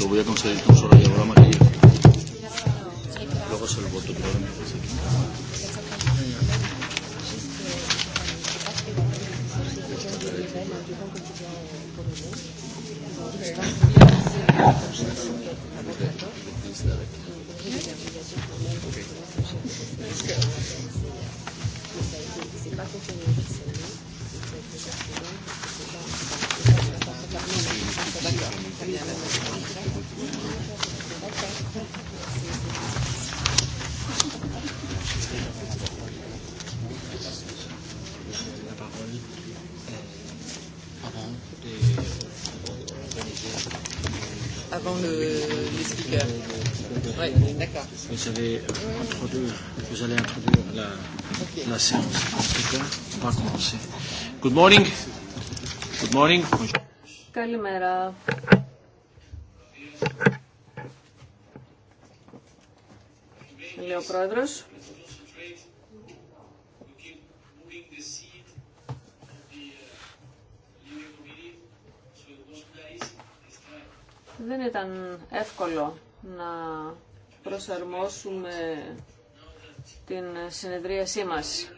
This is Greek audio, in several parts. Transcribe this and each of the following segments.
Lo voy a conseguir con Soraya Brama que luego se lo voto, pero avant le, les speakers. Oui, d'accord. Vous avez introduire, vous allez introduire la, okay. la séance. En tout cas, on va commencer. Good morning. Good morning. Καλημέρα. Λέω ο Πρόεδρος. Δεν ήταν εύκολο να προσαρμόσουμε την συνεδρίασή μας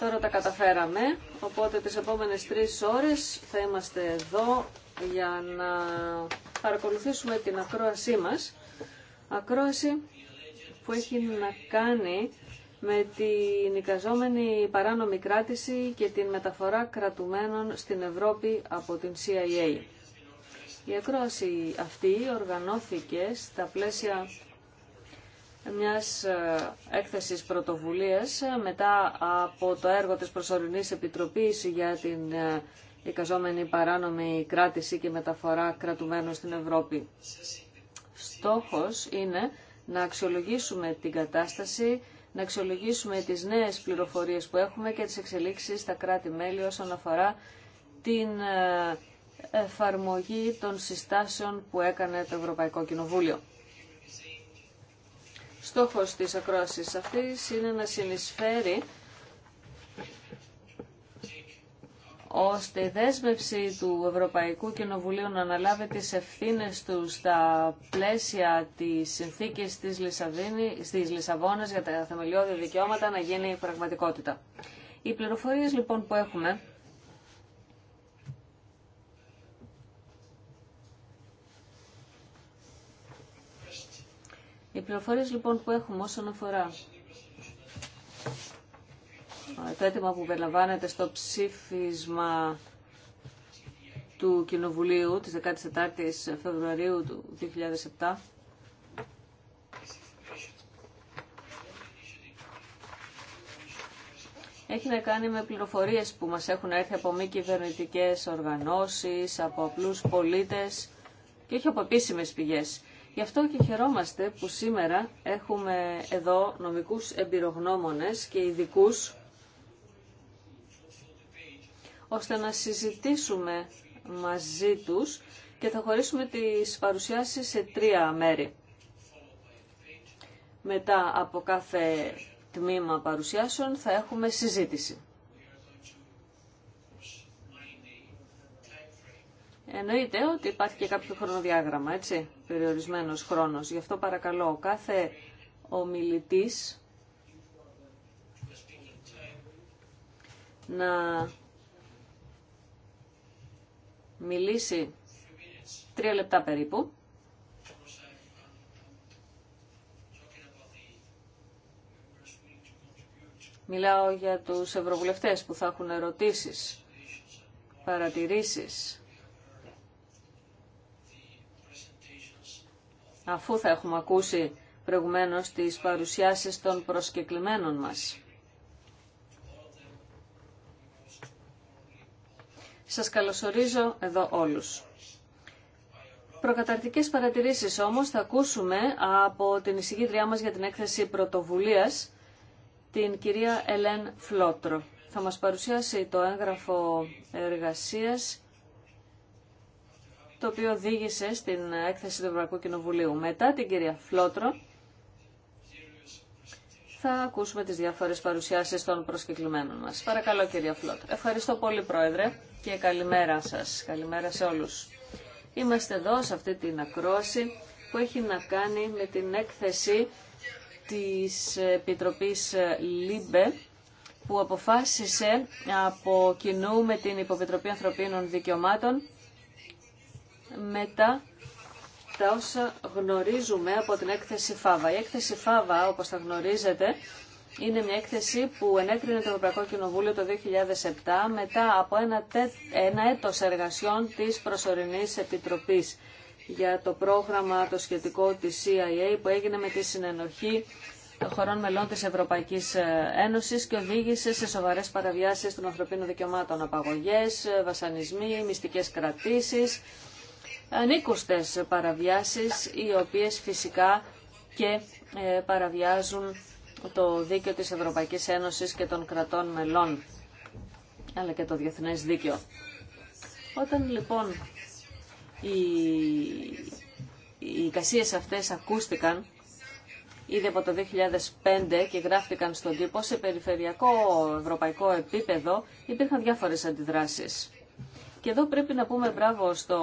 Τώρα τα καταφέραμε, οπότε τις επόμενες τρεις ώρες θα είμαστε εδώ για να παρακολουθήσουμε την ακρόασή μας. Ακρόαση που έχει να κάνει με την εικαζόμενη παράνομη κράτηση και την μεταφορά κρατουμένων στην Ευρώπη από την CIA. Η ακρόαση αυτή οργανώθηκε στα πλαίσια μιας ε, έκθεσης πρωτοβουλίας ε, μετά από το έργο της Προσωρινής Επιτροπής για την ε, εικαζόμενη παράνομη κράτηση και μεταφορά κρατουμένων στην Ευρώπη. Στόχος είναι να αξιολογήσουμε την κατάσταση, να αξιολογήσουμε τις νέες πληροφορίες που έχουμε και τις εξελίξεις στα κράτη-μέλη όσον αφορά την εφαρμογή των συστάσεων που έκανε το Ευρωπαϊκό Κοινοβούλιο. Στόχος της ακρόασης αυτής είναι να συνεισφέρει ώστε η δέσμευση του Ευρωπαϊκού Κοινοβουλίου να αναλάβει τις ευθύνες του στα πλαίσια της συνθήκης της, Λισαβίνη, στις Λισαβόνας για τα θεμελιώδη δικαιώματα να γίνει πραγματικότητα. Οι πληροφορίες λοιπόν που έχουμε Οι πληροφορίε λοιπόν που έχουμε όσον αφορά το αίτημα που περιλαμβάνεται στο ψήφισμα του Κοινοβουλίου της 14 η Φεβρουαρίου του 2007 έχει να κάνει με πληροφορίες που μας έχουν έρθει από μη κυβερνητικέ οργανώσεις, από απλούς πολίτες και όχι από επίσημες πηγές. Γι' αυτό και χαιρόμαστε που σήμερα έχουμε εδώ νομικούς εμπειρογνώμονες και ειδικού ώστε να συζητήσουμε μαζί τους και θα χωρίσουμε τις παρουσιάσεις σε τρία μέρη. Μετά από κάθε τμήμα παρουσιάσεων θα έχουμε συζήτηση. Εννοείται ότι υπάρχει και κάποιο χρονοδιάγραμμα, έτσι, περιορισμένος χρόνος. Γι' αυτό παρακαλώ κάθε ομιλητής να μιλήσει τρία λεπτά περίπου. Μιλάω για τους ευρωβουλευτές που θα έχουν ερωτήσεις, παρατηρήσεις αφού θα έχουμε ακούσει προηγουμένως τις παρουσιάσεις των προσκεκλημένων μας. Σας καλωσορίζω εδώ όλους. Προκαταρτικές παρατηρήσεις όμως θα ακούσουμε από την εισηγήτριά μας για την έκθεση πρωτοβουλίας, την κυρία Ελέν Φλότρο. Θα μας παρουσιάσει το έγγραφο εργασίας το οποίο οδήγησε στην έκθεση του Ευρωπαϊκού Κοινοβουλίου. Μετά την κυρία Φλότρο θα ακούσουμε τις διάφορες παρουσιάσεις των προσκεκλημένων μας. Παρακαλώ κυρία Φλότρο. Ευχαριστώ πολύ Πρόεδρε και καλημέρα σας. Καλημέρα σε όλους. Είμαστε εδώ σε αυτή την ακρόαση που έχει να κάνει με την έκθεση της Επιτροπής ΛΥΜΠΕ που αποφάσισε από κοινού με την Υποπιτροπή Ανθρωπίνων Δικαιωμάτων μετά τα όσα γνωρίζουμε από την έκθεση ΦΑΒΑ. Η έκθεση ΦΑΒΑ, όπως θα γνωρίζετε, είναι μια έκθεση που ενέκρινε το Ευρωπαϊκό Κοινοβούλιο το 2007 μετά από ένα, τε, ένα έτος εργασιών της προσωρινής επιτροπής για το πρόγραμμα το σχετικό της CIA που έγινε με τη συνενοχή χωρών μελών της Ευρωπαϊκής ε, Ένωσης και οδήγησε σε σοβαρές παραβιάσεις των ανθρωπίνων δικαιωμάτων, απαγωγές, ε, βασανισμοί, μυστικές κρατήσεις, ανήκουστες παραβιάσεις οι οποίες φυσικά και ε, παραβιάζουν το δίκαιο της Ευρωπαϊκής Ένωσης και των κρατών μελών αλλά και το διεθνές δίκαιο. Όταν λοιπόν οι, οι εικασίες αυτές ακούστηκαν ήδη από το 2005 και γράφτηκαν στον τύπο σε περιφερειακό ευρωπαϊκό επίπεδο υπήρχαν διάφορες αντιδράσεις. Και εδώ πρέπει να πούμε μπράβο στο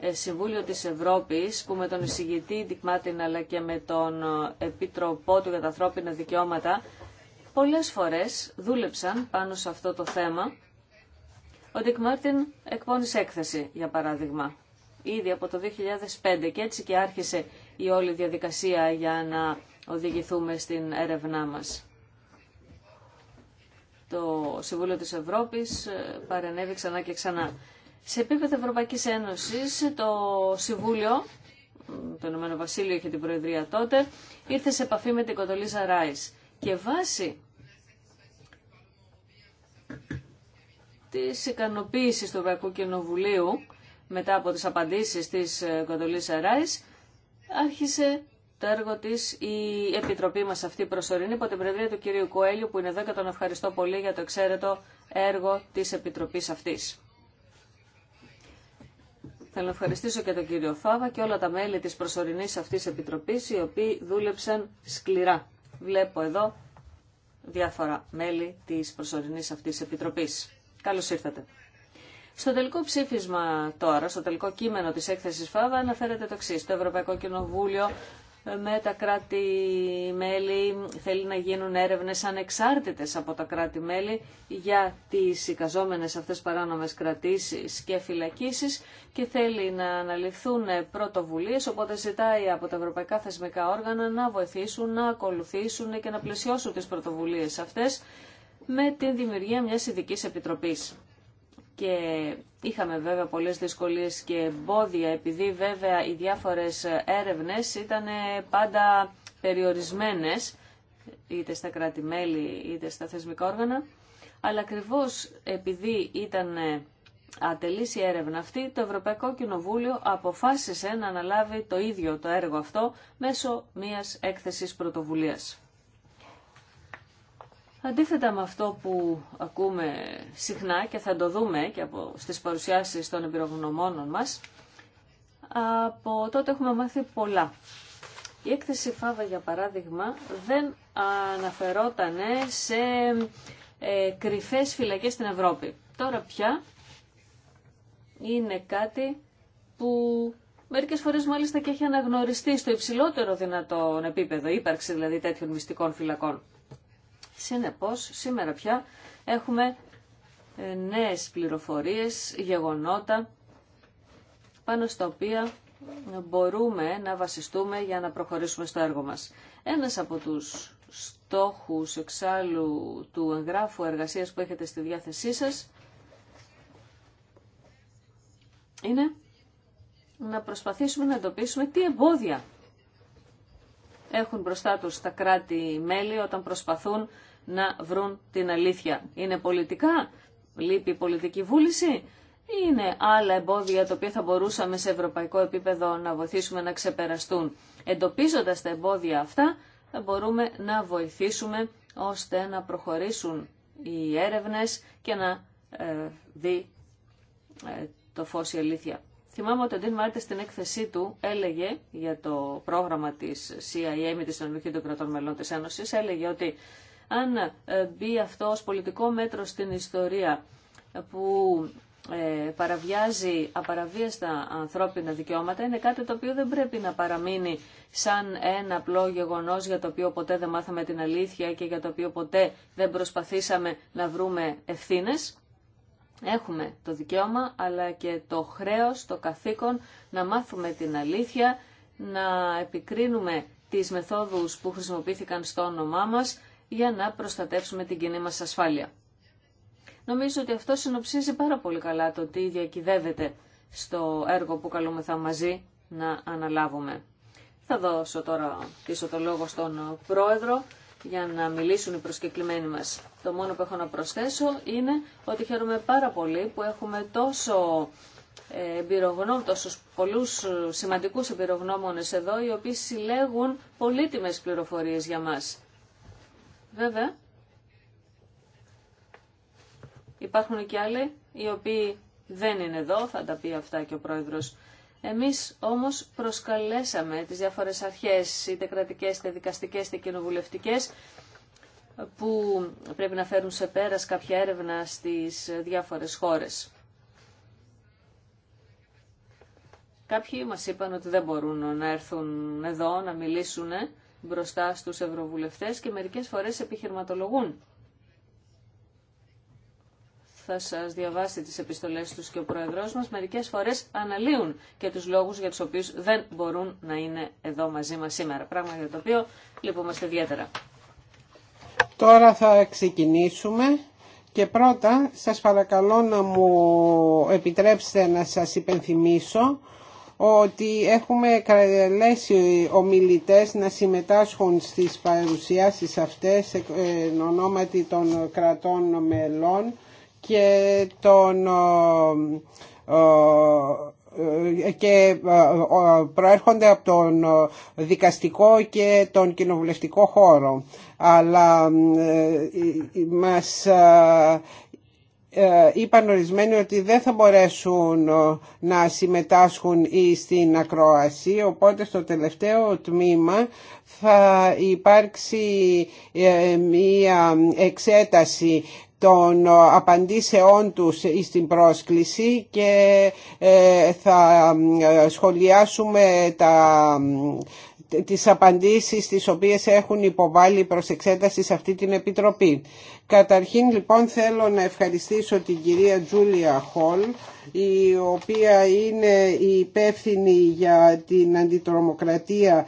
ε, Συμβούλιο της Ευρώπης που με τον εισηγητή Martin αλλά και με τον ε, Επίτροπό του για τα ανθρώπινα δικαιώματα πολλές φορές δούλεψαν πάνω σε αυτό το θέμα. Ο Dick Martin εκπώνησε έκθεση, για παράδειγμα, ήδη από το 2005 και έτσι και άρχισε η όλη διαδικασία για να οδηγηθούμε στην έρευνά μας. Το Συμβούλιο της Ευρώπης ε, παρενέβη ξανά και ξανά. Σε επίπεδο Ευρωπαϊκής Ένωσης το Συμβούλιο, το Ηνωμένο Βασίλειο είχε την Προεδρία τότε, ήρθε σε επαφή με την Κοντολίζα Ράις και βάσει της ικανοποίησης του Ευρωπαϊκού Κοινοβουλίου μετά από τις απαντήσεις της Κοντολίζα Ράις άρχισε το έργο τη η Επιτροπή μας αυτή προσωρινή υπό την Προεδρία του κυρίου Κοέλιου που είναι εδώ και τον ευχαριστώ πολύ για το εξαίρετο έργο τη επιτροπή αυτή. Θέλω να ευχαριστήσω και τον κύριο Φάβα και όλα τα μέλη της προσωρινής αυτής επιτροπής, οι οποίοι δούλεψαν σκληρά. Βλέπω εδώ διάφορα μέλη της προσωρινής αυτής επιτροπής. Καλώς ήρθατε. Στο τελικό ψήφισμα τώρα, στο τελικό κείμενο της έκθεσης ΦΑΒΑ αναφέρεται το εξή. Το Ευρωπαϊκό Κοινοβούλιο με τα κράτη-μέλη, θέλει να γίνουν έρευνες ανεξάρτητες από τα κράτη-μέλη για τις εικαζόμενες αυτές παράνομες κρατήσεις και φυλακίσεις και θέλει να αναλυθούν πρωτοβουλίες, οπότε ζητάει από τα ευρωπαϊκά θεσμικά όργανα να βοηθήσουν, να ακολουθήσουν και να πλαισιώσουν τις πρωτοβουλίες αυτές με την δημιουργία μιας ειδικής επιτροπής και είχαμε βέβαια πολλές δυσκολίες και εμπόδια επειδή βέβαια οι διάφορες έρευνες ήταν πάντα περιορισμένες είτε στα κράτη-μέλη είτε στα θεσμικά όργανα αλλά ακριβώ επειδή ήταν ατελής η έρευνα αυτή το Ευρωπαϊκό Κοινοβούλιο αποφάσισε να αναλάβει το ίδιο το έργο αυτό μέσω μιας έκθεσης πρωτοβουλίας. Αντίθετα με αυτό που ακούμε συχνά και θα το δούμε και από στις παρουσιάσεις των εμπειρογνωμόνων μας, από τότε έχουμε μάθει πολλά. Η έκθεση ΦΑΒΑ, για παράδειγμα, δεν αναφερόταν σε ε, κρυφές φυλακές στην Ευρώπη. Τώρα πια είναι κάτι που μερικές φορές μάλιστα και έχει αναγνωριστεί στο υψηλότερο δυνατόν επίπεδο, ύπαρξη δηλαδή τέτοιων μυστικών φυλακών. Συνεπώς, σήμερα πια έχουμε ε, νέες πληροφορίες, γεγονότα, πάνω στα οποία μπορούμε να βασιστούμε για να προχωρήσουμε στο έργο μας. Ένας από τους στόχους εξάλλου του εγγράφου εργασίας που έχετε στη διάθεσή σας είναι να προσπαθήσουμε να εντοπίσουμε τι εμπόδια έχουν μπροστά τους τα κράτη-μέλη όταν προσπαθούν να βρουν την αλήθεια. Είναι πολιτικά, λείπει η πολιτική βούληση, ή είναι άλλα εμπόδια τα οποία θα μπορούσαμε σε ευρωπαϊκό επίπεδο να βοηθήσουμε να ξεπεραστούν. Εντοπίζοντας τα εμπόδια αυτά, θα μπορούμε να βοηθήσουμε ώστε να προχωρήσουν οι έρευνες και να ε, δει ε, το φως η αλήθεια. Θυμάμαι ότι ο Ντίν Μάρτιν στην έκθεσή του έλεγε για το πρόγραμμα της CIA με τη Συνολική των Κρατών Μελών τη Ένωση, έλεγε ότι αν ε, μπει αυτό ως πολιτικό μέτρο στην ιστορία που ε, παραβιάζει απαραβίαστα ανθρώπινα δικαιώματα είναι κάτι το οποίο δεν πρέπει να παραμείνει σαν ένα απλό γεγονός για το οποίο ποτέ δεν μάθαμε την αλήθεια και για το οποίο ποτέ δεν προσπαθήσαμε να βρούμε ευθύνες. Έχουμε το δικαίωμα αλλά και το χρέος, το καθήκον να μάθουμε την αλήθεια, να επικρίνουμε τις μεθόδους που χρησιμοποιήθηκαν στο όνομά μας για να προστατεύσουμε την κοινή μας ασφάλεια. Νομίζω ότι αυτό συνοψίζει πάρα πολύ καλά το τι διακυδεύεται στο έργο που θα μαζί να αναλάβουμε. Θα δώσω τώρα πίσω το λόγο στον Πρόεδρο για να μιλήσουν οι προσκεκλημένοι μας. Το μόνο που έχω να προσθέσω είναι ότι χαίρομαι πάρα πολύ που έχουμε τόσο ε, εμπειρογνώμ, τόσους πολλούς ε, σημαντικούς εμπειρογνώμονες εδώ, οι οποίοι συλλέγουν πολύτιμες πληροφορίες για μας. Βέβαια, υπάρχουν και άλλοι οι οποίοι δεν είναι εδώ, θα τα πει αυτά και ο πρόεδρος. Εμείς όμως προσκαλέσαμε τις διάφορες αρχές, είτε κρατικές, είτε δικαστικές, είτε κοινοβουλευτικές, που πρέπει να φέρουν σε πέρας κάποια έρευνα στις διάφορες χώρες. Κάποιοι μας είπαν ότι δεν μπορούν να έρθουν εδώ να μιλήσουν μπροστά στους ευρωβουλευτές και μερικές φορές επιχειρηματολογούν. Θα σας διαβάσει τις επιστολές τους και ο Πρόεδρός μας. Μερικές φορές αναλύουν και τους λόγους για τους οποίους δεν μπορούν να είναι εδώ μαζί μας σήμερα. Πράγμα για το οποίο λυπούμαστε ιδιαίτερα. Τώρα θα ξεκινήσουμε και πρώτα σας παρακαλώ να μου επιτρέψετε να σας υπενθυμίσω ότι έχουμε καλέσει ομιλητές να συμμετάσχουν στις παρουσιάσεις αυτές ε, εν ονόματι των κρατών μελών και των ε, ε, ε, και ε, προέρχονται από τον ε, δικαστικό και τον κοινοβουλευτικό χώρο. Αλλά μας είπαν ορισμένοι ότι δεν θα μπορέσουν να συμμετάσχουν ή στην ακρόαση, οπότε στο τελευταίο τμήμα θα υπάρξει μία εξέταση των ε, απαντήσεών τους στην πρόσκληση και ε, θα ε, σχολιάσουμε τα τις απαντήσεις τις οποίες έχουν υποβάλει προς εξέταση σε αυτή την Επιτροπή. Καταρχήν λοιπόν θέλω να ευχαριστήσω την κυρία Τζούλια Χολ η οποία είναι η υπεύθυνη για την αντιτρομοκρατία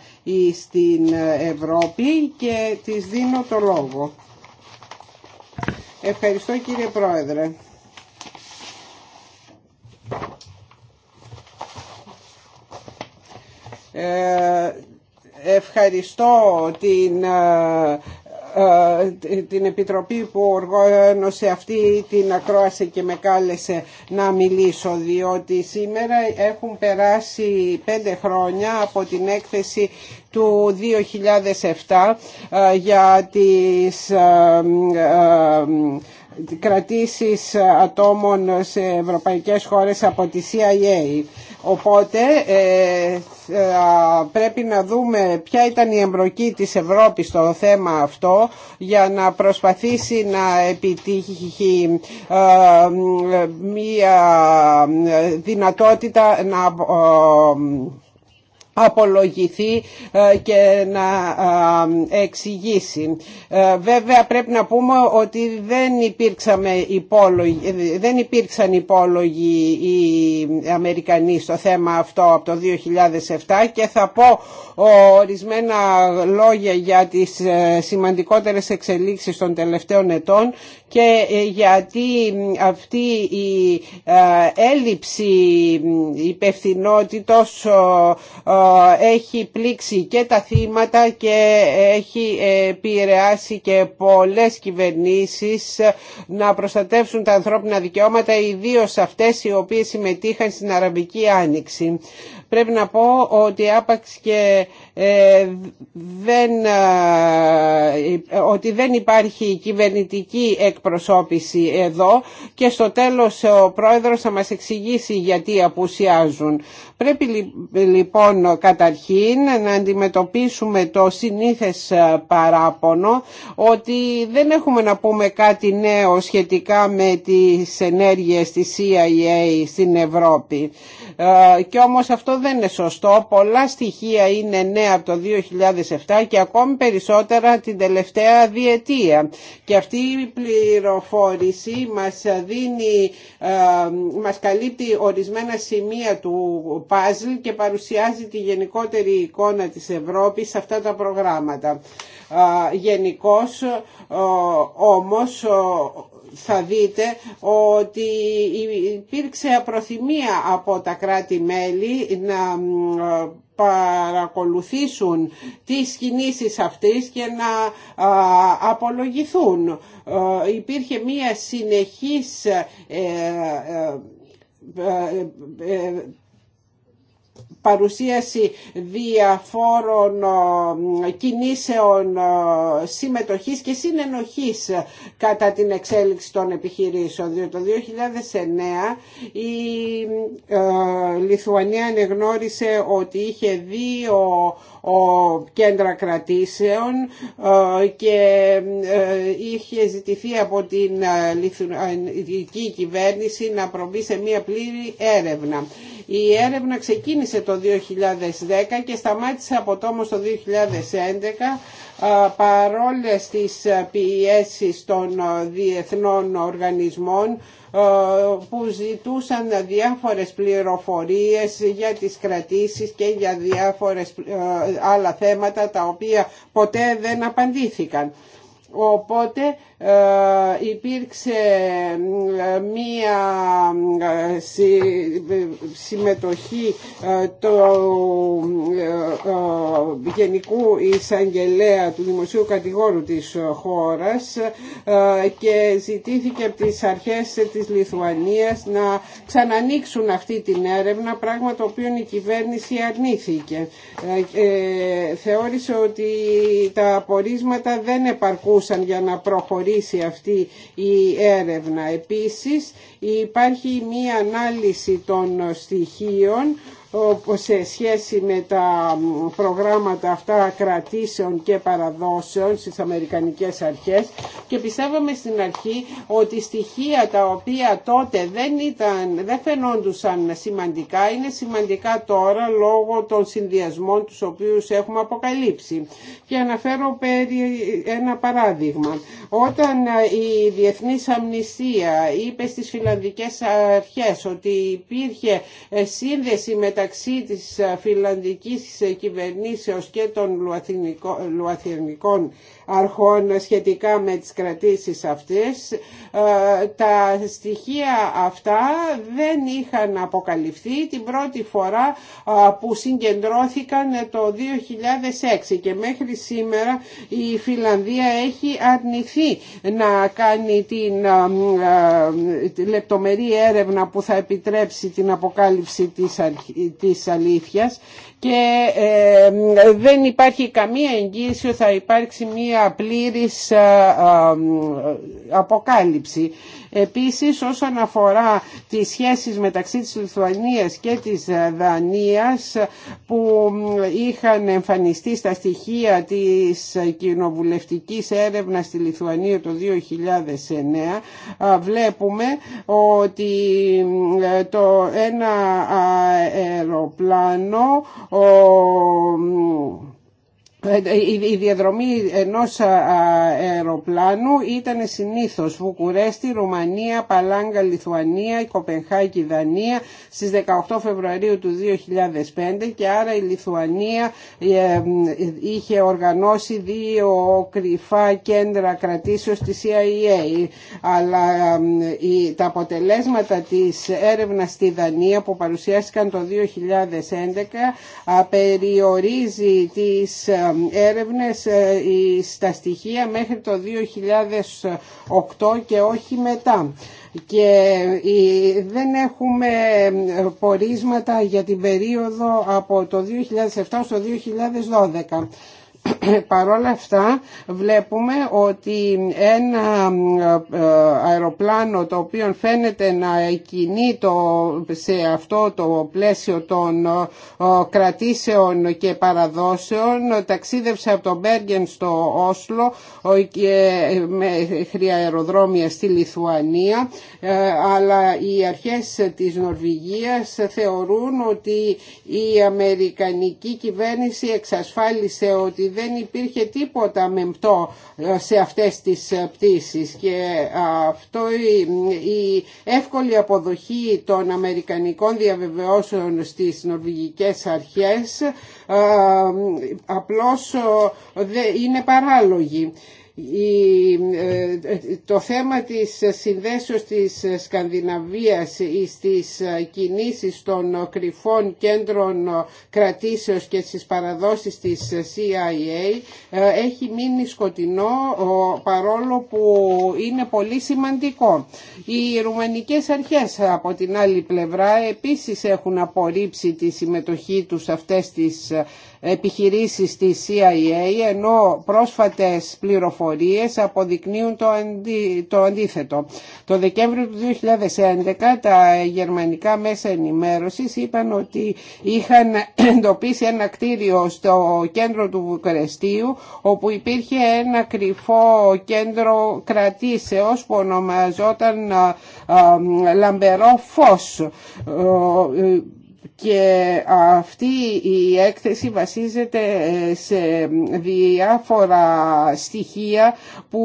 στην Ευρώπη και της δίνω το λόγο. Ευχαριστώ κύριε Πρόεδρε. Ε, ευχαριστώ την ε, ε, την Επιτροπή που οργάνωσε αυτή την ακρόαση και με κάλεσε να μιλήσω διότι σήμερα έχουν περάσει πέντε χρόνια από την έκθεση του 2007 ε, για τις ε, κρατήσεις ε, ατόμων σε ευρωπαϊκές χώρες από τη CIA. Οπότε ε, ε, πρέπει να δούμε ποια ήταν η εμπροκή της Ευρώπης στο θέμα αυτό για να προσπαθήσει να επιτύχει μία δυνατότητα να απολογηθεί ε, και να ε, ε, εξηγήσει. Βέβαια πρέπει να πούμε ότι δεν, υπήρξαμε υπόλογοι, δεν υπήρξαν υπόλογοι οι Αμερικανοί στο θέμα αυτό από το 2007 και θα πω ορισμένα λόγια για τις σημαντικότερες εξελίξεις των τελευταίων ετών και γιατί αυτή η έλλειψη υπευθυνότητος έχει πλήξει και τα θύματα και έχει ε, επηρεάσει και πολλές κυβερνήσεις ε, να προστατεύσουν τα ανθρώπινα δικαιώματα, ιδίως αυτές οι οποίες συμμετείχαν στην Αραβική Άνοιξη. Πρέπει να πω ότι άπαξ και ε, δεν, ε, ότι δεν υπάρχει κυβερνητική εκπροσώπηση εδώ και στο τέλος ο πρόεδρος θα μας εξηγήσει γιατί απουσιάζουν. Πρέπει λοιπόν καταρχήν να αντιμετωπίσουμε το συνήθες ε, παράπονο ότι δεν έχουμε να πούμε κάτι νέο σχετικά με τις ενέργειες της CIA στην Ευρώπη. Ε, και όμως αυτό δεν είναι σωστό. Πολλά στοιχεία είναι νέα από το 2007 και ακόμη περισσότερα την τελευταία διετία. Και αυτή η πληροφόρηση ε, μας καλύπτει ορισμένα σημεία του παζλ και παρουσιάζει τη γενικότερη εικόνα της Ευρώπης σε αυτά τα προγράμματα. Ε, Γενικώ όμως θα δείτε ότι υπήρξε προθυμία από τα κράτη-μέλη να ε, παρακολουθήσουν τις κινήσεις αυτές και να ε, απολογηθούν. Ε, υπήρχε μία συνεχής παρουσίαση διαφόρων κινήσεων συμμετοχής και συνενοχής κατά την εξέλιξη των επιχειρήσεων. Διότι το 2009 η ε, Λιθουανία ανεγνώρισε ότι είχε δύο κέντρα κρατήσεων ε, και ε, είχε ζητηθεί από την λιθουανική κυβέρνηση να προβεί σε μία πλήρη έρευνα. Η έρευνα ξεκίνησε το 2010 και σταμάτησε από το το 2011 παρόλες τις πιέσεις των διεθνών οργανισμών που ζητούσαν διάφορες πληροφορίες για τις κρατήσεις και για διάφορες άλλα θέματα τα οποία ποτέ δεν απαντήθηκαν. Οπότε ε, υπήρξε ε, μία ε, συμμετοχή του Γενικού Εισαγγελέα του Δημοσίου Κατηγόρου της χώρας και ζητήθηκε από τις αρχές της Λιθουανίας να ξανανοίξουν αυτή την έρευνα, πράγμα το οποίο η κυβέρνηση αρνήθηκε. θεώρησε ότι τα απορίσματα δεν επαρκούν σαν για να προχωρήσει αυτή η έρευνα. Επίσης υπάρχει μία ανάλυση των στοιχείων σε σχέση με τα προγράμματα αυτά κρατήσεων και παραδόσεων στις Αμερικανικές αρχές και πιστεύαμε στην αρχή ότι στοιχεία τα οποία τότε δεν, ήταν, δεν φαινόντουσαν σημαντικά είναι σημαντικά τώρα λόγω των συνδυασμών τους οποίους έχουμε αποκαλύψει. Και αναφέρω περί ένα παράδειγμα. Όταν η Διεθνής Αμνηστία είπε στις Φιλανδικές Αρχές ότι υπήρχε σύνδεση με μεταξύ της φιλανδικής κυβερνήσεως και των λουαθινικών αρχών σχετικά με τις κρατήσεις αυτές. Ε, τα στοιχεία αυτά δεν είχαν αποκαλυφθεί την πρώτη φορά ε, που συγκεντρώθηκαν το 2006 και μέχρι σήμερα η Φιλανδία έχει αρνηθεί να κάνει την ε, λεπτομερή έρευνα που θα επιτρέψει την αποκάλυψη της αλήθειας και ε, δεν υπάρχει καμία εγγύηση ότι θα υπάρξει μία πλήρης ε, ε, αποκάλυψη. Επίσης όσον αφορά τις σχέσεις μεταξύ της Λιθουανίας και της Δανίας που είχαν εμφανιστεί στα στοιχεία της κοινοβουλευτικής έρευνας στη Λιθουανία το 2009 βλέπουμε ότι ε, το ένα αεροπλάνο ο, ε, η διαδρομή ενός αεροπλάνου ήταν συνήθως Βουκουρέστη, Ρουμανία, Παλάγκα, Λιθουανία, Κοπενχάκη, Δανία στις 18 Φεβρουαρίου του 2005 και άρα η Λιθουανία ε, ε, είχε οργανώσει δύο κρυφά κέντρα κρατήσεως της CIA αλλά τα αποτελέσματα της έρευνας στη Δανία που παρουσιάστηκαν το 2011 περιορίζει τις έρευνες ε, στα στοιχεία μέχρι το 2008 και όχι μετά και ε, δεν έχουμε ε, πορίσματα για την περίοδο από το 2007 στο 2012. παρόλα αυτά βλέπουμε ότι ένα ε, αεροπλάνο το οποίο φαίνεται να κινεί σε αυτό το πλαίσιο των ε, κρατήσεων και παραδόσεων ταξίδευσε από το Μπέργεν στο Όσλο ε, και χρία αεροδρόμια στη Λιθουανία αλλά οι αρχές της Νορβηγίας θεωρούν ότι η Αμερικανική κυβέρνηση εξασφάλισε ότι δεν υπήρχε τίποτα μεμπτό ε, σε αυτές τις ε, πτήσεις και ε, αυτό η εύκολη αποδοχή των Αμερικανικών διαβεβαιώσεων στις νορβηγικές αρχές απλώς είναι παράλογη. Ε, ε, το θέμα της συνδέσεως της Σκανδιναβίας στις ε, κινήσεις των κρυφών κέντρων κρατήσεως και στις παραδόσεις της CIA έχει μείνει σκοτεινό παρόλο που είναι πολύ σημαντικό. Οι Ρουμανικές αρχές από την άλλη πλευρά επίσης έχουν απορρίψει τη συμμετοχή τους σε αυτές τις επιχειρήσεις της CIA ενώ πρόσφατες πληροφορίες αποδεικνύουν το, το αντίθετο. Το Δεκέμβριο του 2011 τα γερμανικά μέσα ενημέρωσης είπαν ότι είχαν εντοπίσει ένα κτίριο στο κέντρο του Βουκρεστίου όπου υπήρχε ένα κρυφό κέντρο κρατήσεως που ονομαζόταν λαμπερό φως και αυτή η έκθεση βασίζεται ε, σε διάφορα στοιχεία που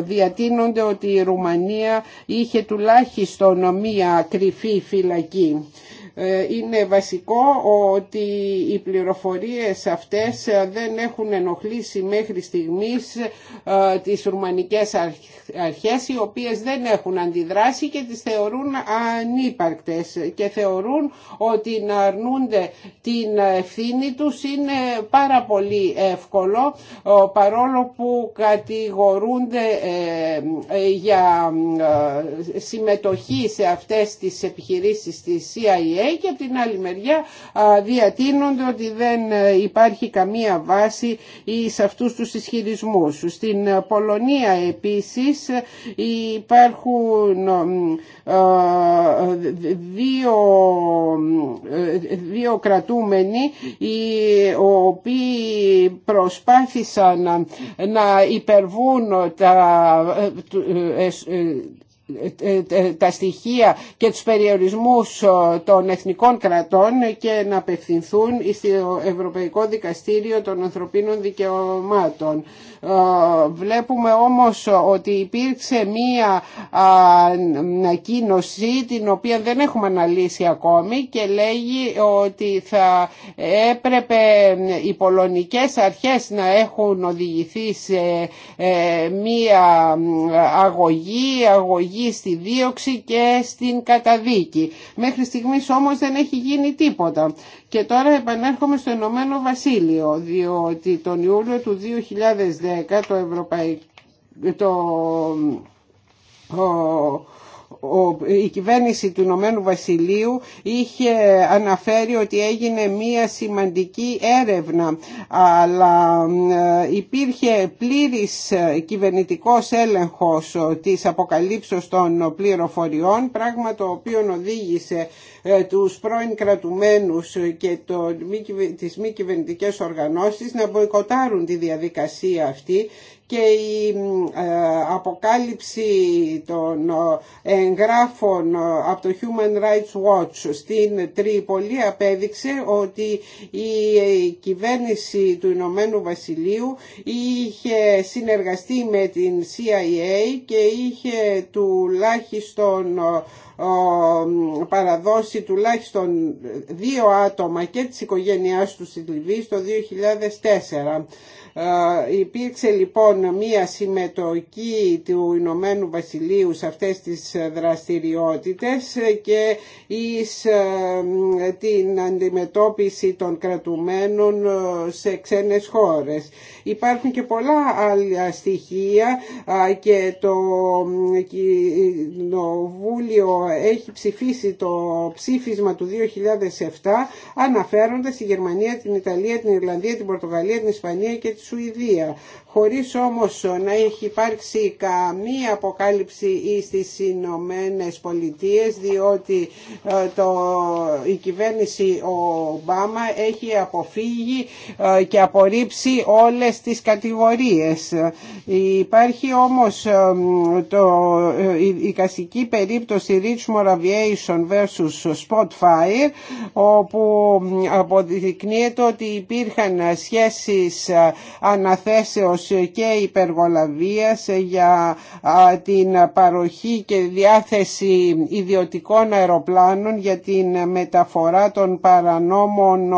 διατείνονται ότι η Ρουμανία είχε τουλάχιστον μία κρυφή φυλακή. Ε, είναι βασικό ότι οι πληροφορίες αυτές ε, δεν έχουν ενοχλήσει μέχρι στιγμής ε, τις ουρμανικές αρχές οι οποίες δεν έχουν αντιδράσει και τις θεωρούν ανύπαρκτες και θεωρούν ότι να αρνούνται την ευθύνη τους είναι πάρα πολύ εύκολο παρόλο που κατηγορούνται για συμμετοχή σε αυτές τις επιχειρήσεις της CIA ναι, και από την άλλη μεριά διατείνονται ότι δεν ε, υπάρχει καμία βάση σε αυτούς τους ισχυρισμούς. Στην ε, Πολωνία επίσης ε, υπάρχουν δύο, δύο κρατούμενοι οι οποίοι προσπάθησαν να υπερβούν τα ε, ε, τα στοιχεία και τους περιορισμούς ε, των εθνικών κρατών και να απευθυνθούν στο Ευρωπαϊκό Δικαστήριο των Ανθρωπίνων Δικαιωμάτων. Ε, βλέπουμε όμως ότι υπήρξε μία ανακοίνωση την οποία δεν έχουμε αναλύσει ακόμη και λέγει ότι θα έπρεπε οι πολωνικές αρχές να έχουν οδηγηθεί σε ε, μία αγωγή, αγωγή στη δίωξη και στην καταδίκη. Μέχρι στιγμής όμως δεν έχει γίνει τίποτα και τώρα επανέρχομαι στο Ηνωμένο Βασίλειο, διότι τον Ιούλιο του 2010 το Ευρωπαϊκό το, η κυβέρνηση του Ηνωμένου Βασιλείου είχε αναφέρει ότι έγινε μία σημαντική έρευνα αλλά ε, υπήρχε πλήρης ε, κυβερνητικός έλεγχος ε, της αποκαλύψεως των πληροφοριών πράγμα το οποίο οδήγησε τους πρώην κρατουμένους και το, τις μη κυβερνητικές οργανώσεις να μποϊκοτάρουν τη διαδικασία αυτή και η ε, αποκάλυψη των ε, εγγράφων ε, από το Human Rights Watch στην Τρίπολη απέδειξε ότι η κυβέρνηση του Ηνωμένου Βασιλείου είχε συνεργαστεί με την CIA και είχε τουλάχιστον παραδώσει τουλάχιστον δύο άτομα και της οικογένειάς του στη Λιβύη το 2004. Ε, υπήρξε λοιπόν μία συμμετοχή του Ηνωμένου Βασιλείου σε αυτές τις δραστηριότητες και εις ε, την αντιμετώπιση των κρατουμένων ε, σε ξένες χώρες. Υπάρχουν και πολλά άλλα στοιχεία και το Κοινοβούλιο έχει ψηφίσει το ψήφισμα του 2007 αναφέροντας τη Γερμανία, την Ιταλία, την Ιρλανδία, την Πορτογαλία, την Ισπανία και τη Σουηδία χωρίς όμως να έχει υπάρξει καμία αποκάλυψη στις Ηνωμένε Πολιτείε, διότι ε, το, η κυβέρνηση ο Ομπάμα έχει αποφύγει ε, και απορρίψει όλες τις κατηγορίες. Υπάρχει όμως ε, το, η, η κασική περίπτωση Rich Aviation vs. Spotfire όπου αποδεικνύεται ότι υπήρχαν σχέσεις αναθέσεως και υπεργολαβίας για την παροχή και διάθεση ιδιωτικών αεροπλάνων για την μεταφορά των παρανόμων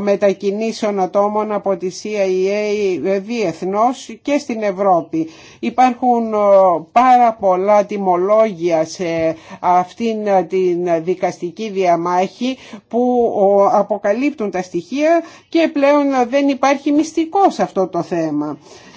μετακινήσεων ατόμων από τη CIA διεθνώς και στην Ευρώπη. Υπάρχουν πάρα πολλά τιμολόγια σε αυτήν την δικαστική διαμάχη που αποκαλύπτουν τα στοιχεία και πλέον δεν υπάρχει μυστικό σε αυτό το θέμα.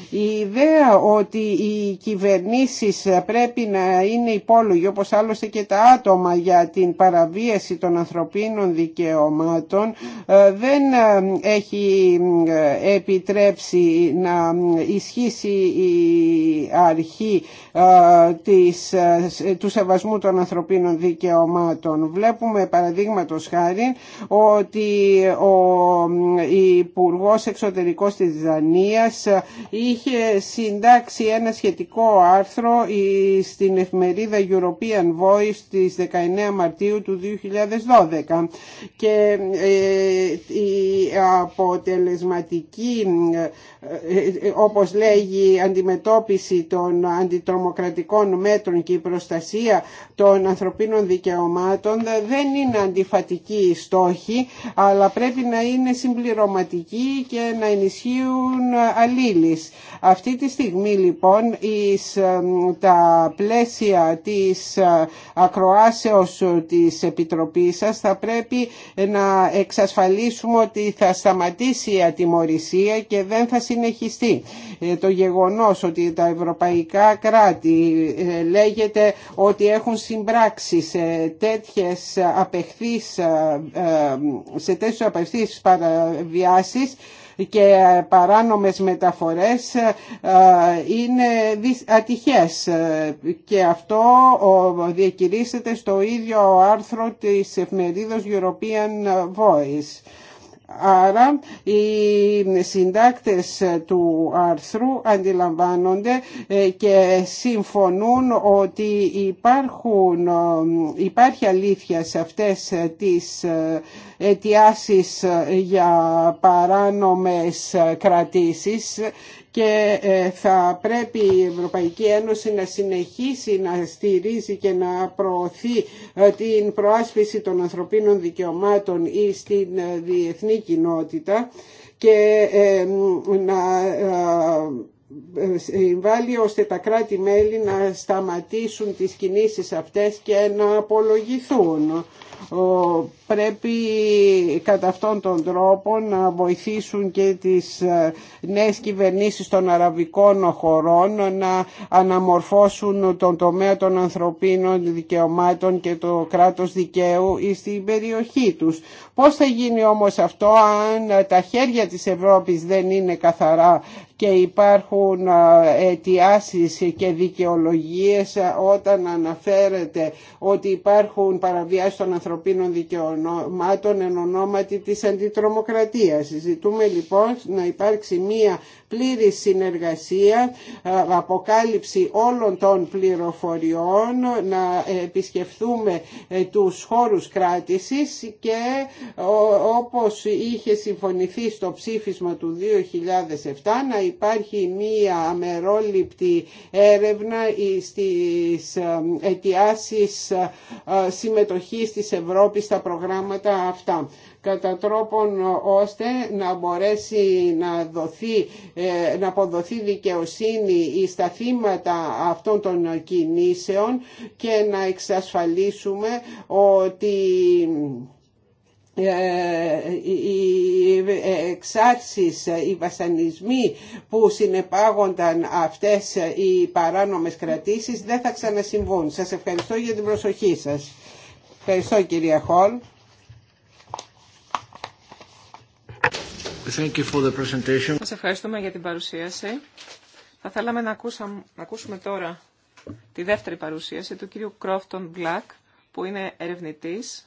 Η ιδέα ότι οι κυβερνήσεις πρέπει να είναι υπόλογοι όπως άλλωστε και τα άτομα για την παραβίαση των ανθρωπίνων δικαιωμάτων ε, δεν ε, έχει ε, επιτρέψει να ισχύσει η αρχή της, του σεβασμού των ανθρωπίνων δικαιωμάτων. Βλέπουμε παραδείγματο χάρη ότι ο υπουργό Εξωτερικός της Δανίας είχε είχε συντάξει ένα σχετικό άρθρο στην εφημερίδα European Voice της 19 Μαρτίου του 2012 και ε, η αποτελεσματική ε, ε, όπως λέγει αντιμετώπιση των αντιτρομοκρατικών μέτρων και η προστασία των ανθρωπίνων δικαιωμάτων δεν είναι αντιφατική στόχη αλλά πρέπει να είναι συμπληρωματική και να ενισχύουν αλλήλεις. Αυτή τη στιγμή λοιπόν εις τα πλαίσια της ε, ακροάσεως της Επιτροπής σας θα πρέπει να εξασφαλίσουμε ότι θα σταματήσει η ατιμορρησία και δεν θα συνεχιστεί. Ε, το γεγονός ότι τα ευρωπαϊκά κράτη ε, λέγεται ότι έχουν συμπράξει σε τέτοιες απεχθείς, σε τέτοιες παραβιάσεις και παράνομες μεταφορές ε, είναι ατυχές και αυτό διακηρύσσεται στο ίδιο άρθρο της εφημερίδας European Voice. Άρα οι συντάκτες του άρθρου αντιλαμβάνονται ε, και συμφωνούν ότι υπάρχουν, ε, υπάρχει αλήθεια σε αυτές ε, τις αιτιάσεις για παράνομες κρατήσεις και ε, θα πρέπει η Ευρωπαϊκή Ένωση να συνεχίσει να στηρίζει και να προωθεί ε, την προάσπιση των ανθρωπίνων δικαιωμάτων ή στην ε, διεθνή κοινότητα και να συμβάλλει ώστε τα κράτη-μέλη να σταματήσουν τις κινήσεις αυτές και να απολογηθούν πρέπει κατά αυτόν τον τρόπο να βοηθήσουν και τις ε, νέες κυβερνήσεις των αραβικών χωρών να αναμορφώσουν τον τομέα των ανθρωπίνων δικαιωμάτων και το κράτος δικαίου στην περιοχή τους. Πώς θα γίνει όμως αυτό αν ε, τα χέρια της Ευρώπης δεν είναι καθαρά και υπάρχουν ε, αιτιάσεις και δικαιολογίες ε, όταν αναφέρεται ότι υπάρχουν παραβιάσεις των ανθρωπίνων δικαιωμάτων εν ονόματι της αντιτρομοκρατίας. Ζητούμε λοιπόν να υπάρξει μία πλήρη συνεργασία, ε, αποκάλυψη όλων των πληροφοριών, να επισκεφθούμε ε, τους χώρους κράτησης και όπως είχε συμφωνηθεί στο ψήφισμα του 2007 να υπάρχει μία αμερόληπτη έρευνα στις ε, αιτιάσεις συμμετοχής της Ευρώπης στα προγράμματα αυτά κατά τρόπον ώστε να μπορέσει να, δοθεί, ε, να αποδοθεί δικαιοσύνη στα θύματα αυτών των κινήσεων και να εξασφαλίσουμε ότι ε, οι εξάρσεις, οι βασανισμοί που συνεπάγονταν αυτές οι παράνομες κρατήσεις δεν θα ξανασυμβούν. Σας ευχαριστώ για την προσοχή σας. Ευχαριστώ κυρία Χολ. Σας ευχαριστούμε για την παρουσίαση. Θα θέλαμε να, ακούσουμε τώρα τη δεύτερη παρουσίαση του κύριου Κρόφτον Μπλακ, που είναι ερευνητής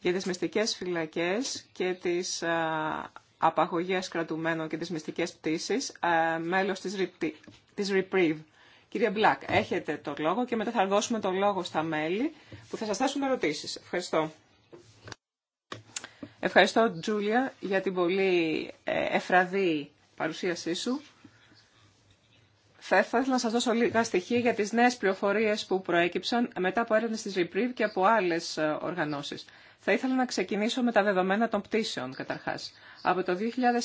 για τις μυστικές φυλακές και τις απαγωγές κρατουμένων και τις μυστικές πτήσεις, μέλος της, της Reprieve. Κύριε Μπλακ, έχετε το λόγο και μετά θα δώσουμε το λόγο στα μέλη που θα σας θέσουν ερωτήσεις. Ευχαριστώ. Ευχαριστώ, Τζούλια, για την πολύ ε, εφραδή παρουσίασή σου. Θα ήθελα να σας δώσω λίγα στοιχεία για τις νέες πληροφορίες που προέκυψαν μετά από έρευνες της Reprieve και από άλλες ε, οργανώσεις. Θα ήθελα να ξεκινήσω με τα δεδομένα των πτήσεων, καταρχάς. Από το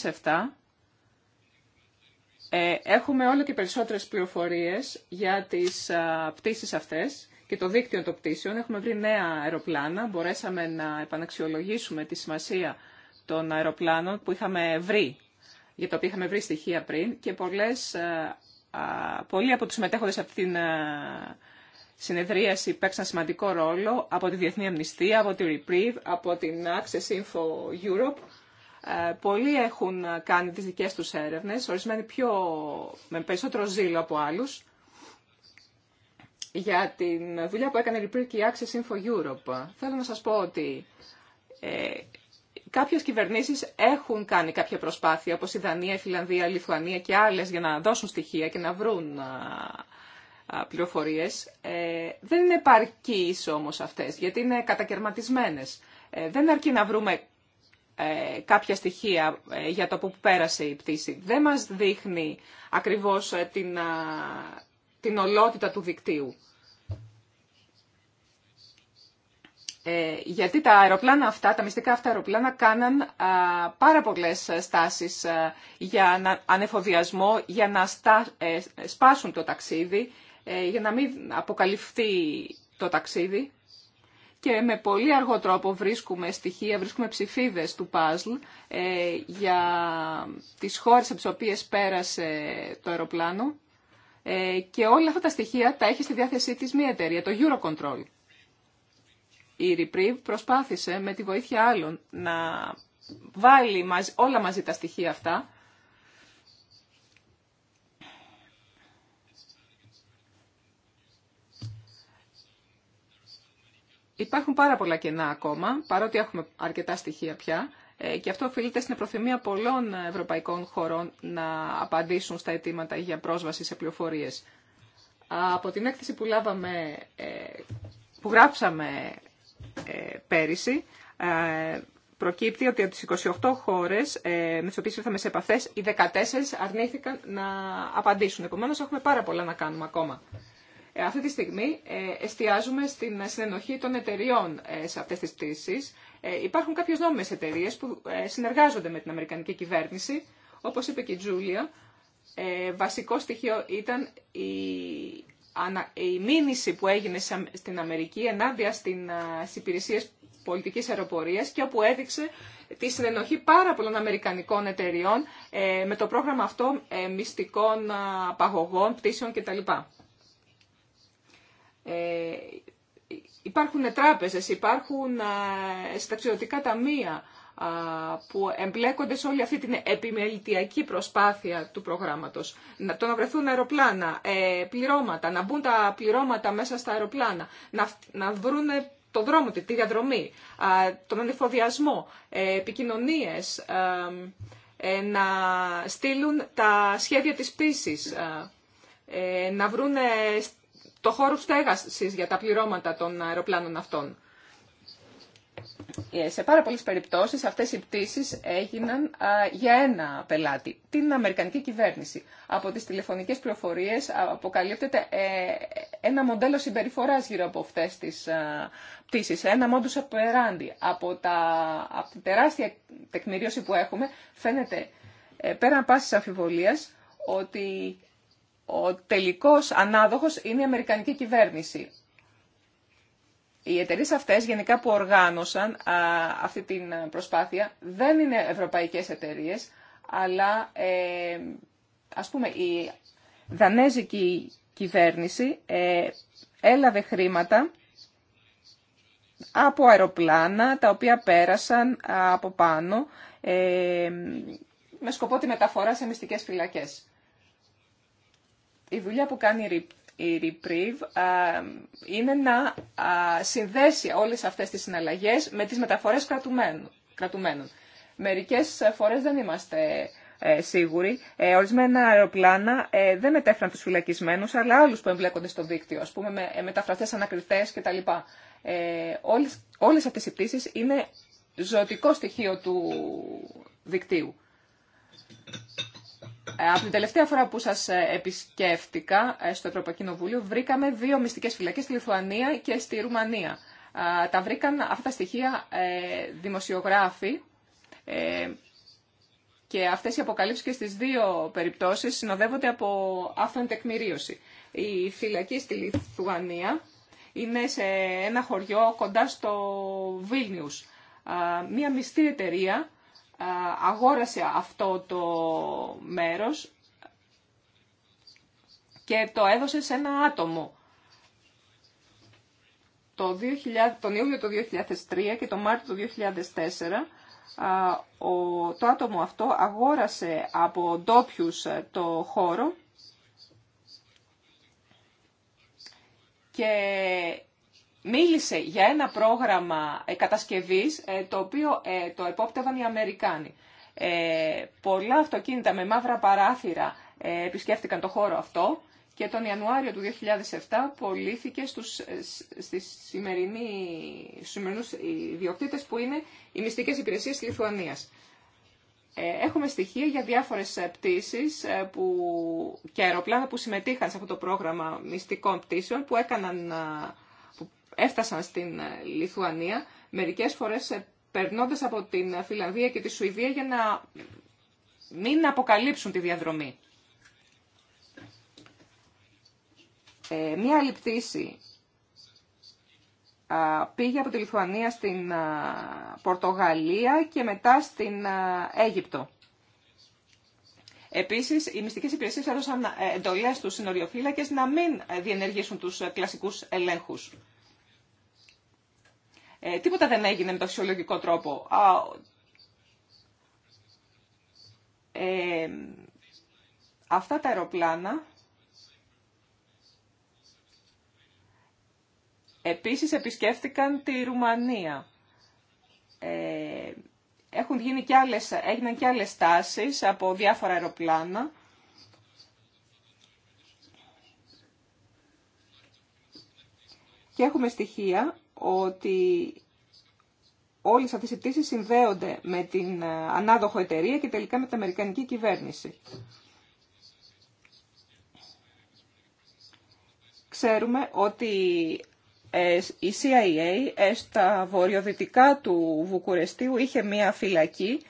2007 ε, έχουμε όλο και περισσότερες πληροφορίες για τις α, πτήσεις αυτές και το δίκτυο των πτήσεων. Έχουμε βρει νέα αεροπλάνα. Μπορέσαμε να επαναξιολογήσουμε τη σημασία των αεροπλάνων που είχαμε βρει, για το οποία είχαμε βρει στοιχεία πριν και πολλές, ε, πολλοί από τους μετέχοντες από την ε, συνεδρίαση παίξαν σημαντικό ρόλο από τη Διεθνή Αμνηστία, από τη Reprieve, από την Access Info Europe. Ε, πολλοί έχουν κάνει τις δικές τους έρευνες, ορισμένοι πιο, με περισσότερο ζήλο από άλλους για την δουλειά που έκανε η Republic Access Info Europe. Θέλω να σας πω ότι ε, κάποιες κυβερνήσεις έχουν κάνει κάποια προσπάθεια, όπως η Δανία, η Φιλανδία, η Λιθουανία και άλλες, για να δώσουν στοιχεία και να βρουν πληροφορίες. Ε, δεν είναι παρκής όμως αυτές, γιατί είναι κατακαιρματισμένες. Ε, δεν αρκεί να βρούμε ε, κάποια στοιχεία για το που πέρασε η πτήση. Δεν μας δείχνει ακριβώς την, την ολότητα του δικτύου. Ε, γιατί τα αεροπλάνα αυτά, τα μυστικά αυτά αεροπλάνα κάναν πάρα πολλέ στάσεις για να, ανεφοδιασμό, για να στά, ε, σπάσουν το ταξίδι, ε, για να μην αποκαλυφθεί το ταξίδι. Και με πολύ αργό τρόπο βρίσκουμε στοιχεία, βρίσκουμε ψηφίδες του παζλ για τις χώρες από τις οποίες πέρασε το αεροπλάνο. και όλα αυτά τα στοιχεία τα έχει στη διάθεσή της μία εταιρεία, το Eurocontrol. Η Ριπρίβ προσπάθησε με τη βοήθεια άλλων να βάλει όλα μαζί τα στοιχεία αυτά Υπάρχουν πάρα πολλά κενά ακόμα, παρότι έχουμε αρκετά στοιχεία πια, ε, και αυτό οφείλεται στην προθυμία πολλών ευρωπαϊκών χωρών να απαντήσουν στα αιτήματα για πρόσβαση σε πληροφορίες. Από την έκθεση που ε, που γράψαμε ε, πέρυσι ε, προκύπτει ότι από τις 28 χώρες ε, με τις οποίες ήρθαμε σε επαφές, οι 14 αρνήθηκαν να απαντήσουν. Επομένως, έχουμε πάρα πολλά να κάνουμε ακόμα. Αυτή τη στιγμή εστιάζουμε στην συνενοχή των εταιριών σε αυτές τις πτήσεις. Υπάρχουν κάποιες νόμιμες εταιρείες που συνεργάζονται με την Αμερικανική κυβέρνηση. Όπως είπε και η Τζούλια, βασικό στοιχείο ήταν η η μήνυση που έγινε στην Αμερική ενάντια στις υπηρεσίες πολιτικής αεροπορίας και όπου έδειξε τη συνενοχή πάρα πολλών αμερικανικών εταιριών ε, με το πρόγραμμα αυτό ε, μυστικών παγωγών, πτήσεων κτλ. Ε, υπάρχουν τράπεζες, υπάρχουν συνταξιδοτικά ταμεία, που εμπλέκονται σε όλη αυτή την επιμελητιακή προσπάθεια του προγράμματος. Το να βρεθούν αεροπλάνα, ε, πληρώματα, να μπουν τα πληρώματα μέσα στα αεροπλάνα, να βρουν το δρόμο, τη διαδρομή, τον ανεφοδιασμό, ε, επικοινωνίες, ε, να στείλουν τα σχέδια της πίσης, να βρουν το χώρο στέγασης για τα πληρώματα των αεροπλάνων αυτών. Ε, σε πάρα πολλές περιπτώσεις αυτές οι πτήσεις έγιναν για ένα πελάτη, την Αμερικανική κυβέρνηση. Από τις τηλεφωνικές πληροφορίες αποκαλύπτεται ε, ένα μοντέλο συμπεριφοράς γύρω από αυτές τις πτήσεις, ένα μόντους απεράντη. Από, τα, από την τεράστια τεκμηρίωση που έχουμε φαίνεται ε, πέραν πάσης αμφιβολίας ότι ο τελικός ανάδοχος είναι η Αμερικανική κυβέρνηση. Οι εταιρείε αυτές γενικά που οργάνωσαν αυτή την ε, προσπάθεια δεν είναι ευρωπαϊκές εταιρείε, αλλά ε, πούμε η δανέζικη κυβέρνηση ε, έλαβε χρήματα από αεροπλάνα τα οποία πέρασαν από πάνω ε, με σκοπό τη μεταφορά σε μυστικές φυλακές. Η δουλειά που κάνει η η Reprieve είναι να συνδέσει όλες αυτές τις συναλλαγές με τις μεταφορές κρατουμένων. Μερικές φορές δεν είμαστε ε, σίγουροι. Ε, ορισμένα αεροπλάνα ε, δεν μετέφεραν τους φυλακισμένους, αλλά άλλους που εμπλέκονται στο δίκτυο, ας πούμε, με μεταφραστές ανακριτές κτλ. Ε, όλες, όλες αυτές οι πτήσεις είναι ζωτικό στοιχείο του δικτύου. Ε, από την τελευταία φορά που σας ε, επισκέφτηκα ε, στο Ευρωπαϊκό Κοινοβούλιο, βρήκαμε δύο μυστικές φυλακές στη Λιθουανία και στη Ρουμανία. Τα βρήκαν αυτά τα στοιχεία δημοσιογράφοι και αυτές οι αποκαλύψεις και στις δύο περιπτώσεις συνοδεύονται από άφθονη τεκμηρίωση. Η φυλακή στη Λιθουανία είναι σε ένα χωριό κοντά στο Βίλνιους. Μία μυστή εταιρεία ε, αγόρασε αυτό το μέρος και το έδωσε σε ένα άτομο. Το 2000, τον Ιούλιο του 2003 και τον Μάρτιο του 2004 ε, το άτομο αυτό αγόρασε από ντόπιου ε, το χώρο και μίλησε για ένα πρόγραμμα κατασκευής ε, το οποίο ε, το επόπτευαν οι Αμερικάνοι. Ε, πολλά αυτοκίνητα με μαύρα παράθυρα επισκέφτηκαν το χώρο αυτό και τον Ιανουάριο του 2007 πωλήθηκε στους, στις σημερινούς ιδιοκτήτες που είναι οι μυστικές υπηρεσίες της Λιθουανίας. Έχουμε στοιχεία για διάφορες πτήσεις που, και αεροπλάνα που συμμετείχαν σε αυτό το πρόγραμμα μυστικών πτήσεων που έκαναν έφτασαν στην ε, Λιθουανία, μερικές φορές ε, περνώντας από την ε, Φιλανδία και τη Σουηδία για να μην αποκαλύψουν τη διαδρομή. μία άλλη πήγε από τη Λιθουανία στην Πορτογαλία και μετά στην Αίγυπτο. Επίσης, οι μυστικές υπηρεσίες έδωσαν εντολές στους συνοριοφύλακες να μην διενεργήσουν τους κλασικούς ελέγχους. Ε, τίποτα δεν έγινε με το φυσιολογικό τρόπο. Ε, αυτά τα αεροπλάνα επίσης επισκέφτηκαν τη Ρουμανία. Ε, έχουν γίνει και άλλες, έγιναν και άλλες τάσεις από διάφορα αεροπλάνα. Και έχουμε στοιχεία ότι όλες αυτές οι πτήσεις συνδέονται με την ε, ανάδοχο εταιρεία και τελικά με την Αμερικανική κυβέρνηση. Ξέρουμε ότι ε, η CIA ε, στα βορειοδυτικά του Βουκουρεστίου είχε μία φυλακή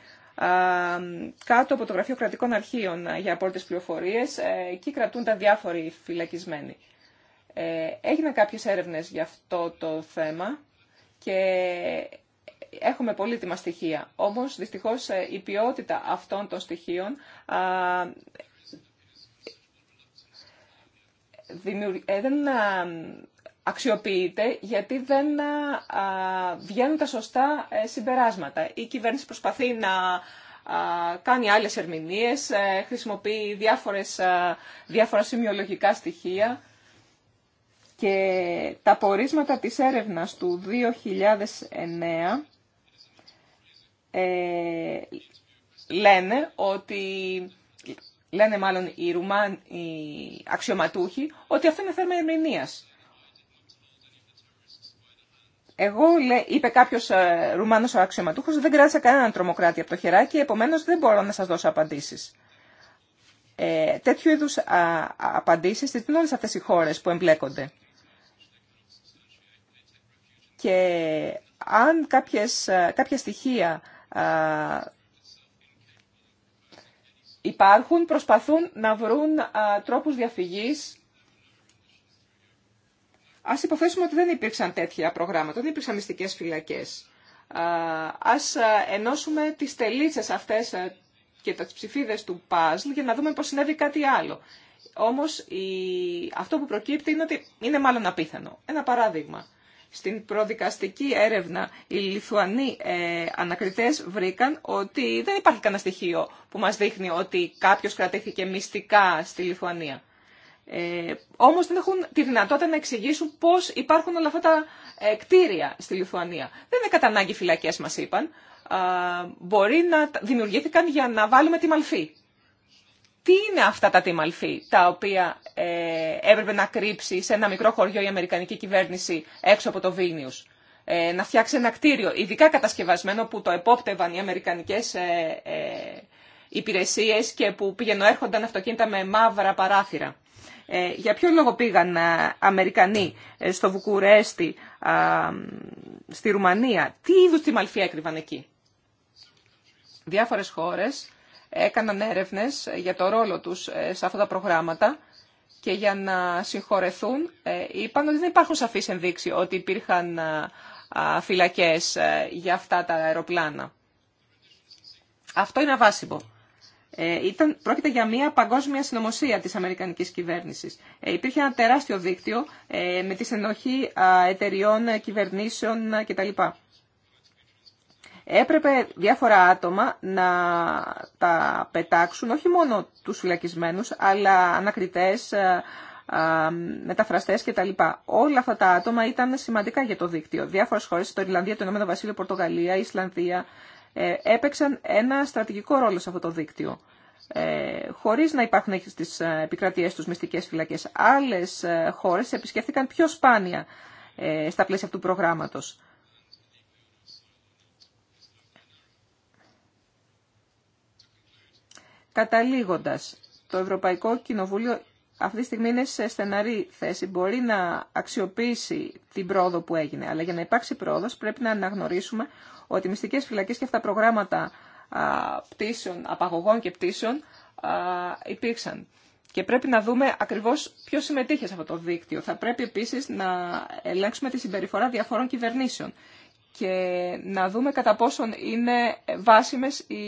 κάτω από το Γραφείο Κρατικών Αρχείων για απόρτες πληροφορίες. Εκεί κρατούνταν διάφοροι φυλακισμένοι. Ε, έγιναν κάποιες έρευνες για αυτό το θέμα και έχουμε πολύτιμα στοιχεία. Όμως, δυστυχώς, ε, η ποιότητα αυτών των στοιχείων ε, δεν αξιοποιείται γιατί δεν βγαίνουν τα σωστά συμπεράσματα. Η κυβέρνηση προσπαθεί να κάνει άλλες ερμηνείες, χρησιμοποιεί διάφορες, διάφορα σημειολογικά στοιχεία και τα πορίσματα της έρευνας του 2009 ε, λένε ότι λένε μάλλον οι Ρουμάν, οι αξιωματούχοι, ότι αυτό είναι θέμα ερμηνεία. Εγώ, είπε κάποιο ε, Ρουμάνο αξιωματούχο, δεν κράτησα κανέναν τρομοκράτη από το χεράκι, επομένω δεν μπορώ να σα δώσω απαντήσει. Ε, τέτοιου είδου απαντήσει τι δίνουν όλε αυτέ οι χώρε που εμπλέκονται. Και αν κάποιες, κάποια στοιχεία υπάρχουν, προσπαθούν να βρουν τρόπους διαφυγής. Ας υποθέσουμε ότι δεν υπήρξαν τέτοια προγράμματα, δεν υπήρξαν μυστικές φυλακές. Α, ας ενώσουμε τις τελίτσες αυτές και τις ψηφίδες του παζλ για να δούμε πώς συνέβη κάτι άλλο. Όμως η... αυτό που προκύπτει είναι ότι είναι μάλλον απίθανο. Ένα παράδειγμα. Στην προδικαστική έρευνα οι Λιθουανοί ε, ανακριτές βρήκαν ότι δεν υπάρχει κανένα στοιχείο που μας δείχνει ότι κάποιος κρατήθηκε μυστικά στη Λιθουανία. Ε, όμως δεν έχουν τη δυνατότητα να εξηγήσουν πώς υπάρχουν όλα αυτά τα ε, κτίρια στη Λιθουανία. Δεν είναι κατά ανάγκη φυλακές μας είπαν. μπορεί να δημιουργήθηκαν για να βάλουμε τη μαλφή τι είναι αυτά τα τιμαλφή τα οποία ε, έπρεπε να κρύψει σε ένα μικρό χωριό η Αμερικανική κυβέρνηση έξω από το Βίλνιου. Ε, να φτιάξει ένα κτίριο, ειδικά κατασκευασμένο που το επόπτευαν οι Αμερικανικές ε, ε υπηρεσίες και που πηγαινοέρχονταν έρχονταν αυτοκίνητα με μαύρα παράθυρα. Ε, για ποιο λόγο πήγαν Αμερικανοί στο Βουκουρέστι, στη Ρουμανία, τι είδους τιμαλφή έκρυβαν εκεί. Διάφορες χώρες έκαναν έρευνες για το ρόλο τους ε, σε αυτά τα προγράμματα και για να συγχωρεθούν ε, είπαν ότι δεν υπάρχουν σαφείς ενδείξει ότι υπήρχαν ε, φυλακές για αυτά τα αεροπλάνα. Αυτό είναι αβάσιμο. ήταν, πρόκειται για μια παγκόσμια συνωμοσία της Αμερικανικής κυβέρνησης. υπήρχε ένα τεράστιο δίκτυο με τη συνοχή εταιριών, κυβερνήσεων κτλ έπρεπε διάφορα άτομα να τα πετάξουν, όχι μόνο τους φυλακισμένους, αλλά ανακριτές, ε, ε, μεταφραστές κτλ. Όλα αυτά τα άτομα ήταν σημαντικά για το δίκτυο. Διάφορες χώρες, το Ιρλανδία, το Ηνωμένο Βασίλειο, Πορτογαλία, Ισλανδία, ε, έπαιξαν ένα στρατηγικό ρόλο σε αυτό το δίκτυο. Ε, χωρίς να υπάρχουν στις επικρατείες τους μυστικές φυλακές. Άλλες χώρες επισκέφθηκαν πιο σπάνια στα πλαίσια αυτού του προγράμματος. Καταλήγοντας, το Ευρωπαϊκό Κοινοβούλιο αυτή τη στιγμή είναι σε στεναρή θέση. Μπορεί να αξιοποιήσει την πρόοδο που έγινε. Αλλά για να υπάρξει πρόοδος πρέπει να αναγνωρίσουμε ότι οι μυστικές φυλακές και αυτά τα προγράμματα πτήσεων, απαγωγών και πτήσεων υπήρξαν. Και πρέπει να δούμε ακριβώς ποιο συμμετείχε σε αυτό το δίκτυο. Θα πρέπει επίσης να ελέγξουμε τη συμπεριφορά διαφόρων κυβερνήσεων και να δούμε κατά πόσον είναι βάσιμες οι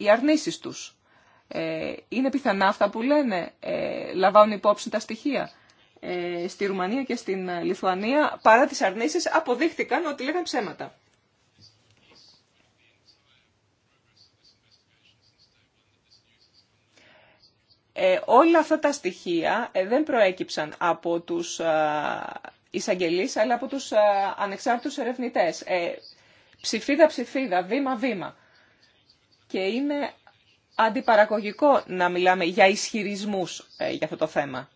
οι αρνήσεις τους. Ε, είναι πιθανά αυτά που λένε, ε, λαμβάνουν υπόψη τα στοιχεία. Ε, στη Ρουμανία και στην ε, Λιθουανία, παρά τις αρνήσεις, αποδείχτηκαν ότι λέγαν ψέματα. όλα αυτά τα στοιχεία δεν προέκυψαν από τους εισαγγελείς, αλλά από τους α, ανεξάρτητους ερευνητές. ψηφίδα-ψηφίδα, βήμα-βήμα και είναι αντιπαραγωγικό να μιλάμε για ισχυρισμούς ε, για αυτό το θέμα.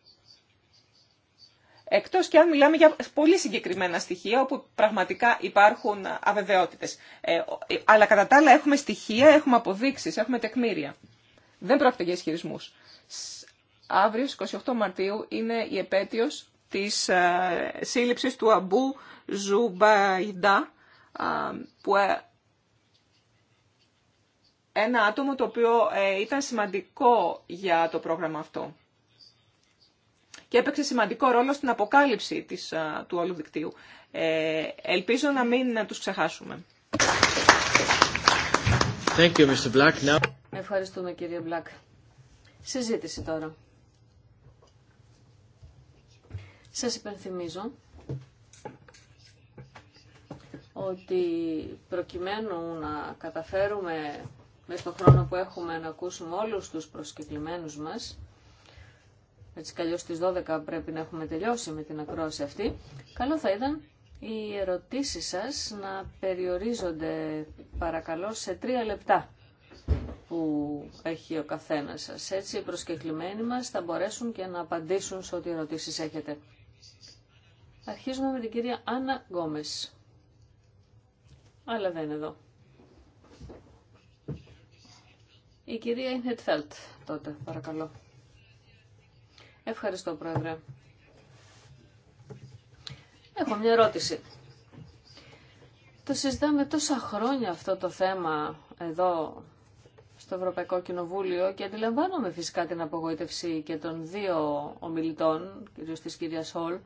Εκτός και αν μιλάμε για πολύ συγκεκριμένα στοιχεία όπου πραγματικά υπάρχουν αβεβαιότητες. Ε, αλλά κατά τα άλλα έχουμε στοιχεία, έχουμε αποδείξεις, έχουμε τεκμήρια. Δεν πρόκειται για ισχυρισμού. Αύριο, 28 Μαρτίου, είναι η επέτειος της ε, σύλληψης του Αμπού Ζουμπαϊντά, που ένα άτομο το οποίο ε, ήταν σημαντικό για το πρόγραμμα αυτό και έπαιξε σημαντικό ρόλο στην αποκάλυψη της, του όλου δικτύου. Ε, ελπίζω να μην να ε, τους ξεχάσουμε. Thank you, Mr. Black. Now... Ευχαριστούμε κύριε Μπλακ. Συζήτηση τώρα. Σας υπενθυμίζω ότι προκειμένου να καταφέρουμε με τον χρόνο που έχουμε να ακούσουμε όλους τους προσκεκλημένους μας, έτσι καλλιώς στις 12 πρέπει να έχουμε τελειώσει με την ακρόαση αυτή, καλό θα ήταν οι ερωτήσεις σας να περιορίζονται παρακαλώ σε τρία λεπτά που έχει ο καθένας σας. Έτσι οι προσκεκλημένοι μας θα μπορέσουν και να απαντήσουν σε ό,τι ερωτήσεις έχετε. Αρχίζουμε με την κυρία Άννα Γκόμες. Αλλά δεν είναι εδώ. Η κυρία Ινχετφέλτ τότε, παρακαλώ. Ευχαριστώ, Πρόεδρε. Έχω μια ερώτηση. Το συζητάμε τόσα χρόνια αυτό το θέμα εδώ στο Ευρωπαϊκό Κοινοβούλιο και αντιλαμβάνομαι φυσικά την απογοήτευση και των δύο ομιλητών, κυρίως της κυρίας Χολ.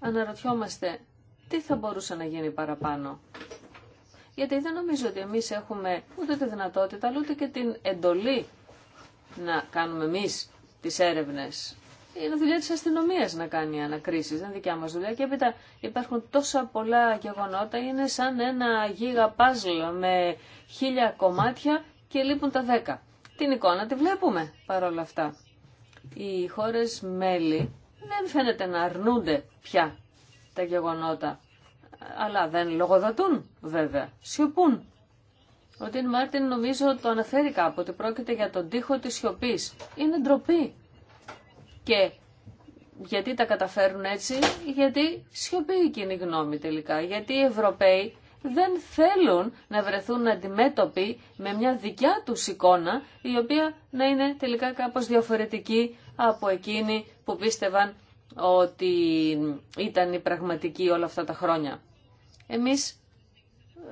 Αναρωτιόμαστε τι θα μπορούσε να γίνει παραπάνω γιατί δεν νομίζω ότι εμείς έχουμε ούτε τη δυνατότητα, αλλά ούτε και την εντολή να κάνουμε εμείς τις έρευνες. Είναι δουλειά της αστυνομίας να κάνει ανακρίσεις, δεν είναι δικιά μας δουλειά. Και έπειτα υπάρχουν τόσα πολλά γεγονότα, είναι σαν ένα γίγα παζλ με χίλια κομμάτια και λείπουν τα δέκα. Την εικόνα τη βλέπουμε παρόλα αυτά. Οι χώρες μέλη δεν φαίνεται να αρνούνται πια τα γεγονότα αλλά δεν λογοδοτούν βέβαια, σιωπούν. Ο Τιν Μάρτιν νομίζω το αναφέρει κάπου ότι πρόκειται για τον τοίχο της σιωπής. Είναι ντροπή. Και γιατί τα καταφέρουν έτσι, γιατί σιωπή η κοινή γνώμη τελικά. Γιατί οι Ευρωπαίοι δεν θέλουν να βρεθούν αντιμέτωποι με μια δικιά του εικόνα, η οποία να είναι τελικά κάπως διαφορετική από εκείνη που πίστευαν ότι ήταν η πραγματική όλα αυτά τα χρόνια. Εμείς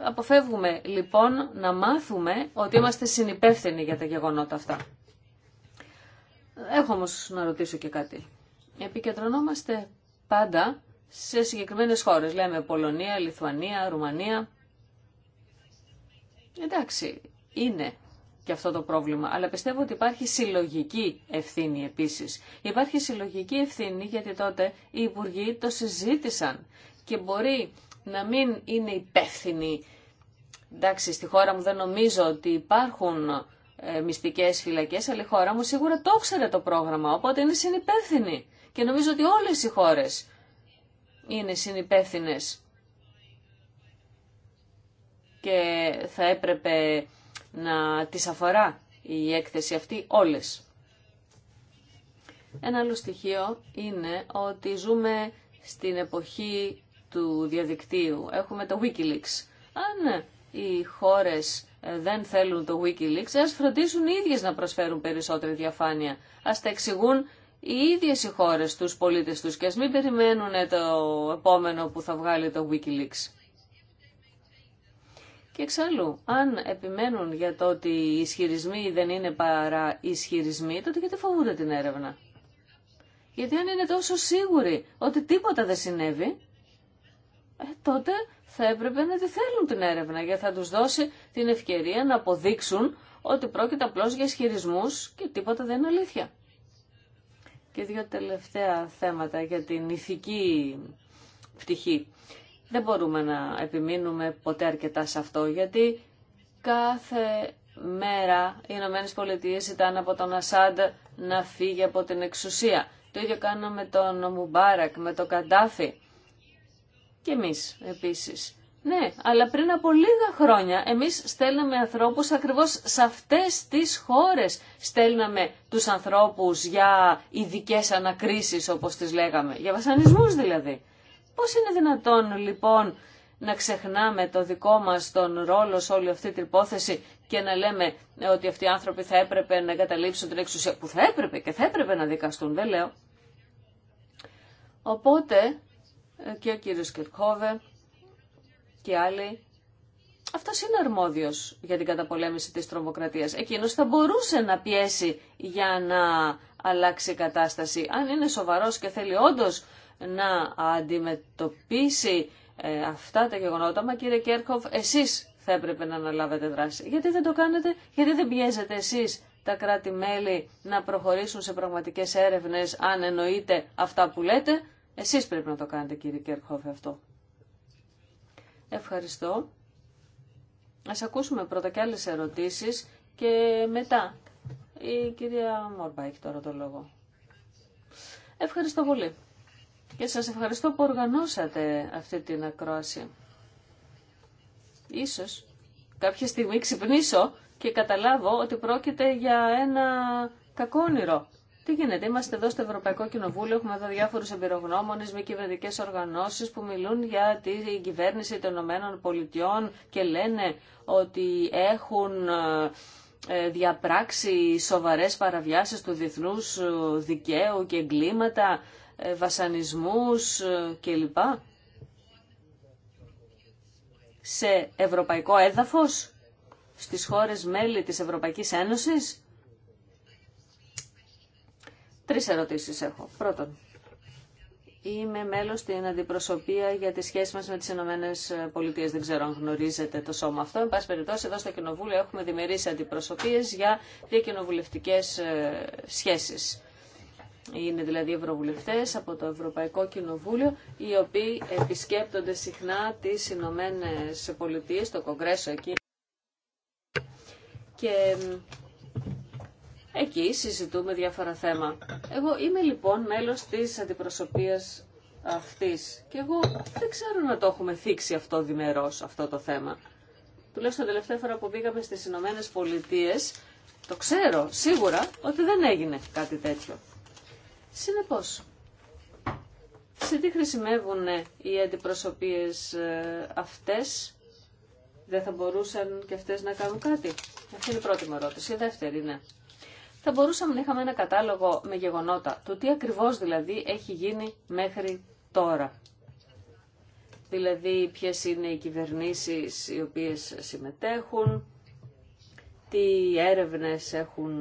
αποφεύγουμε λοιπόν να μάθουμε ότι είμαστε συνυπεύθυνοι για τα γεγονότα αυτά. Έχω όμως να ρωτήσω και κάτι. Επικεντρωνόμαστε πάντα σε συγκεκριμένες χώρες. Λέμε Πολωνία, Λιθουανία, Ρουμανία. Εντάξει, είναι και αυτό το πρόβλημα, αλλά πιστεύω ότι υπάρχει συλλογική ευθύνη επίσης. Υπάρχει συλλογική ευθύνη γιατί τότε οι υπουργοί το συζήτησαν και μπορεί να μην είναι υπεύθυνοι. Εντάξει, στη χώρα μου δεν νομίζω ότι υπάρχουν ε, μυστικές φυλακές, αλλά η χώρα μου σίγουρα το ήξερε το πρόγραμμα, οπότε είναι συνυπεύθυνοι. Και νομίζω ότι όλες οι χώρες είναι συνυπεύθυνε. και θα έπρεπε να τις αφορά η έκθεση αυτή όλες. Ένα άλλο στοιχείο είναι ότι ζούμε στην εποχή του διαδικτύου. Έχουμε το Wikileaks. Αν ναι, οι χώρες ε, δεν θέλουν το Wikileaks, ας φροντίσουν οι ίδιες να προσφέρουν περισσότερη διαφάνεια. Ας τα εξηγούν οι ίδιες οι χώρες τους πολίτες τους και ας μην περιμένουν ε, το επόμενο που θα βγάλει το Wikileaks. Και εξάλλου, αν επιμένουν για το ότι οι ισχυρισμοί δεν είναι παρά ισχυρισμοί, τότε γιατί φοβούνται την έρευνα. Γιατί αν είναι τόσο σίγουροι ότι τίποτα δεν συνέβη, ε, τότε θα έπρεπε να τη θέλουν την έρευνα γιατί θα τους δώσει την ευκαιρία να αποδείξουν ότι πρόκειται απλώς για ισχυρισμού και τίποτα δεν είναι αλήθεια. Και δύο τελευταία θέματα για την ηθική πτυχή. Δεν μπορούμε να επιμείνουμε ποτέ αρκετά σε αυτό γιατί κάθε μέρα οι Ηνωμένες Πολιτείες ήταν από τον Ασάντ να φύγει από την εξουσία. Το ίδιο κάναμε τον Μουμπάρακ, με τον Καντάφη. Και εμείς επίσης. Ναι, αλλά πριν από λίγα χρόνια εμείς στέλναμε ανθρώπους ακριβώς σε αυτές τις χώρες. Στέλναμε τους ανθρώπους για ειδικέ ανακρίσεις όπως τις λέγαμε, για βασανισμούς δηλαδή. Πώς είναι δυνατόν λοιπόν να ξεχνάμε το δικό μας τον ρόλο σε όλη αυτή την υπόθεση και να λέμε ότι αυτοί οι άνθρωποι θα έπρεπε να εγκαταλείψουν την εξουσία που θα έπρεπε και θα έπρεπε να δικαστούν, δεν λέω. Οπότε και ο κύριος Κερκόβε και άλλοι. Αυτό είναι αρμόδιο για την καταπολέμηση της τρομοκρατίας. Εκείνος θα μπορούσε να πιέσει για να αλλάξει η κατάσταση. Αν είναι σοβαρός και θέλει όντως να αντιμετωπίσει ε, αυτά τα γεγονότα, μα κύριε Κέρκοφ, εσείς θα έπρεπε να αναλάβετε δράση. Γιατί δεν το κάνετε, γιατί δεν πιέζετε εσεί τα κράτη-μέλη να προχωρήσουν σε πραγματικέ έρευνες, αν εννοείτε αυτά που λέτε, εσείς πρέπει να το κάνετε κύριε Κέρκχοφε αυτό. Ευχαριστώ. Ας ακούσουμε πρώτα και άλλες ερωτήσεις και μετά. Η κυρία Μόρμπα έχει τώρα το λόγο. Ευχαριστώ πολύ. Και σας ευχαριστώ που οργανώσατε αυτή την ακρόαση. Ίσως κάποια στιγμή ξυπνήσω και καταλάβω ότι πρόκειται για ένα κακό όνειρο. Τι γίνεται, είμαστε εδώ στο Ευρωπαϊκό Κοινοβούλιο, έχουμε εδώ διάφορους εμπειρογνώμονες, με κυβερνητικές οργανώσεις που μιλούν για την κυβέρνηση των Πολιτειών και λένε ότι έχουν ε, ε, διαπράξει σοβαρές παραβιάσεις του διεθνούς ε, δικαίου και εγκλήματα, βασανισμούς κλπ. Σε ευρωπαϊκό έδαφος, στις χώρες μέλη της Ευρωπαϊκής Ένωσης, Τρεις ερωτήσεις έχω. Πρώτον, είμαι μέλος στην αντιπροσωπεία για τις σχέσεις μας με τις Ηνωμένες Πολιτείες. Δεν ξέρω αν γνωρίζετε το σώμα αυτό. Εν πάση περιπτώσει, εδώ στο Κοινοβούλιο έχουμε δημιουργήσει αντιπροσωπείες για διακοινοβουλευτικές ε, σχέσεις. Είναι δηλαδή ευρωβουλευτές από το Ευρωπαϊκό Κοινοβούλιο, οι οποίοι επισκέπτονται συχνά τις Ηνωμένε Πολιτείε, το Κογκρέσο εκεί. Και Εκεί συζητούμε διάφορα θέμα. Εγώ είμαι λοιπόν μέλος της αντιπροσωπείας αυτής και εγώ δεν ξέρω να το έχουμε θίξει αυτό διμερός αυτό το θέμα. Τουλάχιστον τελευταία φορά που πήγαμε στις Ηνωμένε Πολιτείε, το ξέρω σίγουρα ότι δεν έγινε κάτι τέτοιο. Συνεπώς, σε τι χρησιμεύουν οι αντιπροσωπείες ε, αυτές, δεν θα μπορούσαν και αυτές να κάνουν κάτι. Αυτή είναι η πρώτη μου ερώτηση. Η δεύτερη ναι θα μπορούσαμε να είχαμε ένα κατάλογο με γεγονότα, το τι ακριβώς δηλαδή έχει γίνει μέχρι τώρα. Δηλαδή ποιες είναι οι κυβερνήσεις οι οποίες συμμετέχουν, τι έρευνες έχουν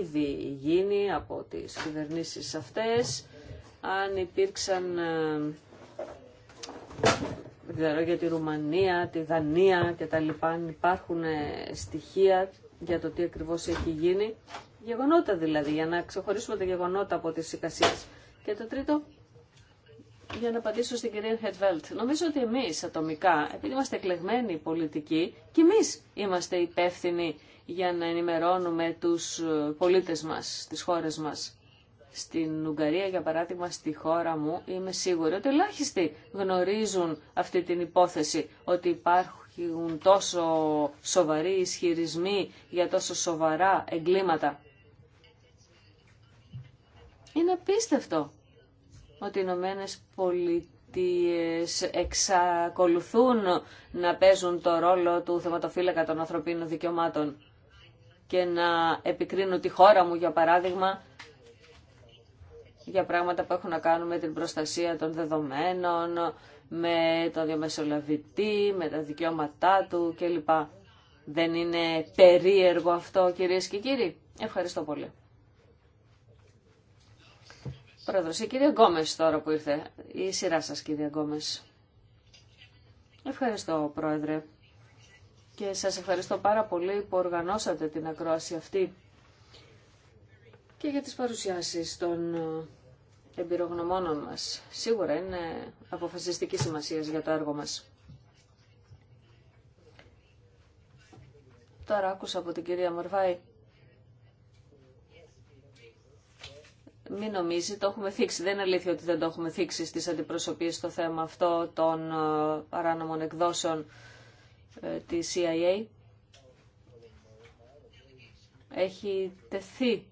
ήδη γίνει από τις κυβερνήσεις αυτές, αν υπήρξαν ε, δεν για τη Ρουμανία, τη Δανία και τα αν υπάρχουν ε, στοιχεία για το τι ακριβώς έχει γίνει γεγονότα δηλαδή, για να ξεχωρίσουμε τα γεγονότα από τις εικασίες. Και το τρίτο, για να απαντήσω στην κυρία Χετβέλτ. Νομίζω ότι εμείς ατομικά, επειδή είμαστε εκλεγμένοι πολιτικοί, και εμείς είμαστε υπεύθυνοι για να ενημερώνουμε τους ε, πολίτες μας, τις χώρες μας. Στην Ουγγαρία, για παράδειγμα, στη χώρα μου, είμαι σίγουρη ότι ελάχιστοι γνωρίζουν αυτή την υπόθεση, ότι υπάρχουν τόσο σοβαροί ισχυρισμοί για τόσο σοβαρά εγκλήματα. Είναι απίστευτο ότι οι Ηνωμένε Πολιτείε εξακολουθούν να παίζουν το ρόλο του θεματοφύλακα των ανθρωπίνων δικαιωμάτων και να επικρίνουν τη χώρα μου, για παράδειγμα, για πράγματα που έχουν να κάνουν με την προστασία των δεδομένων, με το διαμεσολαβητή, με τα δικαιώματά του κλπ. Δεν είναι περίεργο αυτό κυρίες και κύριοι. Ευχαριστώ πολύ. Πρόεδρος, η κυρία Γκόμες τώρα που ήρθε. Η σειρά σας κυρία Γκόμες. Ευχαριστώ Πρόεδρε και σας ευχαριστώ πάρα πολύ που οργανώσατε την ακρόαση αυτή και για τις παρουσιάσεις των ε, εμπειρογνωμόνων μας. Σίγουρα είναι αποφασιστική σημασία για το έργο μας. Τώρα άκουσα από την κυρία Μορβάη μην νομίζει, το έχουμε θίξει. Δεν είναι αλήθεια ότι δεν το έχουμε θίξει στις αντιπροσωπείες στο θέμα αυτό των ε, παράνομων εκδόσεων ε, της CIA. Έχει τεθεί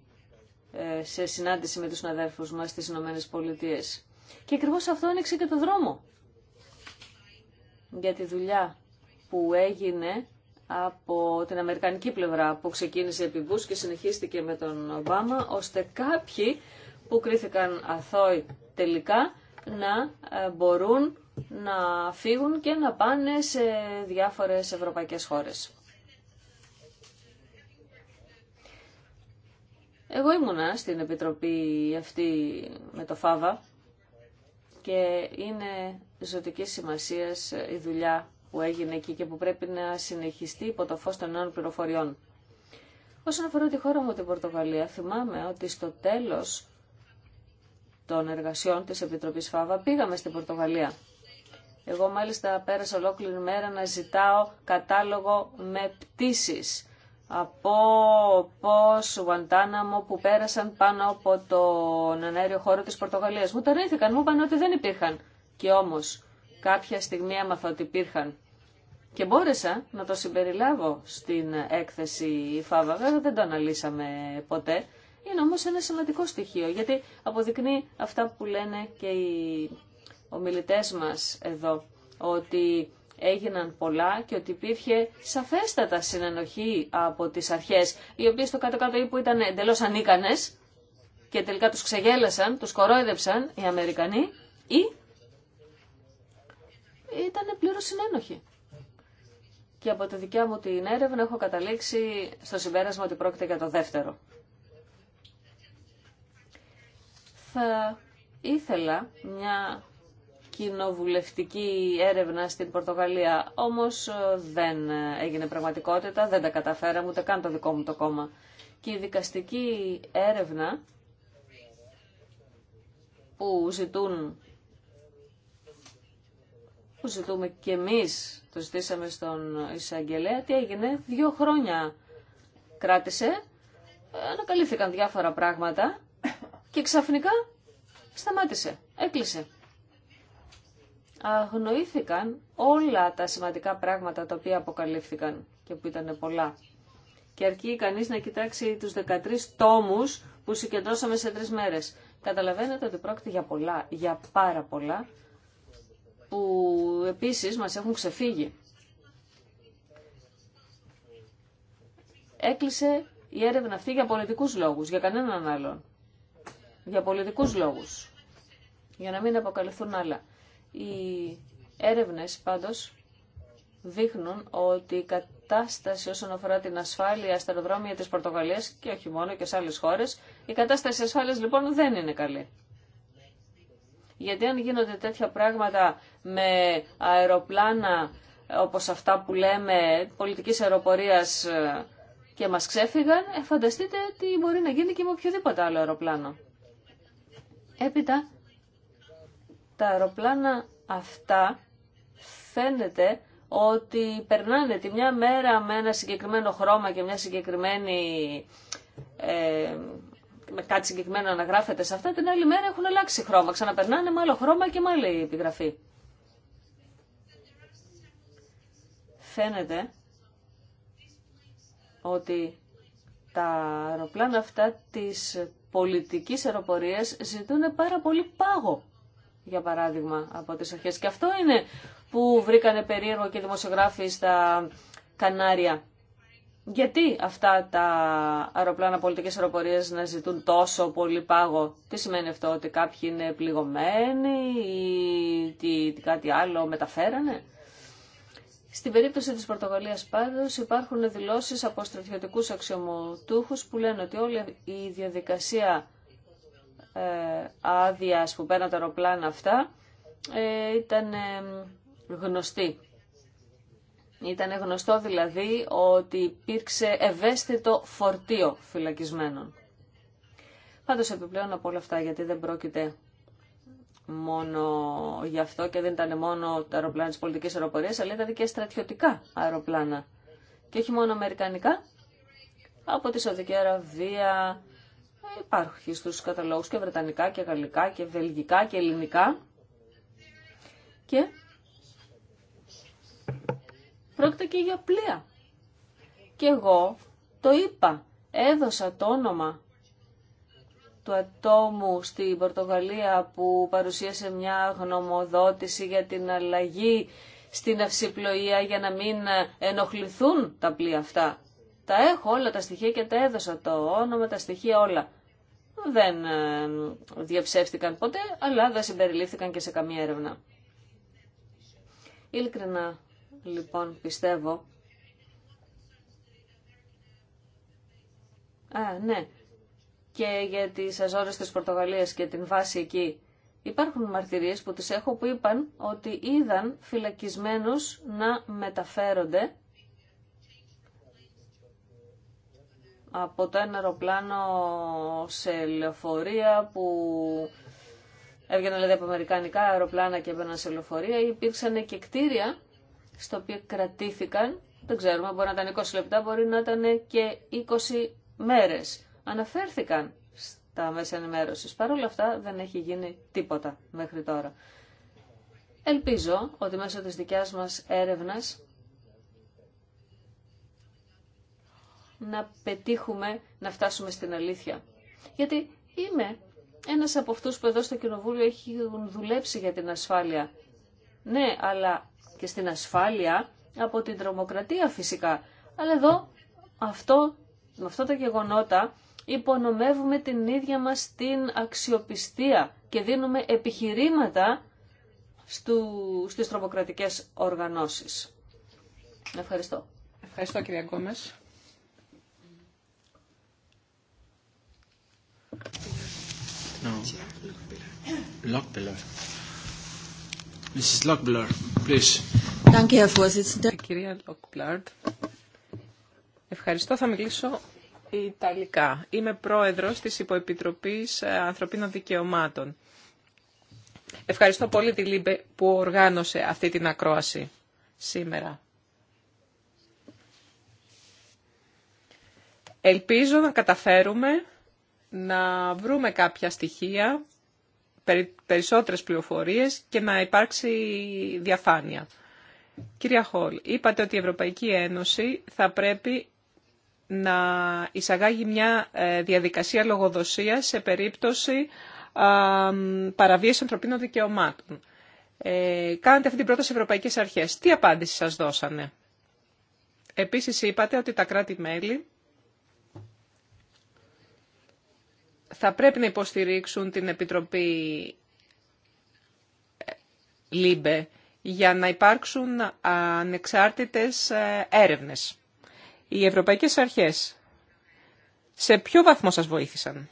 ε, σε συνάντηση με τους αδέρφους μας στις Ηνωμένες Πολιτείες. Και ακριβώς αυτό άνοιξε και το δρόμο για τη δουλειά που έγινε από την Αμερικανική πλευρά που ξεκίνησε επί Μπούς και συνεχίστηκε με τον Ομπάμα, ώστε κάποιοι που κρίθηκαν αθώοι τελικά να ε, μπορούν να φύγουν και να πάνε σε διάφορες ευρωπαϊκές χώρες. Εγώ ήμουνα στην Επιτροπή αυτή με το ΦΑΒΑ και είναι ζωτική σημασία ε, η δουλειά που έγινε εκεί και που πρέπει να συνεχιστεί υπό το φως των νέων πληροφοριών. Όσον αφορά τη χώρα μου την Πορτογαλία, θυμάμαι ότι στο τέλος των εργασιών της Επιτροπής ΦΑΒΑ πήγαμε στην Πορτογαλία. Εγώ μάλιστα πέρασα ολόκληρη μέρα να ζητάω κατάλογο με πτήσεις από πώς Γουαντάναμο που πέρασαν πάνω από τον ανέριο χώρο της Πορτογαλίας. Μου τα αρνήθηκαν, μου είπαν ότι δεν υπήρχαν. Και όμως κάποια στιγμή έμαθα ότι υπήρχαν. Και μπόρεσα να το συμπεριλάβω στην έκθεση ΦΑΒΑ. Βέβαια δεν το αναλύσαμε ποτέ. Είναι όμως ένα σημαντικό στοιχείο, γιατί αποδεικνύει αυτά που λένε και οι ομιλητές μας εδώ, ότι έγιναν πολλά και ότι υπήρχε σαφέστατα συνενοχή από τις αρχές, οι οποίες στο κάτω-κάτω ή που ήταν εντελώς ανίκανες και τελικά τους ξεγέλασαν, τους κορόιδεψαν οι Αμερικανοί ή ήταν πλήρως συνένοχοι. Και από τη δικιά μου την έρευνα έχω καταλήξει στο συμπέρασμα ότι πρόκειται για το δεύτερο. Θα ήθελα μια κοινοβουλευτική έρευνα στην Πορτογαλία, όμως ε, δεν έγινε πραγματικότητα, δεν τα καταφέραμε ούτε καν το δικό μου το κόμμα. Και η δικαστική έρευνα που ζητούν που ζητούμε και εμείς, το ζητήσαμε στον Ισαγγελέα, τι έγινε, δύο χρόνια κράτησε, ανακαλύφθηκαν διάφορα πράγματα και ξαφνικά σταμάτησε, έκλεισε. Αγνοήθηκαν όλα τα σημαντικά πράγματα τα οποία αποκαλύφθηκαν και που ήταν πολλά. Και αρκεί κανείς να κοιτάξει τους 13 τόμους που συγκεντρώσαμε σε τρεις μέρες. Καταλαβαίνετε ότι πρόκειται για πολλά, για πάρα πολλά, που επίσης μας έχουν ξεφύγει. Έκλεισε η έρευνα αυτή για πολιτικούς λόγους, για κανέναν άλλον για πολιτικούς λόγους, για να μην αποκαλυφθούν άλλα. Οι έρευνες πάντως δείχνουν ότι η κατάσταση όσον αφορά την ασφάλεια στα αεροδρόμια της Πορτογαλίας και όχι μόνο και σε άλλες χώρες, η κατάσταση ασφάλειας λοιπόν δεν είναι καλή. Γιατί αν γίνονται τέτοια πράγματα με αεροπλάνα όπως αυτά που λέμε πολιτικής αεροπορίας ε, και μας ξέφυγαν, ε, φανταστείτε τι μπορεί να γίνει και με οποιοδήποτε άλλο αεροπλάνο. Έπειτα, τα αεροπλάνα αυτά φαίνεται ότι περνάνε τη μια μέρα με ένα συγκεκριμένο χρώμα και μια συγκεκριμένη... Ε, με κάτι συγκεκριμένο αναγράφεται σε αυτά, την άλλη μέρα έχουν αλλάξει χρώμα. Ξαναπερνάνε με άλλο χρώμα και με άλλη επιγραφή. Φαίνεται ότι τα αεροπλάνα αυτά της πολιτικής αεροπορίας ζητούν πάρα πολύ πάγο, για παράδειγμα, από τις αρχές. Και αυτό είναι που βρήκανε περίεργο και οι δημοσιογράφοι στα Κανάρια. Γιατί αυτά τα αεροπλάνα πολιτικές αεροπορίες να ζητούν τόσο πολύ πάγο. Τι σημαίνει αυτό, ότι κάποιοι είναι πληγωμένοι ή τι κάτι άλλο μεταφέρανε. Στην περίπτωση της Πορτογαλίας πάντως υπάρχουν δηλώσεις από στρατιωτικούς αξιωματούχους που λένε ότι όλη η διαδικασία ε, άδεια που παίρνουν τα αεροπλάνα αυτά ε, ήταν ε, γνωστή. Ήταν γνωστό δηλαδή ότι υπήρξε ευαίσθητο φορτίο φυλακισμένων. Πάντως επιπλέον από όλα αυτά γιατί δεν πρόκειται μόνο γι' αυτό και δεν ήταν μόνο τα αεροπλάνα της πολιτικής αεροπορίας, αλλά ήταν και στρατιωτικά αεροπλάνα. Και όχι μόνο αμερικανικά, από τη Σαουδική Αραβία υπάρχει στους καταλόγους και βρετανικά και γαλλικά και βελγικά και ελληνικά. Και πρόκειται και για πλοία. Και εγώ το είπα, έδωσα το όνομα του ατόμου στην Πορτογαλία που παρουσίασε μια γνωμοδότηση για την αλλαγή στην αυσιπλοεία για να μην ενοχληθούν τα πλοία αυτά. Τα έχω όλα τα στοιχεία και τα έδωσα το όνομα, τα στοιχεία όλα. Δεν ε, διαψεύστηκαν ποτέ, αλλά δεν συμπεριλήφθηκαν και σε καμία έρευνα. Ειλικρινά, λοιπόν, πιστεύω. Α, ναι και για τι αζόρε τη Πορτογαλίας και την βάση εκεί. Υπάρχουν μαρτυρίες που τις έχω που είπαν ότι είδαν φυλακισμένους να μεταφέρονται από το ένα αεροπλάνο σε λεωφορεία που έβγαιναν δηλαδή από αμερικανικά αεροπλάνα και έμπαιναν σε λεωφορεία. Υπήρξαν και κτίρια στο οποίο κρατήθηκαν, δεν ξέρουμε, μπορεί να ήταν 20 λεπτά, μπορεί να ήταν και 20 μέρες αναφέρθηκαν στα μέσα ενημέρωσης. Παρ' όλα αυτά δεν έχει γίνει τίποτα μέχρι τώρα. Ελπίζω ότι μέσω της δικιάς μας έρευνας να πετύχουμε να φτάσουμε στην αλήθεια. Γιατί είμαι ένας από αυτούς που εδώ στο Κοινοβούλιο ...έχει δουλέψει για την ασφάλεια. Ναι, αλλά και στην ασφάλεια από την τρομοκρατία φυσικά. Αλλά εδώ αυτό, με αυτά τα γεγονότα υπονομεύουμε την ίδια μας την αξιοπιστία και δίνουμε επιχειρήματα στου, στις τρομοκρατικές οργανώσεις. Ευχαριστώ. Ευχαριστώ κυρία Γκόμες. Κυρία ευχαριστώ. Θα μιλήσω Ιταλικά. Είμαι πρόεδρος της Υποεπιτροπής ε, Ανθρωπίνων Δικαιωμάτων. Ευχαριστώ πολύ τη Λίμπε που οργάνωσε αυτή την ακρόαση σήμερα. Ελπίζω να καταφέρουμε να βρούμε κάποια στοιχεία, περισσότερες πληροφορίες και να υπάρξει διαφάνεια. Κυρία Χολ, είπατε ότι η Ευρωπαϊκή Ένωση θα πρέπει να εισαγάγει μια ε, διαδικασία λογοδοσίας σε περίπτωση παραβίαση ανθρωπίνων δικαιωμάτων. Ε, κάνετε αυτή την πρόταση Ευρωπαϊκές Αρχές. Τι απάντηση σας δώσανε. Επίσης είπατε ότι τα κράτη-μέλη θα πρέπει να υποστηρίξουν την Επιτροπή ε, ΛΥΜΠΕ για να υπάρξουν ανεξάρτητες ε, έρευνες. Οι ευρωπαϊκές αρχές σε ποιο βαθμό σας βοήθησαν.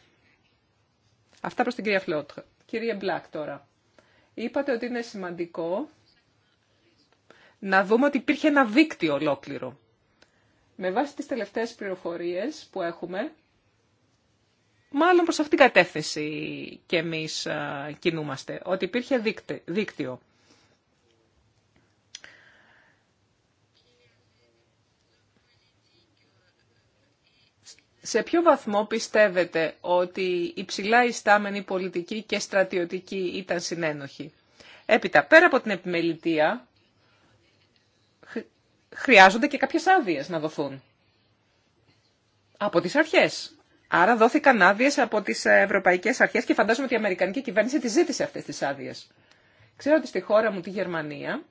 Αυτά προς την κυρία φλότ. Κύριε Μπλακ τώρα. Είπατε ότι είναι σημαντικό να δούμε ότι υπήρχε ένα δίκτυο ολόκληρο. Με βάση τις τελευταίες πληροφορίες που έχουμε, μάλλον προς αυτήν την κατεύθυνση και εμείς κινούμαστε, ότι υπήρχε δίκτυο. σε ποιο βαθμό πιστεύετε ότι η ψηλά ιστάμενη πολιτική και στρατιωτική ήταν συνένοχη. Έπειτα, πέρα από την επιμελητία, χρειάζονται και κάποιες άδειε να δοθούν. Από τις αρχές. Άρα δόθηκαν άδειε από τις ευρωπαϊκές αρχές και φαντάζομαι ότι η Αμερικανική κυβέρνηση τη ζήτησε αυτές τις άδειε. Ξέρω ότι στη χώρα μου, τη Γερμανία,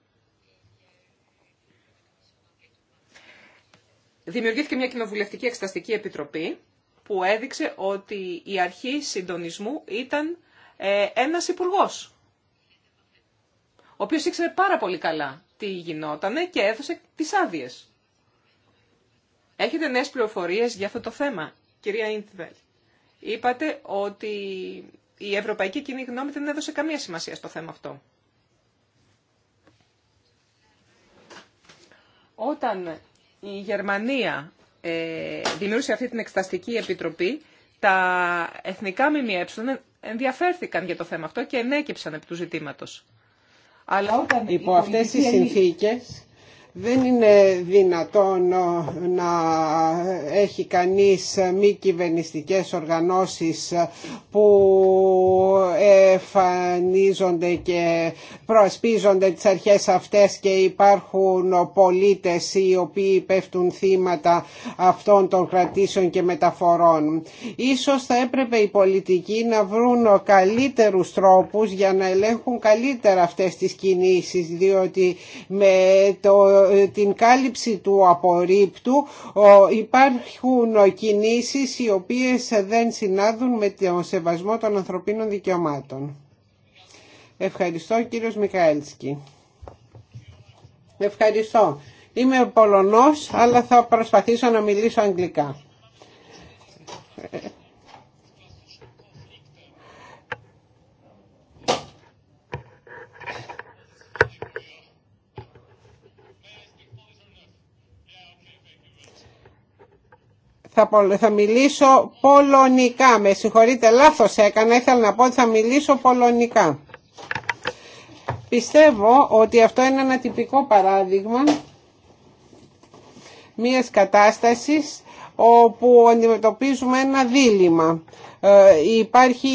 δημιουργήθηκε μια κοινοβουλευτική εξεταστική επιτροπή που έδειξε ότι η αρχή συντονισμού ήταν ε, ένας υπουργός, ο οποίος ήξερε πάρα πολύ καλά τι γινότανε και έδωσε τις άδειε. Έχετε νέες πληροφορίες για αυτό το θέμα, κυρία Ίντβελ. Είπατε ότι η ευρωπαϊκή κοινή γνώμη δεν έδωσε καμία σημασία στο θέμα αυτό. Όταν η Γερμανία ε, δημιούργησε αυτή την εξεταστική επιτροπή, τα εθνικά ΜΜΕ ενδιαφέρθηκαν για το θέμα αυτό και ενέκυψαν επί του ζητήματος. Αλλά όταν υπό αυτές τις συνθήκες δεν είναι δυνατόν ε, να έχει κανείς μη κυβερνητικέ οργανώσεις ε, που εμφανίζονται και προασπίζονται τις αρχές αυτές και υπάρχουν πολίτες οι οποίοι πέφτουν θύματα αυτών των κρατήσεων και μεταφορών. Ίσως θα έπρεπε οι πολιτικοί να βρουν καλύτερους τρόπους για να ελέγχουν καλύτερα αυτές τις κινήσεις διότι με το ε, την κάλυψη του απορρίπτου υπάρχουν κινήσεις οι οποίες δεν συνάδουν με τον σεβασμό των ανθρωπίνων δικαιωμάτων. Ευχαριστώ κύριος Μικαέλσκι. Ευχαριστώ. Είμαι Πολωνός, αλλά θα προσπαθήσω να μιλήσω αγγλικά. θα, θα μιλήσω πολωνικά. Με συγχωρείτε, λάθος έκανα, ήθελα να πω ότι θα μιλήσω πολωνικά. Πιστεύω ότι αυτό είναι ένα τυπικό παράδειγμα μιας κατάστασης όπου αντιμετωπίζουμε ένα δίλημα. Ε, υπάρχει,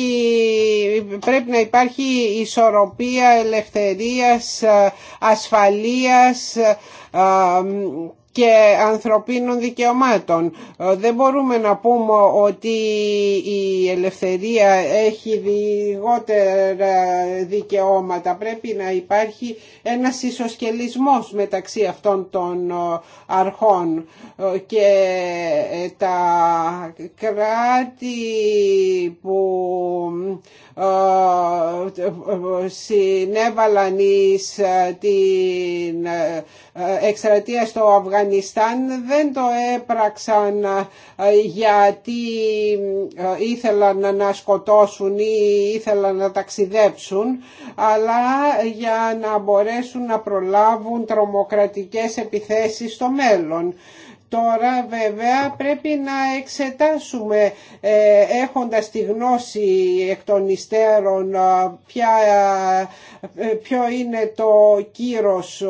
πρέπει να υπάρχει ισορροπία ελευθερίας, ε, ασφαλείας ε, και ανθρωπίνων δικαιωμάτων. Ε, δεν μπορούμε να πούμε ότι η ελευθερία έχει λιγότερα δικαιώματα. Πρέπει να υπάρχει ένας ισοσκελισμός μεταξύ αυτών των ε, αρχών ε, και τα κράτη που συνέβαλαν εις ε, την εκστρατεία ε, στο Αφγανιστάν δεν το έπραξαν ε, γιατί ήθελαν να σκοτώσουν ή ήθελαν να ταξιδέψουν αλλά για να μπορέσουν να προλάβουν τρομοκρατικές επιθέσεις στο μέλλον. Τώρα βέβαια πρέπει να εξετάσουμε ε, έχοντας τη γνώση εκ των υστέρων ε, ε, ποιο είναι το κύρος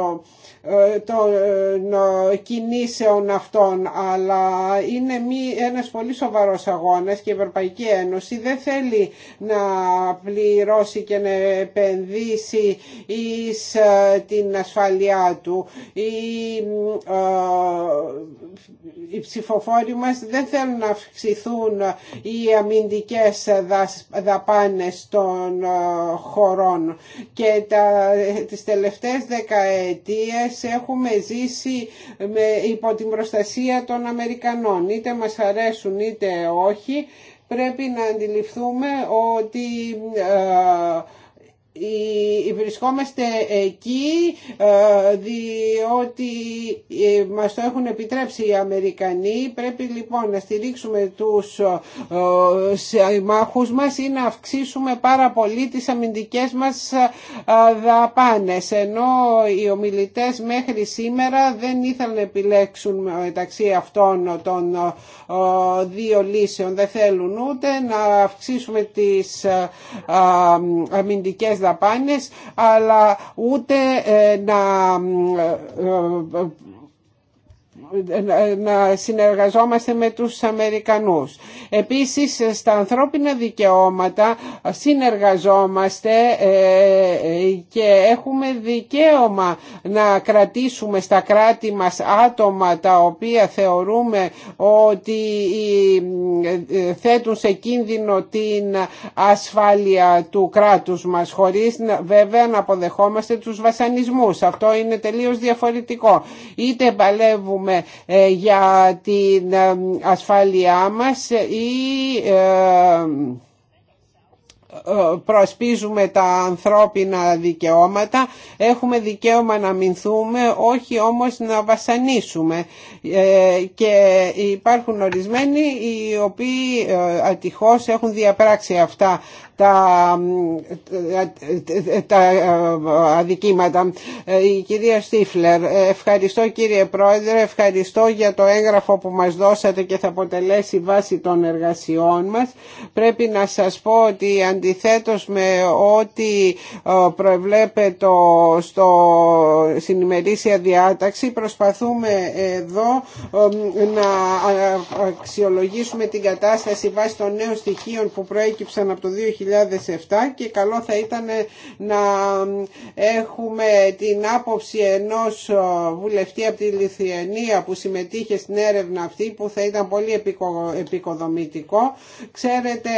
ε, των ε, κινήσεων αυτών αλλά είναι μη, ένας πολύ σοβαρός αγώνας και η Ευρωπαϊκή Ένωση δεν θέλει να πληρώσει και να επενδύσει εις ε, την ασφαλειά του οι, οι ψηφοφόροι μας δεν θέλουν να αυξηθούν οι αμυντικές δαπάνες των χωρών και τα, τις τελευταίες δεκαετίες έχουμε ζήσει με, υπό την προστασία των Αμερικανών. Είτε μας αρέσουν είτε όχι, πρέπει να αντιληφθούμε ότι... Ε, ε, βρισκόμαστε εκεί ε, διότι ε, μας το έχουν επιτρέψει οι Αμερικανοί πρέπει λοιπόν να στηρίξουμε τους συμμάχους μας ή να αυξήσουμε πάρα πολύ τις αμυντικές μας δαπάνες ενώ οι ομιλητές μέχρι σήμερα δεν ήθελαν να επιλέξουν μεταξύ αυτών των δύο λύσεων δεν θέλουν ούτε να αυξήσουμε τις αμυντικές δαπάνες δαπάνες αλλά ούτε ε, να ε, ε, να συνεργαζόμαστε με τους Αμερικανούς. Επίσης στα ανθρώπινα δικαιώματα συνεργαζόμαστε ε, και έχουμε δικαίωμα να κρατήσουμε στα κράτη μας άτομα τα οποία θεωρούμε ότι ε, ε, θέτουν σε κίνδυνο την ασφάλεια του κράτους μας χωρίς βέβαια να αποδεχόμαστε τους βασανισμούς. Αυτό είναι τελείως διαφορετικό. Είτε παλεύουμε ε, για την ε, ασφάλειά μας ή ε, προσπίζουμε τα ανθρώπινα δικαιώματα έχουμε δικαίωμα να μηνθούμε όχι όμως να βασανίσουμε και υπάρχουν ορισμένοι οι οποίοι ατυχώς έχουν διαπράξει αυτά τα, τα αδικήματα. Η κυρία Στίφλερ, ευχαριστώ κύριε Πρόεδρε, ευχαριστώ για το έγγραφο που μας δώσατε και θα αποτελέσει βάση των εργασιών μας. Πρέπει να σας πω ότι αντιθέτως με ό,τι ε, προεβλέπεται στο, συνημερίσια διάταξη προσπαθούμε εδώ ε, να αξιολογήσουμε την κατάσταση βάσει των νέων στοιχείων που προέκυψαν από το 2000 και καλό θα ήταν να έχουμε την άποψη ενός βουλευτή από τη Λιθιενία που συμμετείχε στην έρευνα αυτή που θα ήταν πολύ επικο, επικοδομητικό. Ξέρετε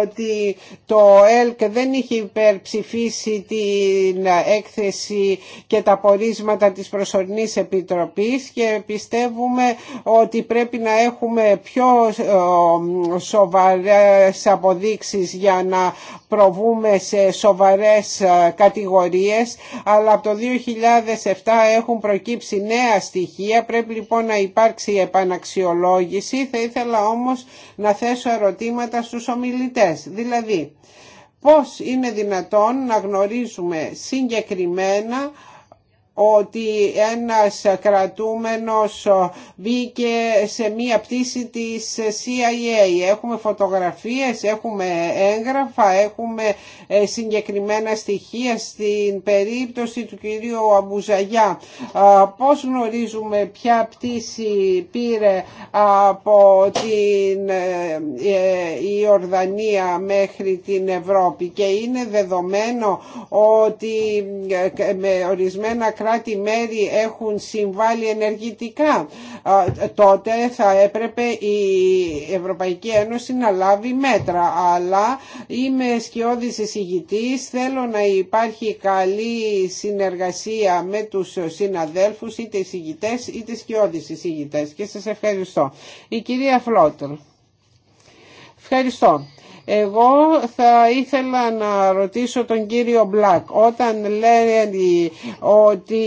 ότι το ΕΛΚ δεν είχε υπερψηφίσει την έκθεση και τα πορίσματα της προσωρινής επιτροπής και πιστεύουμε ότι πρέπει να έχουμε πιο ε, σοβαρές αποδείξεις για να προβούμε σε σοβαρές ε, κατηγορίες αλλά από το 2007 έχουν προκύψει νέα στοιχεία πρέπει λοιπόν να υπάρξει επαναξιολόγηση θα ήθελα όμως να θέσω ερωτήματα στους ομιλητές δηλαδή πώς είναι δυνατόν να γνωρίζουμε συγκεκριμένα ότι ένας κρατούμενος μπήκε σε μία πτήση της CIA. Έχουμε φωτογραφίες, έχουμε έγγραφα, έχουμε ε, συγκεκριμένα στοιχεία στην περίπτωση του κυρίου Αμπουζαγιά. Πώς γνωρίζουμε ποια πτήση πήρε από την Ιορδανία ε, ε, μέχρι την Ευρώπη και είναι δεδομένο ότι με ορισμένα κράτη κράτη-μέρη έχουν συμβάλει ενεργητικά, τότε θα έπρεπε η Ευρωπαϊκή Ένωση να λάβει μέτρα. Αλλά είμαι σκιώδης εισηγητής, θέλω να υπάρχει καλή συνεργασία με τους συναδέλφους, είτε εισηγητές είτε σκιώδης εισηγητές. Και σας ευχαριστώ. Η κυρία Φλότερ. Ευχαριστώ. Εγώ θα ήθελα να ρωτήσω τον κύριο Μπλακ. Όταν λέει ότι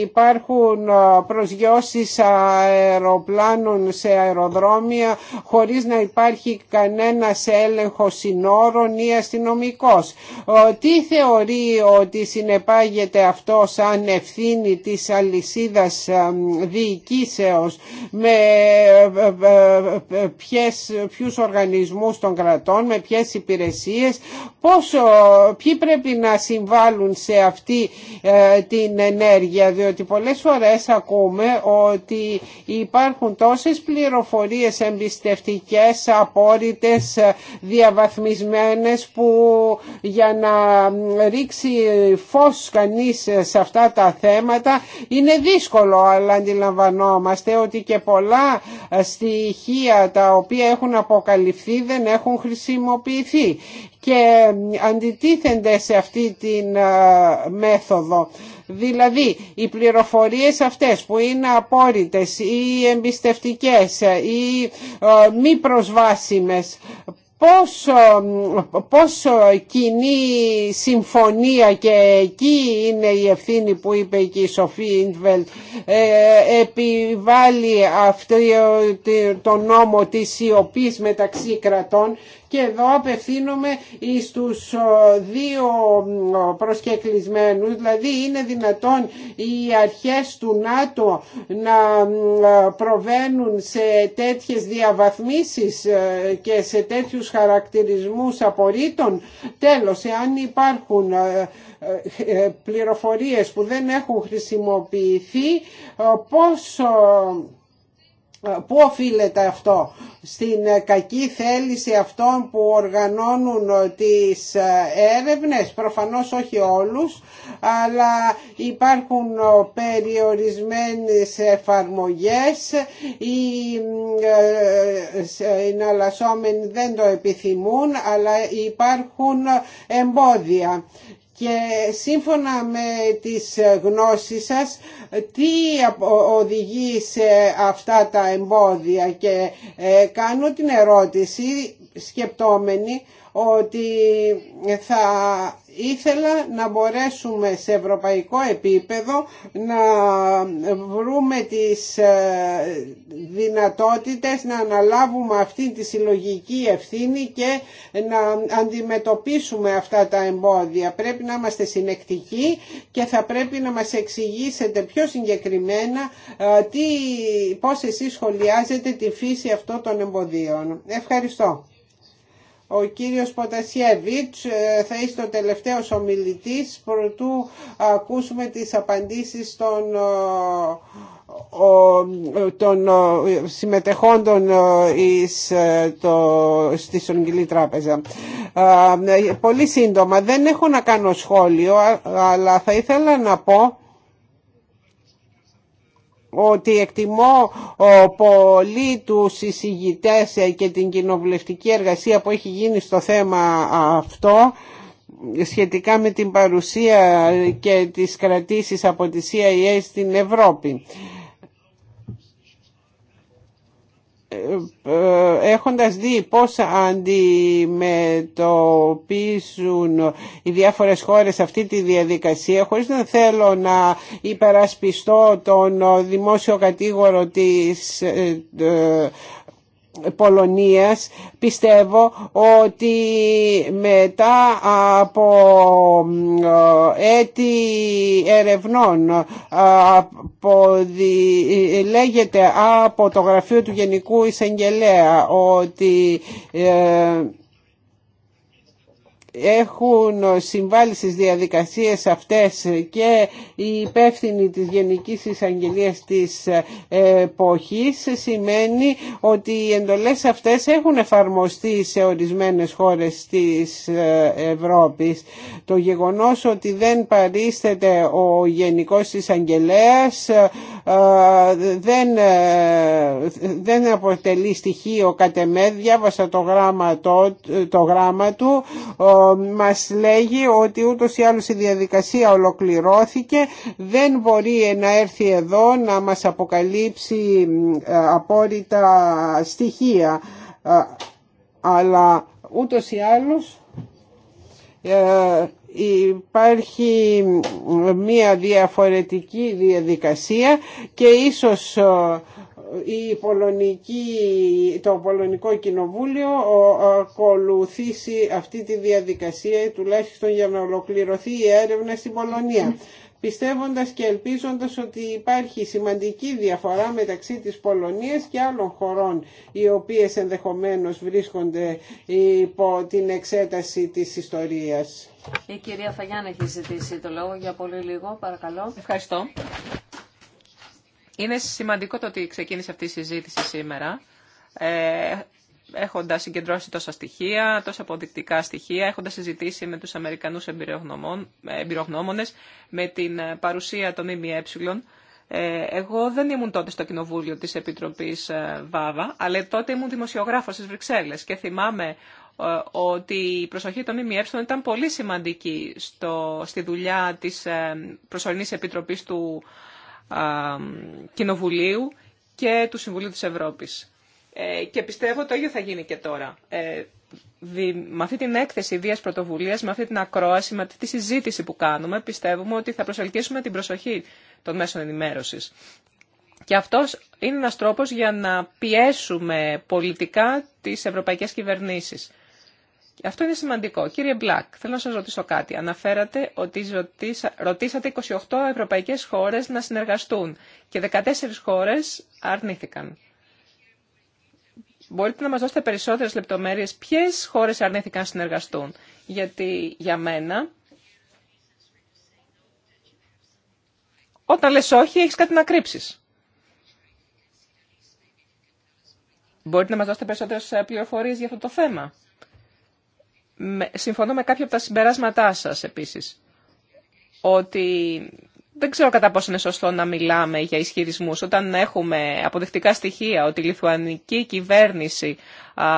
υπάρχουν προσγειώσεις αεροπλάνων σε αεροδρόμια χωρίς να υπάρχει κανένας έλεγχο συνόρων ή αστυνομικός. Τι θεωρεί ότι συνεπάγεται αυτό σαν ευθύνη της αλυσίδας διοικήσεως με ποιες, ποιους οργανισμούς των κρατών με ποιες υπηρεσίες, πόσο, ποιοι πρέπει να συμβάλλουν σε αυτή ε, την ενέργεια, διότι πολλές φορές ακούμε ότι υπάρχουν τόσες πληροφορίες εμπιστευτικές, απόρριτες, ε, διαβαθμισμένες που για να ρίξει φως κανείς σε αυτά τα θέματα είναι δύσκολο αλλά αντιλαμβανόμαστε ότι και πολλά ε, στοιχεία τα οποία έχουν αποκαλυφθεί δεν έχουν χρησιμοποιηθεί χρησιμοποιηθεί και αντιτίθενται σε αυτή τη μέθοδο. Δηλαδή οι πληροφορίες αυτές που είναι απόρριτες ή εμπιστευτικές ή μη προσβάσιμες πόσο, πόσο κοινή συμφωνία και εκεί είναι η ευθύνη που είπε και η Σοφή Ιντβελτ ε, επιβάλλει αυτό ε, το νόμο της σιωπής μεταξύ κρατών και εδώ απευθύνομαι τους δύο προσκεκλισμένους δηλαδή είναι δυνατόν οι αρχές του ΝΑΤΟ να προβαίνουν σε τέτοιες διαβαθμίσεις ε, και σε τέτοιους χαρακτηρισμούς απορρίτων τέλος εάν υπάρχουν ε, ε, πληροφορίες που δεν έχουν χρησιμοποιηθεί πώς Πού οφείλεται αυτό, στην ε, κακή θέληση αυτών που οργανώνουν ε, τις ε, έρευνες, προφανώς όχι όλους, αλλά υπάρχουν περιορισμένες εφαρμογές, οι εναλλασσόμενοι δεν το επιθυμούν, αλλά υπάρχουν εμπόδια και σύμφωνα με τις γνώσεις σας τι οδηγεί σε αυτά τα εμπόδια και ε, κάνω την ερώτηση σκεπτόμενη ότι θα ήθελα να μπορέσουμε σε ευρωπαϊκό επίπεδο να βρούμε τις ε, δυνατότητες να αναλάβουμε αυτή τη συλλογική ευθύνη και να αντιμετωπίσουμε αυτά τα εμπόδια. Πρέπει να είμαστε συνεκτικοί και θα πρέπει να μας εξηγήσετε πιο συγκεκριμένα ε, τι, πώς εσείς σχολιάζετε τη φύση αυτών των εμποδίων. Ευχαριστώ. Ο κύριος Ποτασιεβίτς ε, θα είστε ο τελευταίος ομιλητής προτού ακούσουμε τις απαντήσεις των ε, ε, συμμετεχόντων στη Σογγυλή Τράπεζα. Πολύ σύντομα, δεν έχω να κάνω σχόλιο, αλλά θα ήθελα να πω ότι εκτιμώ πολύ του εισηγητές ε, και την κοινοβουλευτική εργασία που έχει γίνει στο θέμα αυτό σχετικά με την παρουσία ε, και τις κρατήσεις από τη CIA στην Ευρώπη. Ε, ε, έχοντας δει πώς αντιμετωπίζουν οι διάφορες χώρες αυτή τη διαδικασία χωρίς να θέλω να υπερασπιστώ τον δημόσιο κατήγορο της ε, Πολωνίας πιστεύω ότι μετά από έτη ερευνών από, λέγεται από το γραφείο του Γενικού Εισαγγελέα ότι ε, έχουν συμβάλει στις διαδικασίες αυτές και η υπεύθυνοι της Γενικής Εισαγγελίας της εποχής σημαίνει ότι οι εντολές αυτές έχουν εφαρμοστεί σε ορισμένες χώρες της Ευρώπης. Το γεγονός ότι δεν παρίσταται ο Γενικός Εισαγγελέας ε, δεν, δεν αποτελεί στοιχείο κατεμέδια βασα το το γράμμα του μας λέγει ότι ούτως ή άλλως η διαδικασία ολοκληρώθηκε, δεν μπορεί να έρθει εδώ να μας αποκαλύψει ε, απόρριτα στοιχεία. Ε, αλλά ούτως ή άλλως ε, υπάρχει μία διαφορετική διαδικασία και ίσως η Πολωνική, το Πολωνικό Κοινοβούλιο ακολουθήσει αυτή τη διαδικασία τουλάχιστον για να ολοκληρωθεί η έρευνα στην Πολωνία πιστεύοντας και ελπίζοντας ότι υπάρχει σημαντική διαφορά μεταξύ της Πολωνίας και άλλων χωρών οι οποίες ενδεχομένως βρίσκονται υπό την εξέταση της ιστορίας. Η κυρία Φαγιάν έχει ζητήσει το λόγο για πολύ λίγο, παρακαλώ. Ευχαριστώ. Είναι σημαντικό το ότι ξεκίνησε αυτή η συζήτηση σήμερα, ε, έχοντας συγκεντρώσει τόσα στοιχεία, τόσα αποδεικτικά στοιχεία, έχοντας συζητήσει με τους Αμερικανούς ε, εμπειρογνώμονε με την ε, παρουσία των ΜΜΕ. Ε, εγώ δεν ήμουν τότε στο κοινοβούλιο της Επιτροπής ΒΑΒΑ, αλλά τότε ήμουν δημοσιογράφος στις Βρυξέλλες και θυμάμαι ότι η προσοχή των ΜΜΕ ήταν πολύ σημαντική στη δουλειά της προσωρινή επιτροπή του Κοινοβουλίου και του Συμβουλίου της Ευρώπης. Ε, και πιστεύω το ίδιο θα γίνει και τώρα. Ε, με αυτή την έκθεση ιδίας πρωτοβουλίας, με αυτή την ακρόαση, με αυτή τη συζήτηση που κάνουμε, πιστεύουμε ότι θα προσελκύσουμε την προσοχή των μέσων ενημέρωσης. Και αυτός είναι ένας τρόπος για να πιέσουμε πολιτικά τις ευρωπαϊκές κυβερνήσεις αυτό είναι σημαντικό. Κύριε Μπλακ, θέλω να σας ρωτήσω κάτι. Αναφέρατε ότι ρωτήσατε 28 ευρωπαϊκές χώρες να συνεργαστούν και 14 χώρες αρνήθηκαν. Μπορείτε να μας δώσετε περισσότερες λεπτομέρειες ποιες χώρες αρνήθηκαν να συνεργαστούν. Γιατί για μένα, όταν λες όχι, έχεις κάτι να κρύψεις. Μπορείτε να μας δώσετε περισσότερες πληροφορίες για αυτό το θέμα συμφωνώ με κάποια από τα συμπεράσματά σας επίσης, ότι δεν ξέρω κατά πόσο είναι σωστό να μιλάμε για ισχυρισμούς. Όταν έχουμε αποδεκτικά στοιχεία ότι η λιθουανική κυβέρνηση α,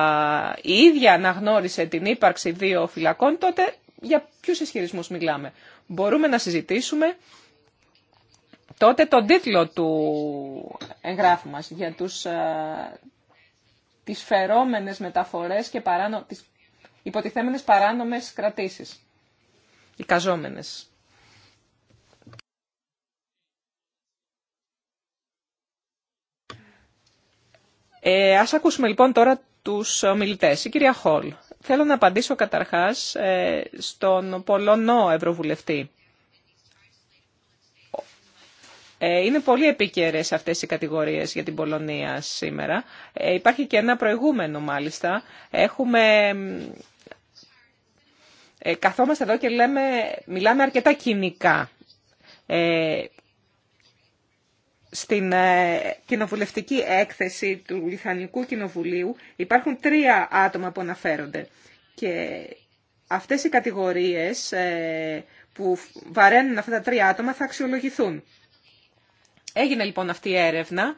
η ίδια αναγνώρισε την ύπαρξη δύο φυλακών, τότε για ποιους ισχυρισμούς μιλάμε. Μπορούμε να συζητήσουμε τότε τον τίτλο του εγγράφου μας για τους, α, τις φερόμενες μεταφορές και παράνο, υποτιθέμενες παράνομες κρατήσεις, οι καζόμενες. Ε, ας ακούσουμε λοιπόν τώρα τους ομιλητές. Η κυρία Χολ, θέλω να απαντήσω καταρχάς ε, στον Πολωνό Ευρωβουλευτή. Ε, είναι πολύ επίκαιρες αυτές οι κατηγορίες για την Πολωνία σήμερα. Ε, υπάρχει και ένα προηγούμενο μάλιστα. Έχουμε ε, καθόμαστε εδώ και λέμε, μιλάμε αρκετά κοινικά. Ε, στην ε, κοινοβουλευτική έκθεση του Λιθανικού Κοινοβουλίου υπάρχουν τρία άτομα που αναφέρονται. Και αυτές οι κατηγορίες ε, που βαραίνουν αυτά τα τρία άτομα θα αξιολογηθούν. Έγινε λοιπόν αυτή η έρευνα,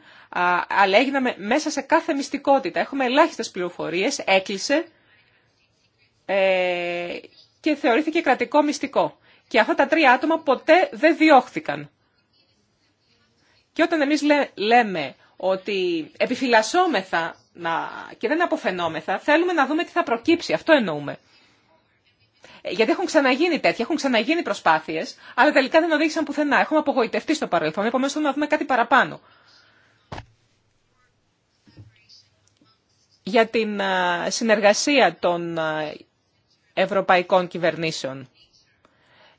αλλά έγινε μέσα σε κάθε μυστικότητα. Έχουμε ελάχιστες πληροφορίες, έκλεισε και θεωρήθηκε κρατικό μυστικό. Και αυτά τα τρία άτομα ποτέ δεν διώχθηκαν. Και όταν εμείς λέμε ότι επιφυλασσόμεθα να... και δεν αποφαινόμεθα, θέλουμε να δούμε τι θα προκύψει. Αυτό εννοούμε. Ε, γιατί έχουν ξαναγίνει τέτοια, έχουν ξαναγίνει προσπάθειε, αλλά τελικά δεν οδήγησαν πουθενά. Έχουμε απογοητευτεί στο παρελθόν, επομένω θέλουμε να δούμε κάτι παραπάνω. Για την ε, συνεργασία των ε, ευρωπαϊκών κυβερνήσεων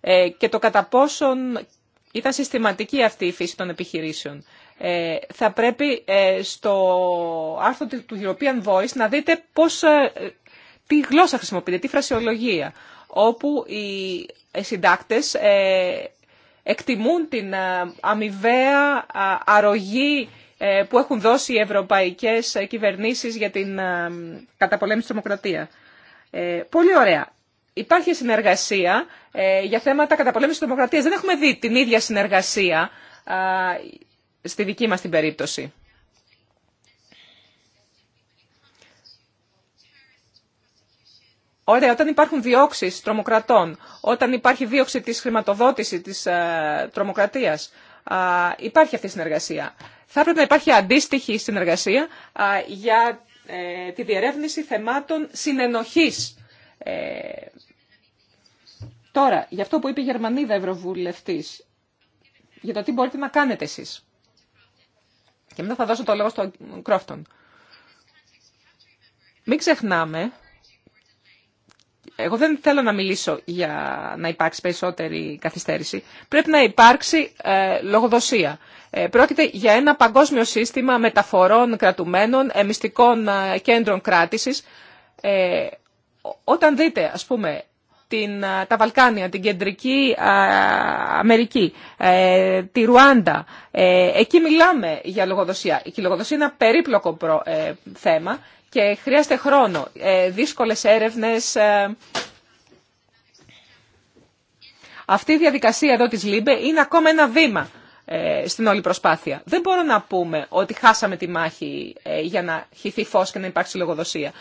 ε, και το κατά πόσον ήταν συστηματική αυτή η φύση των επιχειρήσεων. Ε, θα πρέπει ε, στο άρθρο του European Voice να δείτε πώς, τι γλώσσα χρησιμοποιείται, τι φρασιολογία, όπου οι συντάκτες εκτιμούν την αμοιβαία αρρωγή που έχουν δώσει οι ευρωπαϊκές κυβερνήσεις για την καταπολέμηση της τρομοκρατίας. Ε, πολύ ωραία. Υπάρχει συνεργασία ε, για θέματα καταπολέμησης της δημοκρατίας. Δεν έχουμε δει την ίδια συνεργασία α, στη δική μας την περίπτωση. Ωραία, όταν υπάρχουν διώξεις τρομοκρατών, όταν υπάρχει δίωξη της χρηματοδότησης της ε, τρομοκρατίας, υπάρχει αυτή η συνεργασία. Θα έπρεπε να υπάρχει αντίστοιχη συνεργασία για ε, τη διερεύνηση θεμάτων συνενοχής. Ε, τώρα, για αυτό που είπε η Γερμανίδα Ευρωβουλευτής, για το τι μπορείτε να κάνετε εσείς. Και μετά θα δώσω το λόγο στον Κρόφτον. Μην ξεχνάμε εγώ δεν θέλω να μιλήσω για να υπάρξει περισσότερη καθυστέρηση. Πρέπει να υπάρξει ε, λογοδοσία. Ε, πρόκειται για ένα παγκόσμιο σύστημα μεταφορών κρατουμένων, εμιστικών μυστικών ε, κέντρων κράτησης. Όταν δείτε, ας πούμε, την, τα Βαλκάνια, την Κεντρική Αμερική, τη Ρουάντα. εκεί μιλάμε για λογοδοσία. η λογοδοσία είναι ένα περίπλοκο θέμα και χρειάζεται χρόνο, ε, δύσκολες έρευνες. Ε. Αυτή η διαδικασία εδώ της ΛΥΜΠΕ είναι ακόμα ένα βήμα ε, στην όλη προσπάθεια. Δεν μπορώ να πούμε ότι χάσαμε τη μάχη για να χυθεί φως και να υπάρξει λογοδοσία.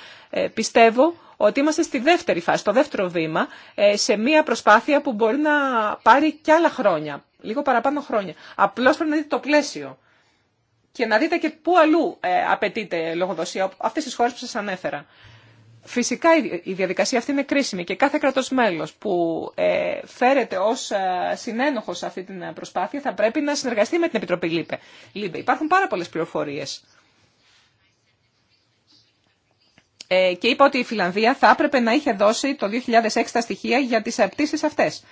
Πιστεύω ότι είμαστε στη δεύτερη φάση, το δεύτερο βήμα, σε μια προσπάθεια που μπορεί να πάρει και άλλα χρόνια, λίγο παραπάνω χρόνια. Απλώς πρέπει να δείτε το πλαίσιο και να δείτε και πού αλλού ε, απαιτείται λογοδοσία, αυτές τις χώρες που σας ανέφερα. Φυσικά η διαδικασία αυτή είναι κρίσιμη και κάθε κρατός μέλος που ε, φέρεται ως ε, συνένοχος σε αυτή την προσπάθεια θα πρέπει να συνεργαστεί με την Επιτροπή ΛΥΠΕ. Υπάρχουν πάρα πολλές πληροφορίες. και είπα ότι η Φιλανδία θα έπρεπε να είχε δώσει το 2006 τα στοιχεία για τις απτήσεις αυτές.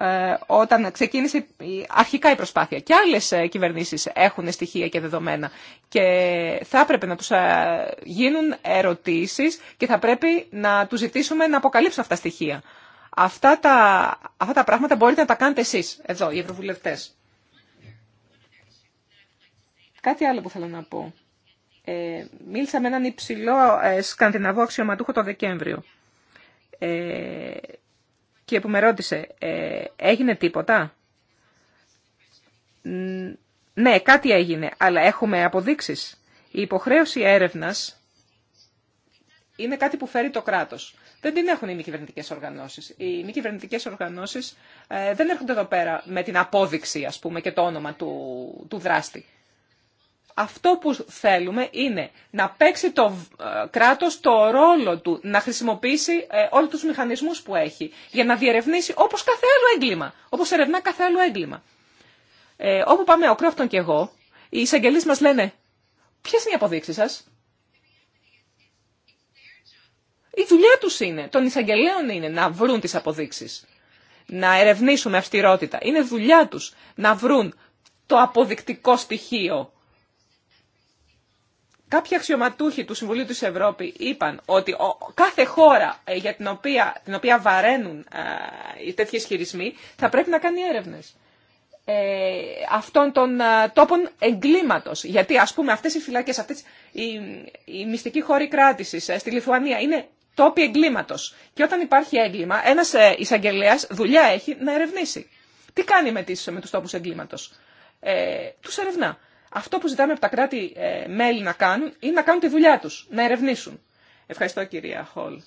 Ε, όταν ξεκίνησε αρχικά η προσπάθεια. Και άλλες ε, κυβερνήσεις έχουν στοιχεία και δεδομένα και θα έπρεπε να τους ε, γίνουν ερωτήσεις και θα πρέπει να τους ζητήσουμε να αποκαλύψουν αυτά τα στοιχεία. Αυτά τα, πράγματα μπορείτε να τα κάνετε εσείς, εδώ, οι ευρωβουλευτές. Κάτι άλλο που θέλω να πω. Ε, μίλησα με έναν υψηλό σκανδιναβό αξιωματούχο το Δεκέμβριο. Ε, και που με ρώτησε, «Ε, έγινε τίποτα. Ναι, κάτι έγινε, αλλά έχουμε αποδείξεις. Η υποχρέωση έρευνας είναι κάτι που φέρει το κράτος. Δεν την έχουν οι μη κυβερνητικέ οργανώσει. Οι μη κυβερνητικέ οργανώσει ε, δεν έρχονται εδώ πέρα με την απόδειξη, α πούμε, και το όνομα του, του δράστη. Αυτό που θέλουμε είναι να παίξει το ε, κράτος το ρόλο του, να χρησιμοποιήσει ε, όλους τους μηχανισμούς που έχει για να διερευνήσει όπως κάθε άλλο έγκλημα, όπως ερευνά κάθε άλλο έγκλημα. Ε, όπου πάμε ο Κρόφτον και εγώ, οι εισαγγελείς μας λένε ποιες είναι οι αποδείξεις σας. Η δουλειά τους είναι, των εισαγγελέων είναι να βρουν τις αποδείξεις, να ερευνήσουν με αυστηρότητα. Είναι δουλειά τους να βρουν το αποδεικτικό στοιχείο Κάποιοι αξιωματούχοι του Συμβουλίου της Ευρώπη είπαν ότι κάθε χώρα ε, για την οποία, την οποία βαραίνουν ε, οι τέτοιες χειρισμοί θα πρέπει να κάνει έρευνες ε, αυτών των τόπων εγκλήματος. Γιατί ας πούμε αυτές οι φυλακές, αυτές, η, μυστική χώρη κράτησης στη Λιθουανία είναι τόποι εγκλήματος. Και όταν υπάρχει έγκλημα, ένας εισαγγελέα δουλειά έχει να ερευνήσει. Τι κάνει με, τις, με τους τόπους εγκλήματος. Ε, τους ερευνά. Αυτό που ζητάμε από τα κράτη-μέλη ε, να κάνουν είναι να κάνουν τη δουλειά τους, να ερευνήσουν. Ευχαριστώ κυρία Χολ.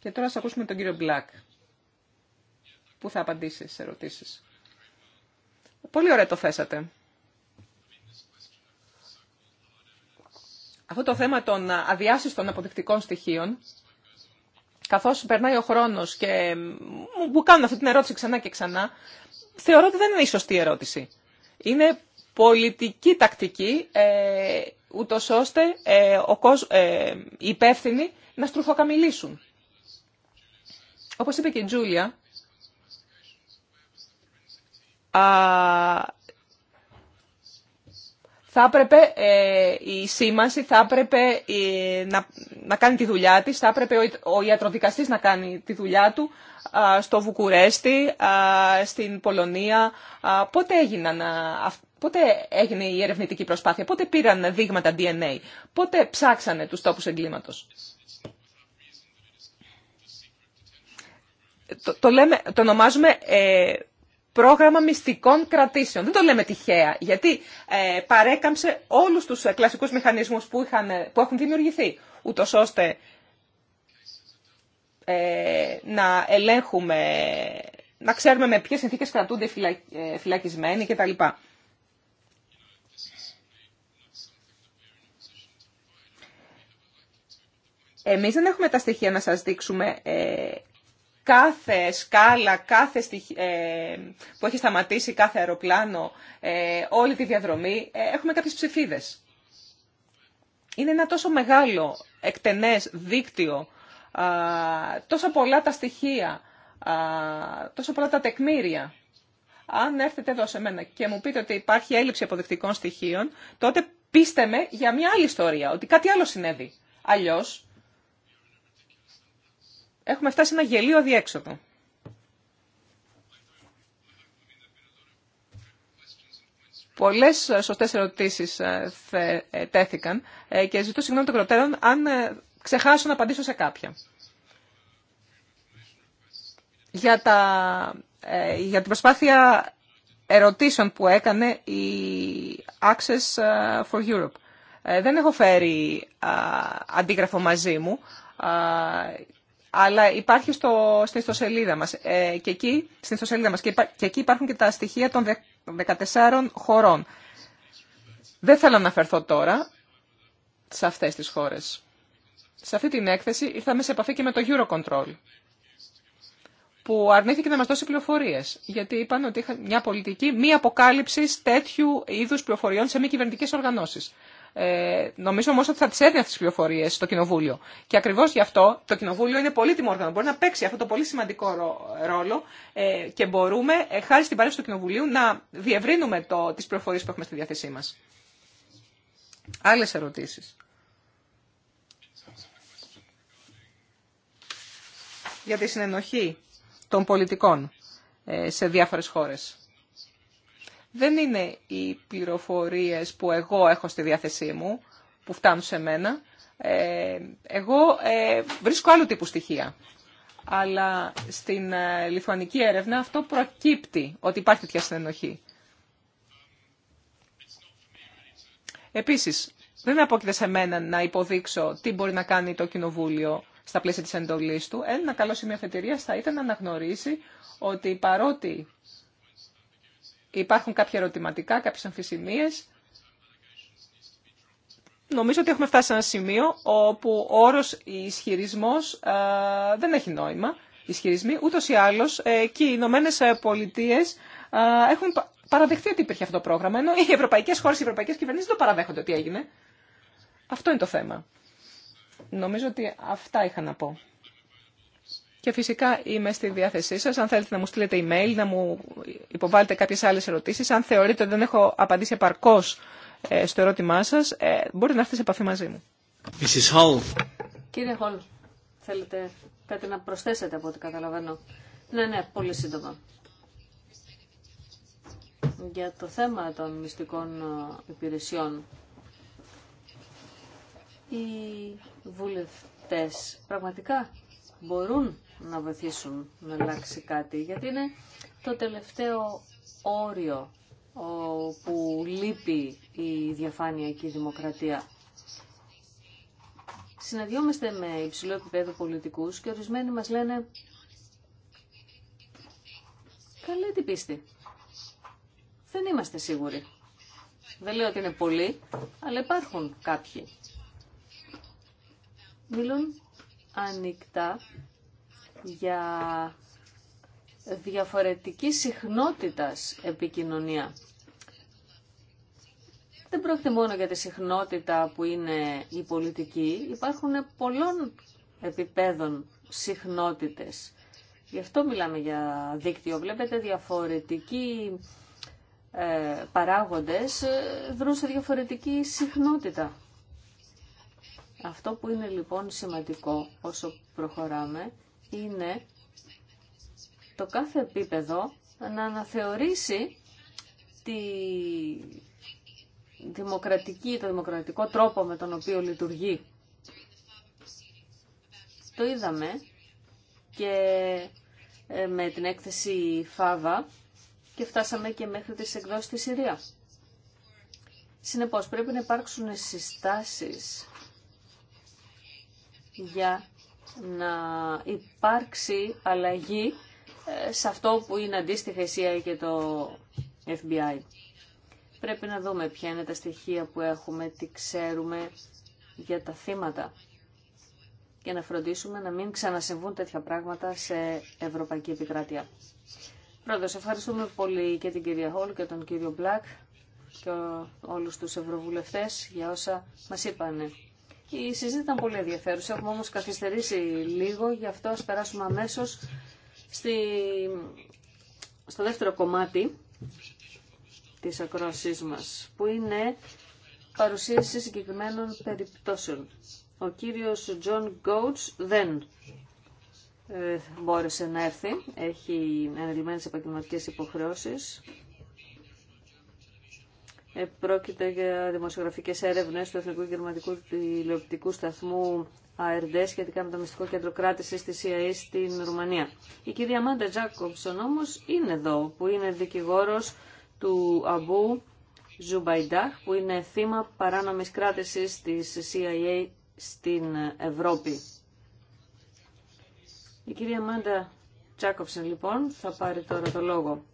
Και τώρα θα ακούσουμε τον κύριο Μπλακ που θα απαντήσει στις ερωτήσεις. Πολύ ωραία το θέσατε. Αυτό το θέμα των των αποδεικτικών στοιχείων, καθώς περνάει ο χρόνος και μου κάνουν αυτή την ερώτηση ξανά και ξανά, θεωρώ ότι δεν είναι η σωστή ερώτηση είναι πολιτική τακτική, ε, ούτω ώστε ε, ε, οι υπεύθυνοι να στρουφοκαμιλήσουν. Όπως είπε και η Τζούλια, θα έπρεπε ε, η σήμανση, θα έπρεπε ε, να, να κάνει τη δουλειά της, θα έπρεπε ο, ο ιατροδικαστής να κάνει τη δουλειά του στο Βουκουρέστι, στην Πολωνία. πότε, έγιναν, πότε έγινε η ερευνητική προσπάθεια, πότε πήραν δείγματα DNA, πότε ψάξανε τους τόπους εγκλήματος. Το, λέμε, το ονομάζουμε ε, πρόγραμμα μυστικών κρατήσεων. Δεν το λέμε τυχαία, γιατί ε, παρέκαμψε όλους τους ε, κλασικούς μηχανισμούς που, είχαν, ε, που έχουν δημιουργηθεί, ούτω ώστε ε, να ελέγχουμε, να ξέρουμε με ποιες συνθήκες κρατούνται φυλακ, ε, φυλακισμένοι κτλ. Εμείς δεν έχουμε τα στοιχεία να σας δείξουμε κάθε σκάλα, κάθε ε, που έχει σταματήσει, κάθε αεροπλάνο, ε, όλη τη διαδρομή, ε, έχουμε κάποιες ψηφίδες. Είναι ένα τόσο μεγάλο, εκτενές δίκτυο, τόσο πολλά τα στοιχεία, τόσο πολλά τα τεκμήρια. Αν έρθετε εδώ σε μένα και μου πείτε ότι υπάρχει έλλειψη αποδεικτικών στοιχείων, τότε πείστε με για μια άλλη ιστορία, ότι κάτι άλλο συνέβη. Αλλιώς Έχουμε φτάσει σε ένα γελίο διέξοδο. Πολλές σωστές ερωτήσεις ε, ε, τέθηκαν ε, και ζητώ συγγνώμη των κροτέρων αν ξεχάσω να απαντήσω σε κάποια. Για, για την προσπάθεια ερωτήσεων που έκανε η Access for Europe. Δεν έχω φέρει αντίγραφο μαζί μου αλλά υπάρχει στο, στην ιστοσελίδα μας ε, και εκεί, στην ιστοσελίδα μας και, και εκεί υπάρχουν και τα στοιχεία των 14 χωρών. Δεν θέλω να αναφερθώ τώρα σε αυτές τις χώρες. Σε αυτή την έκθεση ήρθαμε σε επαφή και με το Eurocontrol, που αρνήθηκε να μας δώσει πληροφορίες, γιατί είπαν ότι είχαν μια πολιτική μη αποκάλυψης τέτοιου είδους πληροφοριών σε μη κυβερνητικές οργανώσεις. Ε, νομίζω όμω ότι θα τι έδινε αυτέ τι πληροφορίε στο Κοινοβούλιο. Και ακριβώ γι' αυτό το Κοινοβούλιο είναι πολύτιμο όργανο. Μπορεί να παίξει αυτό το πολύ σημαντικό ρόλο ε, και μπορούμε, ε, χάρη στην παρέμβαση του Κοινοβουλίου, να διευρύνουμε τι πληροφορίε που έχουμε στη διάθεσή μα. Άλλε ερωτήσει. Για τη συνενοχή των πολιτικών ε, σε διάφορες χώρες δεν είναι οι πληροφορίες που εγώ έχω στη διάθεσή μου, που φτάνουν σε μένα. Ε, εγώ ε, βρίσκω άλλου τύπου στοιχεία. Αλλά στην ε, λιθουανική έρευνα αυτό προκύπτει ότι υπάρχει τέτοια συνενοχή. Επίσης, δεν απόκειται σε μένα να υποδείξω τι μπορεί να κάνει το Κοινοβούλιο στα πλαίσια της εντολής του. Ένα καλό σημείο αφετηρίας θα ήταν να αναγνωρίσει ότι παρότι Υπάρχουν κάποια ερωτηματικά, κάποιες αμφισημίες. Νομίζω ότι έχουμε φτάσει σε ένα σημείο όπου ο όρος ισχυρισμός ε, δεν έχει νόημα. Ισχυρισμοί. Ούτως ή άλλως ε, και οι Ηνωμένε Πολιτείε ε, έχουν παραδεχτεί ότι υπήρχε αυτό το πρόγραμμα, ενώ οι ευρωπαϊκές χώρες, οι ευρωπαϊκές κυβερνήσεις δεν το παραδέχονται ότι έγινε. Αυτό είναι το θέμα. Νομίζω ότι αυτά είχα να πω. Και φυσικά είμαι στη διάθεσή σας. Αν θέλετε να μου στείλετε email, να μου υποβάλλετε κάποιες άλλες ερωτήσεις. Αν θεωρείτε ότι δεν έχω απαντήσει επαρκώς ε, στο ερώτημά σας, ε, μπορείτε να έρθετε σε επαφή μαζί μου. Κύριε Χολ, θέλετε κάτι να προσθέσετε από ό,τι καταλαβαίνω. Ναι, ναι, πολύ σύντομα. Για το θέμα των μυστικών ε, υπηρεσιών, οι βουλευτές πραγματικά μπορούν να βοηθήσουν να αλλάξει κάτι, γιατί είναι το τελευταίο όριο που λείπει η διαφάνεια και η δημοκρατία. Συναντιόμαστε με υψηλό επίπεδο πολιτικούς και ορισμένοι μας λένε «Καλή την πίστη». Δεν είμαστε σίγουροι. Δεν λέω ότι είναι πολλοί, αλλά υπάρχουν κάποιοι. Μιλούν ανοιχτά για διαφορετική συχνότητας επικοινωνία. Δεν πρόκειται μόνο για τη συχνότητα που είναι η πολιτική, υπάρχουν πολλών επιπέδων συχνότητες. Γι' αυτό μιλάμε για δίκτυο. Βλέπετε διαφορετικοί ε, παράγοντες ε, δρούν σε διαφορετική συχνότητα. Αυτό που είναι λοιπόν σημαντικό όσο προχωράμε είναι το κάθε επίπεδο να αναθεωρήσει τη δημοκρατική, το δημοκρατικό τρόπο με τον οποίο λειτουργεί. Το είδαμε και ε, με την έκθεση ΦΑΒΑ και φτάσαμε και μέχρι τις εκδόσεις στη Συρία. Συνεπώς πρέπει να υπάρξουν συστάσεις για να υπάρξει αλλαγή ε, σε αυτό που είναι αντίστοιχα η CIA και το FBI. Πρέπει να δούμε ποια είναι τα στοιχεία που έχουμε, τι ξέρουμε για τα θύματα και να φροντίσουμε να μην ξανασυμβούν τέτοια πράγματα σε ευρωπαϊκή επικράτεια. Πρόεδρος, ευχαριστούμε πολύ και την κυρία Χόλ και τον κύριο Μπλακ και όλους τους ευρωβουλευτές για όσα μας είπανε. Η συζήτηση ήταν πολύ ενδιαφέρουσα. Έχουμε όμως καθυστερήσει λίγο, γι' αυτό ας περάσουμε αμέσως στο δεύτερο κομμάτι της ακρόασής μας, που είναι παρουσίαση συγκεκριμένων περιπτώσεων. Ο κύριος Τζον Γκότς δεν ε, μπόρεσε να έρθει, έχει ενεργημένες επαγγελματικές υποχρεώσεις ε, πρόκειται για δημοσιογραφικές έρευνες του Εθνικού Γερμανικού Τηλεοπτικού Σταθμού ΑΕΡΔΕ σχετικά με το μυστικό κέντρο κράτηση τη CIA στην Ρουμανία. Η κυρία Μάντα Τζάκοψον όμω είναι εδώ, που είναι δικηγόρο του Αμπού Ζουμπαϊντάχ, που είναι θύμα παράνομη κράτηση τη CIA στην Ευρώπη. Η κυρία Μάντα Τζάκοψον λοιπόν θα πάρει τώρα το λόγο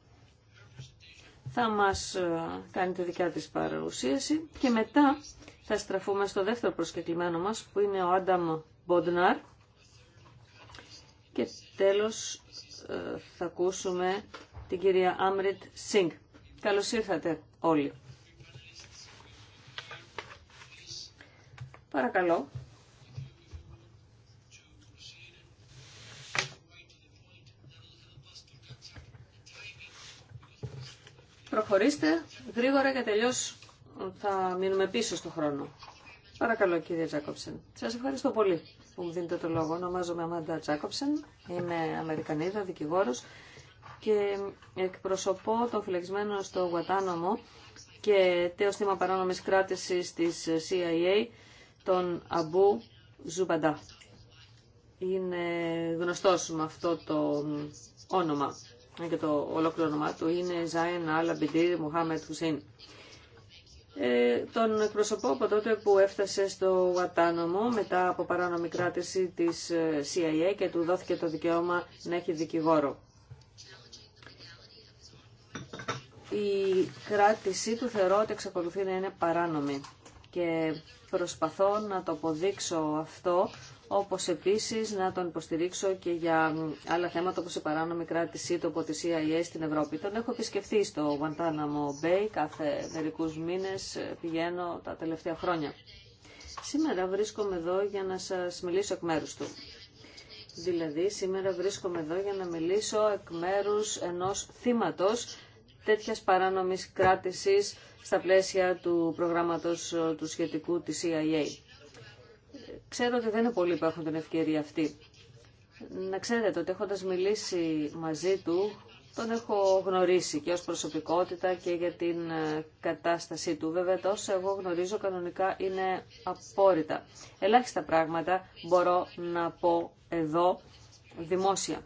θα μας ε, κάνει τη δικιά της παρουσίαση και μετά θα στραφούμε στο δεύτερο προσκεκλημένο μας που είναι ο Άνταμ Μποντνάρ και τέλος ε, θα ακούσουμε την κυρία Άμριτ Σινγκ. Καλώς ήρθατε όλοι. Παρακαλώ. Προχωρήστε γρήγορα και τελειώ θα μείνουμε πίσω στο χρόνο. Παρακαλώ κύριε Τζάκοψεν. Σας ευχαριστώ πολύ που μου δίνετε το λόγο. Ονομάζομαι Αμάντα Τζάκοψεν, είμαι Αμερικανίδα, δικηγόρος και εκπροσωπώ το φυλακισμένο στο Γουατάνομο και τέο θύμα παράνομης κράτησης της CIA, τον Αμπού Ζουμπαντά. Είναι γνωστό με αυτό το όνομα και το ολόκληρο όνομά του είναι Ζάιν Αμπιντήρ Μουχάμετ Χουσίν. Ε, τον εκπροσωπώ από τότε που έφτασε στο Γουατάνομο μετά από παράνομη κράτηση της ε, CIA και του δόθηκε το δικαίωμα να έχει δικηγόρο. Η κράτησή του θεωρώ ότι εξακολουθεί να είναι παράνομη και προσπαθώ να το αποδείξω αυτό όπως επίσης να τον υποστηρίξω και για άλλα θέματα όπως η παράνομη κράτησή του από τη CIA στην Ευρώπη. Τον έχω επισκεφθεί στο Guantanamo Bay κάθε μερικούς μήνες, πηγαίνω τα τελευταία χρόνια. Σήμερα βρίσκομαι εδώ για να σας μιλήσω εκ μέρους του. Δηλαδή, σήμερα βρίσκομαι εδώ για να μιλήσω εκ μέρους ενός θύματος τέτοιας παράνομης κράτησης στα πλαίσια του προγράμματος του σχετικού της CIA. Ξέρω ότι δεν είναι πολλοί που έχουν την ευκαιρία αυτή. Να ξέρετε ότι έχοντας μιλήσει μαζί του, τον έχω γνωρίσει και ως προσωπικότητα και για την ε, κατάστασή του. Βέβαια, τόσο εγώ γνωρίζω κανονικά είναι απόρριτα. Ελάχιστα πράγματα μπορώ να πω εδώ δημόσια.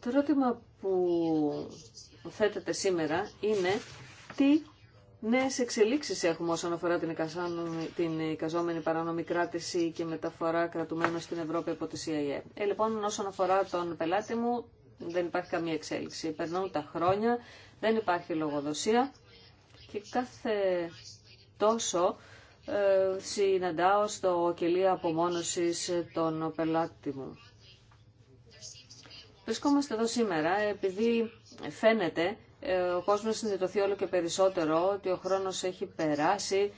Το ερώτημα που θέτεται σήμερα είναι τι Νέες εξελίξεις έχουμε όσον αφορά την, την εικαζόμενη παράνομη κράτηση και μεταφορά κρατουμένων στην Ευρώπη από τη CIA. Ε, λοιπόν, όσον αφορά τον πελάτη μου, δεν υπάρχει καμία εξέλιξη. Περνούν τα χρόνια, δεν υπάρχει λογοδοσία και κάθε τόσο ε, συναντάω στο κελί απομόνωσης τον πελάτη μου. Βρισκόμαστε εδώ σήμερα επειδή φαίνεται ε, ο κόσμος συνειδητοθεί όλο και περισσότερο ότι ο χρόνος έχει περάσει.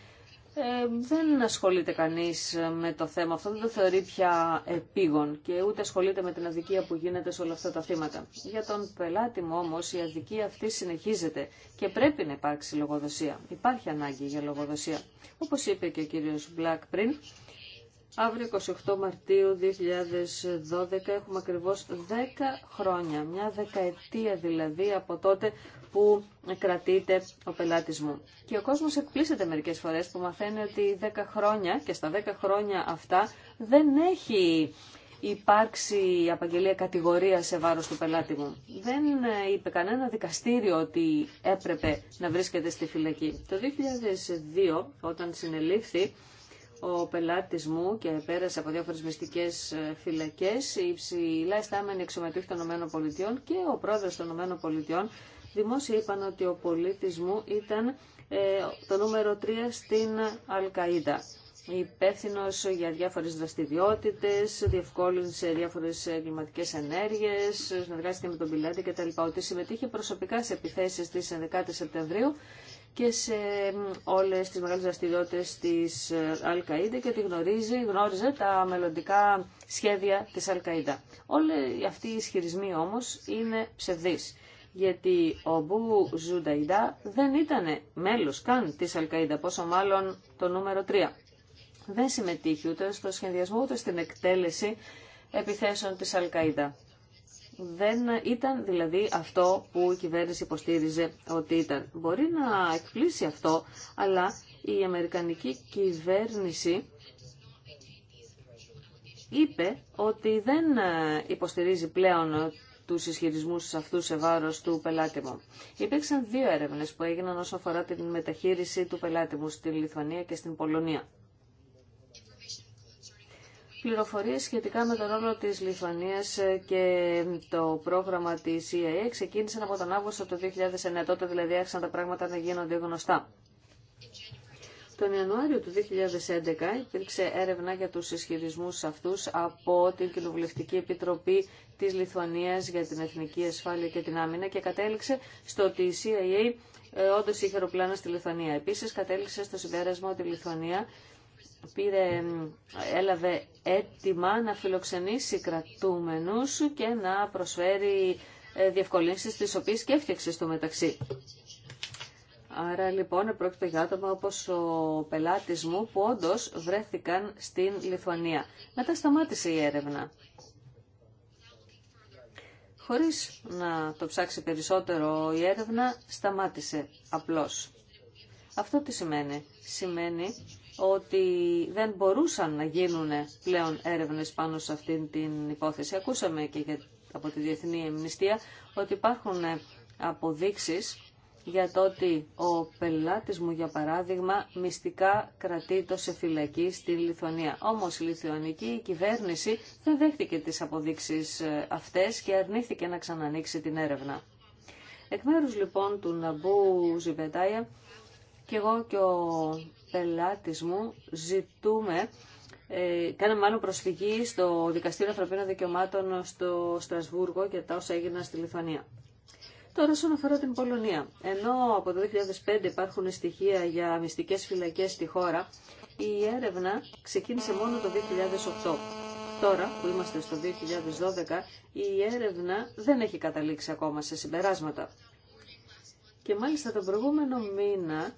Ε, δεν ασχολείται κανείς με το θέμα αυτό, δεν το θεωρεί πια επίγον και ούτε ασχολείται με την αδικία που γίνεται σε όλα αυτά τα θύματα. Για τον πελάτη μου όμως η αδικία αυτή συνεχίζεται και πρέπει να υπάρξει λογοδοσία. Υπάρχει ανάγκη για λογοδοσία. Όπως είπε και ο κύριος Μπλακ πριν, Αύριο 28 Μαρτίου 2012 έχουμε ακριβώς 10 χρόνια, μια δεκαετία δηλαδή από τότε που κρατείται ο πελάτης μου. Και ο κόσμος εκπλήσεται μερικές φορές που μαθαίνει ότι 10 χρόνια και στα 10 χρόνια αυτά δεν έχει υπάρξει απαγγελία κατηγορία σε βάρος του πελάτη μου. Δεν ε, είπε κανένα δικαστήριο ότι έπρεπε να βρίσκεται στη φυλακή. Το 2002 όταν συνελήφθη ο πελάτης μου και πέρασε από διάφορες μυστικές ε, φυλακές, η ψηλά ειστάμενη εξωματούχη των ΗΠΑ και ο πρόεδρος των ΗΠΑ δημόσια είπαν ότι ο πολίτης μου ήταν ε, το νούμερο 3 στην Αλκαΐδα. Υπεύθυνο για διάφορε δραστηριότητε, διευκόλυνσε διάφορε εγκληματικέ ενέργειε, συνεργάστηκε με τον Πιλάτη κτλ. Ότι συμμετείχε προσωπικά σε επιθέσει τη 11η Σεπτεμβρίου και σε όλες τις μεγάλες δραστηριότητες της ε, Αλκαΐντα και τη γνωρίζει, γνώριζε τα μελλοντικά σχέδια της Αλκαΐντα. Όλοι αυτοί οι ισχυρισμοί όμως είναι ψευδείς γιατί ο Μπού Ζουνταϊντά δεν ήταν μέλος καν της Αλκαΐντα, πόσο μάλλον το νούμερο 3. Δεν συμμετείχε ούτε στο σχεδιασμό ούτε στην εκτέλεση επιθέσεων της Αλκαΐντα. Δεν ήταν δηλαδή αυτό που η κυβέρνηση υποστήριζε ότι ήταν. Μπορεί να εκπλήσει αυτό, αλλά η Αμερικανική κυβέρνηση είπε ότι δεν υποστηρίζει πλέον τους ισχυρισμού αυτού σε βάρος του πελάτη μου. Υπήρξαν δύο έρευνες που έγιναν όσο αφορά την μεταχείριση του πελάτη μου στη Λιθουανία και στην Πολωνία. Πληροφορίες σχετικά με τον ρόλο της Λιθουανίας και το πρόγραμμα της CIA e ξεκίνησαν από τον Αύγουστο του 2009, τότε δηλαδή άρχισαν τα πράγματα να γίνονται γνωστά. Τον Ιανουάριο του 2011 υπήρξε έρευνα για τους ισχυρισμούς αυτούς από την Κοινοβουλευτική Επιτροπή της Λιθουανίας για την Εθνική Ασφάλεια και την Άμυνα και κατέληξε στο ότι η CIA ε, όντως είχε αεροπλάνα στη Λιθουανία. Επίσης κατέληξε στο συμπέρασμα ότι η Λιθουανία πήρε, έλαβε έτοιμα να φιλοξενήσει κρατούμενους και να προσφέρει ε, διευκολύνσεις τις οποίες και έφτιαξε στο μεταξύ. Άρα λοιπόν πρόκειται για άτομα όπως ο πελάτης μου που όντω βρέθηκαν στην Λιθουανία. Μετά σταμάτησε η έρευνα. Χωρίς να το ψάξει περισσότερο η έρευνα, σταμάτησε απλώς. Αυτό τι σημαίνει. Σημαίνει ότι δεν μπορούσαν να γίνουν πλέον έρευνες πάνω σε αυτήν την υπόθεση. Ακούσαμε και από τη Διεθνή Εμνηστία ότι υπάρχουν ε, αποδείξεις για το ότι ο πελάτης μου, για παράδειγμα, μυστικά κρατεί σε φυλακή στη Λιθουανία. Όμως η λιθουανική κυβέρνηση δεν δέχτηκε τις αποδείξεις ε, αυτές και αρνήθηκε να ξανανοίξει την έρευνα. Εκ μέρους λοιπόν του Ναμπού Ζιβετάια και εγώ και ο πελάτης μου ζητούμε, ε, κάναμε μάλλον προσφυγή στο Δικαστήριο Ανθρωπίνων Δικαιωμάτων στο Στρασβούργο και τα όσα έγιναν στη Λιθουανία. Τώρα, όσον αφορά την Πολωνία, ενώ από το 2005 υπάρχουν στοιχεία για μυστικές φυλακές στη χώρα, η έρευνα ξεκίνησε μόνο το 2008. Τώρα που είμαστε στο 2012, η έρευνα δεν έχει καταλήξει ακόμα σε συμπεράσματα. Και μάλιστα τον προηγούμενο μήνα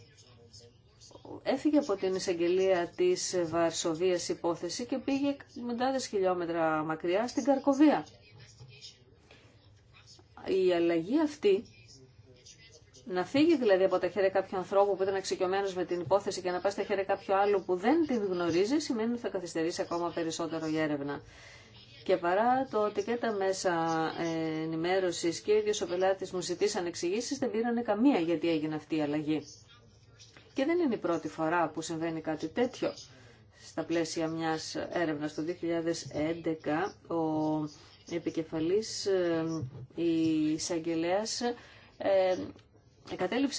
έφυγε από την εισαγγελία της Βαρσοβίας υπόθεση και πήγε μετάδες χιλιόμετρα μακριά στην Καρκοβία. Η αλλαγή αυτή να φύγει δηλαδή από τα χέρια κάποιου ανθρώπου που ήταν εξοικειωμένο με την υπόθεση και να πάει στα χέρια κάποιου άλλου που δεν την γνωρίζει, σημαίνει ότι θα καθυστερήσει ακόμα περισσότερο η έρευνα. Και παρά το ότι και τα μέσα ε, ενημέρωση και ο ίδιο ο πελάτη μου ζητήσαν εξηγήσει, δεν πήρανε καμία γιατί έγινε αυτή η αλλαγή. Και δεν είναι η πρώτη φορά που συμβαίνει κάτι τέτοιο. Στα πλαίσια μιας έρευνας το 2011 ο επικεφαλής εισαγγελέα ε, ε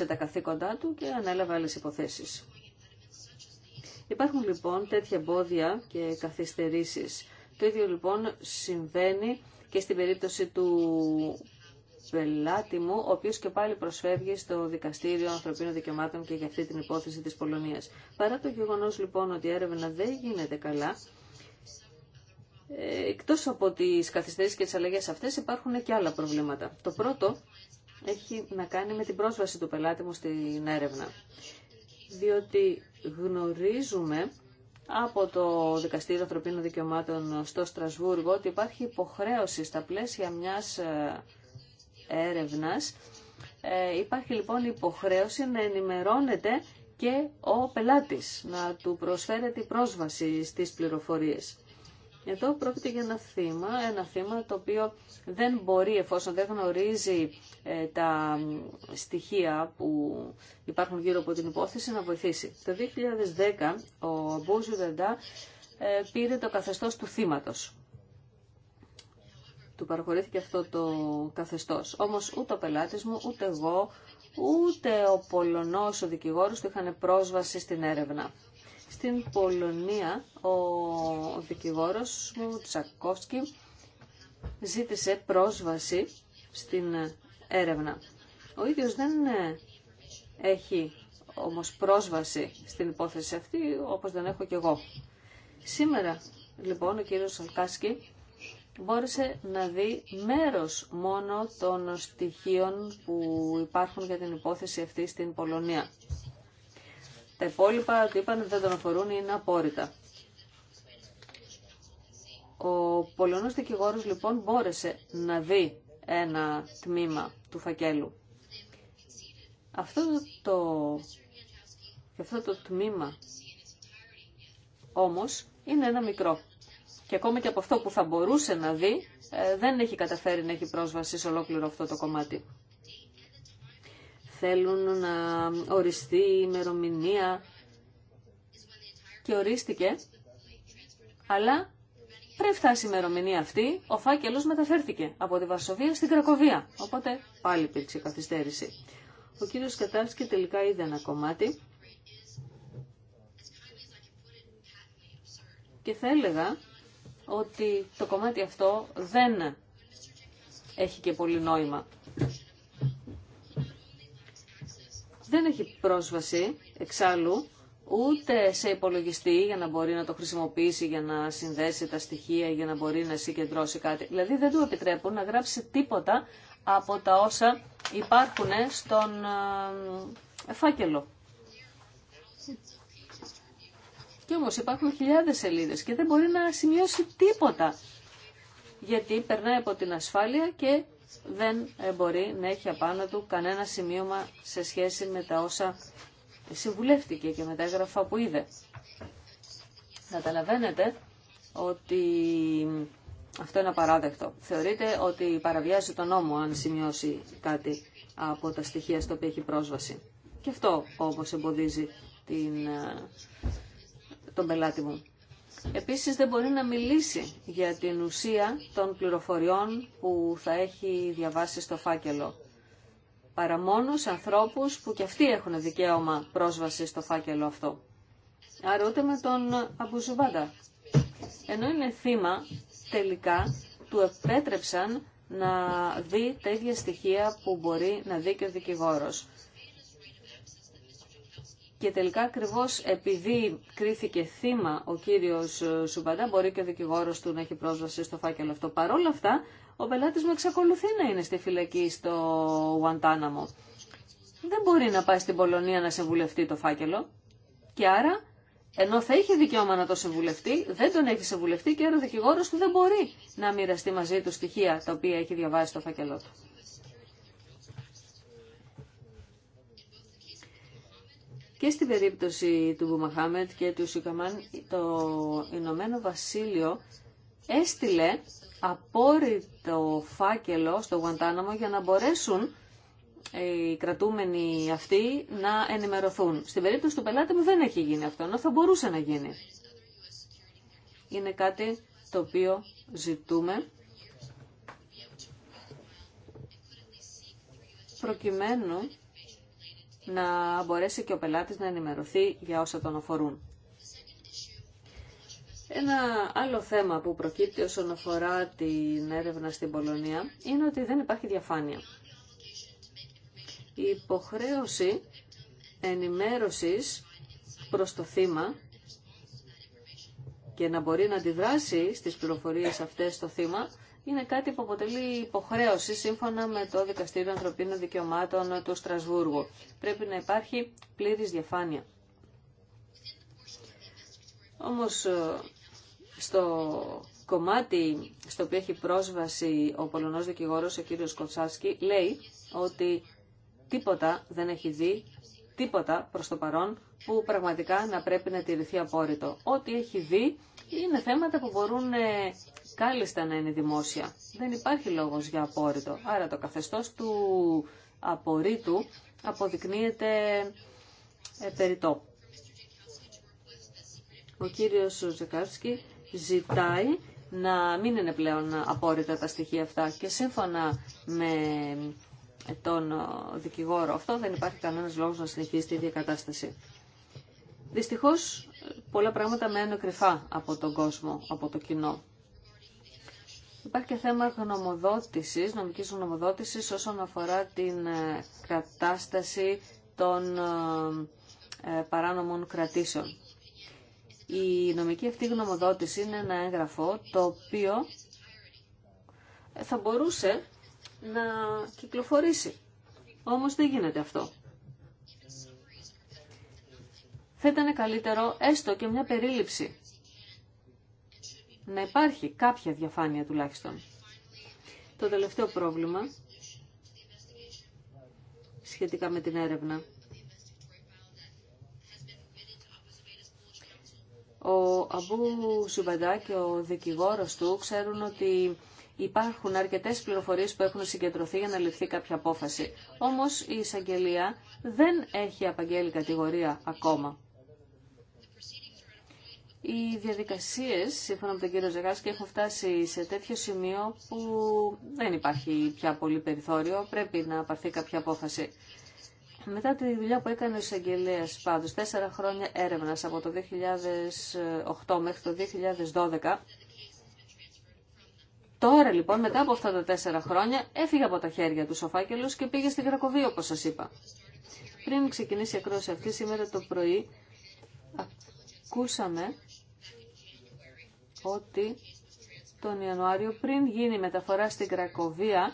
τα καθήκοντά του και ανέλαβε άλλες υποθέσεις. Υπάρχουν λοιπόν τέτοια εμπόδια και καθυστερήσεις. Το ίδιο λοιπόν συμβαίνει και στην περίπτωση του πελάτη μου, ο οποίο και πάλι προσφεύγει στο Δικαστήριο Ανθρωπίνων Δικαιωμάτων και για αυτή την υπόθεση τη Πολωνία. Παρά το γεγονό λοιπόν ότι η έρευνα δεν γίνεται καλά, ε, εκτό από τι καθυστερήσει και τι αλλαγέ αυτέ υπάρχουν και άλλα προβλήματα. Το πρώτο έχει να κάνει με την πρόσβαση του πελάτη μου στην έρευνα. Διότι γνωρίζουμε από το Δικαστήριο Ανθρωπίνων Δικαιωμάτων στο Στρασβούργο ότι υπάρχει υποχρέωση στα πλαίσια μιας ε, έρευνας. Ε, υπάρχει λοιπόν υποχρέωση να ενημερώνεται και ο πελάτης, να του προσφέρεται η πρόσβαση στις πληροφορίες. Εδώ πρόκειται για ένα θύμα, ένα θύμα το οποίο δεν μπορεί εφόσον δεν γνωρίζει ε, τα στοιχεία που υπάρχουν γύρω από την υπόθεση να βοηθήσει. Το 2010 ο Μπούζου Δεντά ε, πήρε το καθεστώς του θύματος του παραχωρήθηκε αυτό το καθεστώς. Όμως ούτε ο πελάτης μου, ούτε εγώ, ούτε ο Πολωνός ο δικηγόρος του είχαν πρόσβαση στην έρευνα. Στην Πολωνία ο δικηγόρος μου, Τσακόσκι, ζήτησε πρόσβαση στην έρευνα. Ο ίδιος δεν έχει όμως πρόσβαση στην υπόθεση αυτή, όπως δεν έχω κι εγώ. Σήμερα, λοιπόν, ο κύριος Σαλκάσκι μπόρεσε να δει μέρος μόνο των στοιχείων που υπάρχουν για την υπόθεση αυτή στην Πολωνία. Τα υπόλοιπα ότι είπαν δεν τον αφορούν είναι απόρριτα. Ο Πολωνός δικηγόρος λοιπόν μπόρεσε να δει ένα τμήμα του φακέλου. Αυτό το, αυτό το τμήμα όμως είναι ένα μικρό και ακόμα και από αυτό που θα μπορούσε να δει, ε, δεν έχει καταφέρει να έχει πρόσβαση σε ολόκληρο αυτό το κομμάτι. Θέλουν να οριστεί η ημερομηνία και ορίστηκε, αλλά πριν φτάσει η ημερομηνία αυτή, ο φάκελος μεταφέρθηκε από τη Βαρσοβία στην Κρακοβία, οπότε πάλι υπήρξε καθυστέρηση. Ο κύριος Κατάρσκη τελικά είδε ένα κομμάτι και θα έλεγα ότι το κομμάτι αυτό δεν έχει και πολύ νόημα. Δεν έχει πρόσβαση εξάλλου ούτε σε υπολογιστή για να μπορεί να το χρησιμοποιήσει, για να συνδέσει τα στοιχεία, για να μπορεί να συγκεντρώσει κάτι. Δηλαδή δεν του επιτρέπουν να γράψει τίποτα από τα όσα υπάρχουν στον ε, φάκελο και όμως υπάρχουν χιλιάδες σελίδες και δεν μπορεί να σημειώσει τίποτα. Γιατί περνάει από την ασφάλεια και δεν μπορεί να έχει απάνω του κανένα σημείωμα σε σχέση με τα όσα συμβουλεύτηκε και με τα έγγραφα που είδε. Καταλαβαίνετε ότι αυτό είναι απαράδεκτο. Θεωρείται ότι παραβιάζει τον νόμο αν σημειώσει κάτι από τα στοιχεία στο οποίο έχει πρόσβαση. Και αυτό όπως εμποδίζει την ε, τον πελάτη Επίσης δεν μπορεί να μιλήσει για την ουσία των πληροφοριών που θα έχει διαβάσει στο φάκελο. Παρά μόνο σε που και αυτοί έχουν δικαίωμα πρόσβαση στο φάκελο αυτό. Άρα ούτε με τον Αμπουζουμπάντα. Ενώ είναι θύμα, τελικά του επέτρεψαν να δει τα ίδια στοιχεία που μπορεί να δει και ο δικηγόρος. Και τελικά ακριβώ επειδή κρίθηκε θύμα ο κύριος ε, Σουμπαντά, μπορεί και ο δικηγόρος του να έχει πρόσβαση στο φάκελο αυτό. Παρόλα αυτά, ο πελάτη μου εξακολουθεί να είναι στη φυλακή στο Γουαντάναμο. Δεν μπορεί να πάει στην Πολωνία να συμβουλευτεί το φάκελο. Και άρα, ενώ θα είχε δικαίωμα να το συμβουλευτεί, δεν τον έχει συμβουλευτεί και άρα ο δικηγόρο του δεν μπορεί να μοιραστεί μαζί του στοιχεία τα οποία έχει διαβάσει το φάκελό του. Και στην περίπτωση του Μπουμαχάμετ και του Σουκαμάν, το Ηνωμένο Βασίλειο έστειλε απόρριτο φάκελο στο Γουαντάναμο για να μπορέσουν οι κρατούμενοι αυτοί να ενημερωθούν. Στην περίπτωση του πελάτη μου δεν έχει γίνει αυτό, ενώ θα μπορούσε να γίνει. Είναι κάτι το οποίο ζητούμε προκειμένου να μπορέσει και ο πελάτης να ενημερωθεί για όσα τον αφορούν. Ένα άλλο θέμα που προκύπτει όσον αφορά την έρευνα στην Πολωνία είναι ότι δεν υπάρχει διαφάνεια. Η υποχρέωση ενημέρωσης προς το θύμα και να μπορεί να αντιδράσει στις πληροφορίες αυτές στο θύμα είναι κάτι που αποτελεί υποχρέωση σύμφωνα με το Δικαστήριο Ανθρωπίνων Δικαιωμάτων του Στρασβούργου. Πρέπει να υπάρχει πλήρης διαφάνεια. Όμως ε, στο κομμάτι στο οποίο έχει πρόσβαση ο Πολωνός δικηγόρος, ο κύριος Κοτσάσκι, λέει ότι τίποτα δεν έχει δει, τίποτα προς το παρόν που πραγματικά να πρέπει να τηρηθεί απόρριτο. Ό,τι έχει δει είναι θέματα που μπορούν ε, κάλλιστα να είναι δημόσια. Δεν υπάρχει λόγος για απόρριτο. Άρα το καθεστώς του απορρίτου αποδεικνύεται ε, περιττό. Ο κύριος Ζεκάρσκι ζητάει να μην είναι πλέον απόρριτα τα στοιχεία αυτά και σύμφωνα με τον δικηγόρο αυτό δεν υπάρχει κανένας λόγος να συνεχίσει τη διακατάσταση. Δυστυχώς πολλά πράγματα μένουν κρυφά από τον κόσμο, από το κοινό. Υπάρχει και θέμα γνωμοδότησης, νομικής γνωμοδότησης όσον αφορά την ε, κατάσταση των ε, ε, παράνομων κρατήσεων. Η νομική αυτή γνωμοδότηση είναι ένα έγγραφο το οποίο θα μπορούσε να κυκλοφορήσει. Όμως δεν γίνεται αυτό. Θα ήταν καλύτερο έστω και μια περίληψη να υπάρχει κάποια διαφάνεια τουλάχιστον. Το τελευταίο πρόβλημα σχετικά με την έρευνα. Ο Αμπού Σουμπαντά και ο δικηγόρος του ξέρουν ότι υπάρχουν αρκετές πληροφορίες που έχουν συγκεντρωθεί για να ληφθεί κάποια απόφαση. Όμως η εισαγγελία δεν έχει απαγγέλει κατηγορία ακόμα. Οι διαδικασίες, σύμφωνα με τον κύριο Ζεγάσκη, έχουν φτάσει σε τέτοιο σημείο που δεν υπάρχει πια πολύ περιθώριο, πρέπει να πάρθει κάποια απόφαση. Μετά τη δουλειά που έκανε ο εισαγγελέα πάντως, τέσσερα χρόνια έρευνας από το 2008 μέχρι το 2012, Τώρα λοιπόν, μετά από αυτά τα τέσσερα χρόνια, έφυγε από τα χέρια του φάκελο και πήγε στην Κρακοβία, όπω σα είπα. Πριν ξεκινήσει η ακρόαση αυτή, σήμερα το πρωί ακούσαμε ότι τον Ιανουάριο πριν γίνει η μεταφορά στην Κρακοβία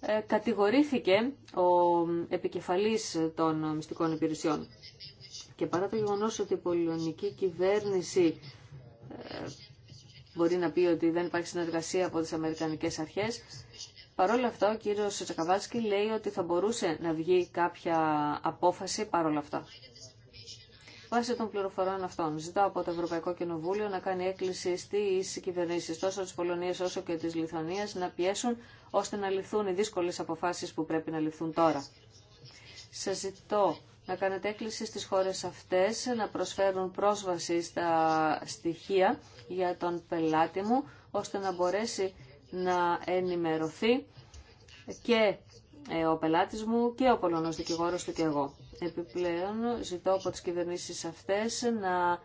ε, κατηγορήθηκε ο επικεφαλής των μυστικών υπηρεσιών. Και παρά το γεγονός ότι η πολωνική κυβέρνηση ε, μπορεί να πει ότι δεν υπάρχει συνεργασία από τις Αμερικανικές αρχές, παρόλα αυτά ο κύριος Τσακαβάσκη λέει ότι θα μπορούσε να βγει κάποια απόφαση παρόλα αυτά βάσει των πληροφοριών αυτών. Ζητάω από το Ευρωπαϊκό Κοινοβούλιο να κάνει έκκληση στι κυβερνήσει τόσο τη Πολωνία όσο και τη Λιθουανία να πιέσουν ώστε να ληφθούν οι δύσκολε αποφάσει που πρέπει να ληφθούν τώρα. Σα ζητώ να κάνετε έκκληση στις χώρες αυτές να προσφέρουν πρόσβαση στα στοιχεία για τον πελάτη μου, ώστε να μπορέσει να ενημερωθεί και ε, ο πελάτης μου και ο Πολωνός δικηγόρος του και εγώ. Επιπλέον, ζητώ από τις κυβερνήσεις αυτές να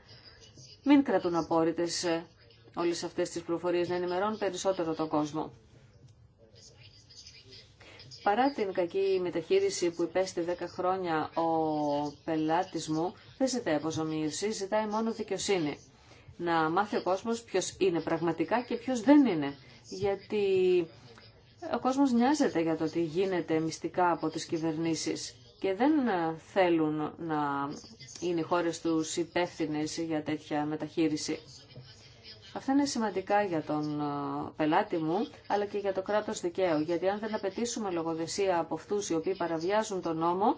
μην κρατούν απόρριτες όλες αυτές τις προφορίες να ενημερώνουν περισσότερο τον κόσμο. Παρά την κακή μεταχείριση που υπέστη 10 χρόνια ο πελάτης μου, δεν ζητάει αποζομίωση, ζητάει μόνο δικαιοσύνη. Να μάθει ο κόσμος ποιος είναι πραγματικά και ποιος δεν είναι. Γιατί ο κόσμος νοιάζεται για το τι γίνεται μυστικά από τις κυβερνήσεις και δεν ε, θέλουν να είναι οι χώρες τους υπεύθυνε για τέτοια μεταχείριση. Αυτά είναι σημαντικά για τον ε, πελάτη μου, αλλά και για το κράτος δικαίου, γιατί αν δεν απαιτήσουμε λογοδεσία από αυτούς οι οποίοι παραβιάζουν τον νόμο,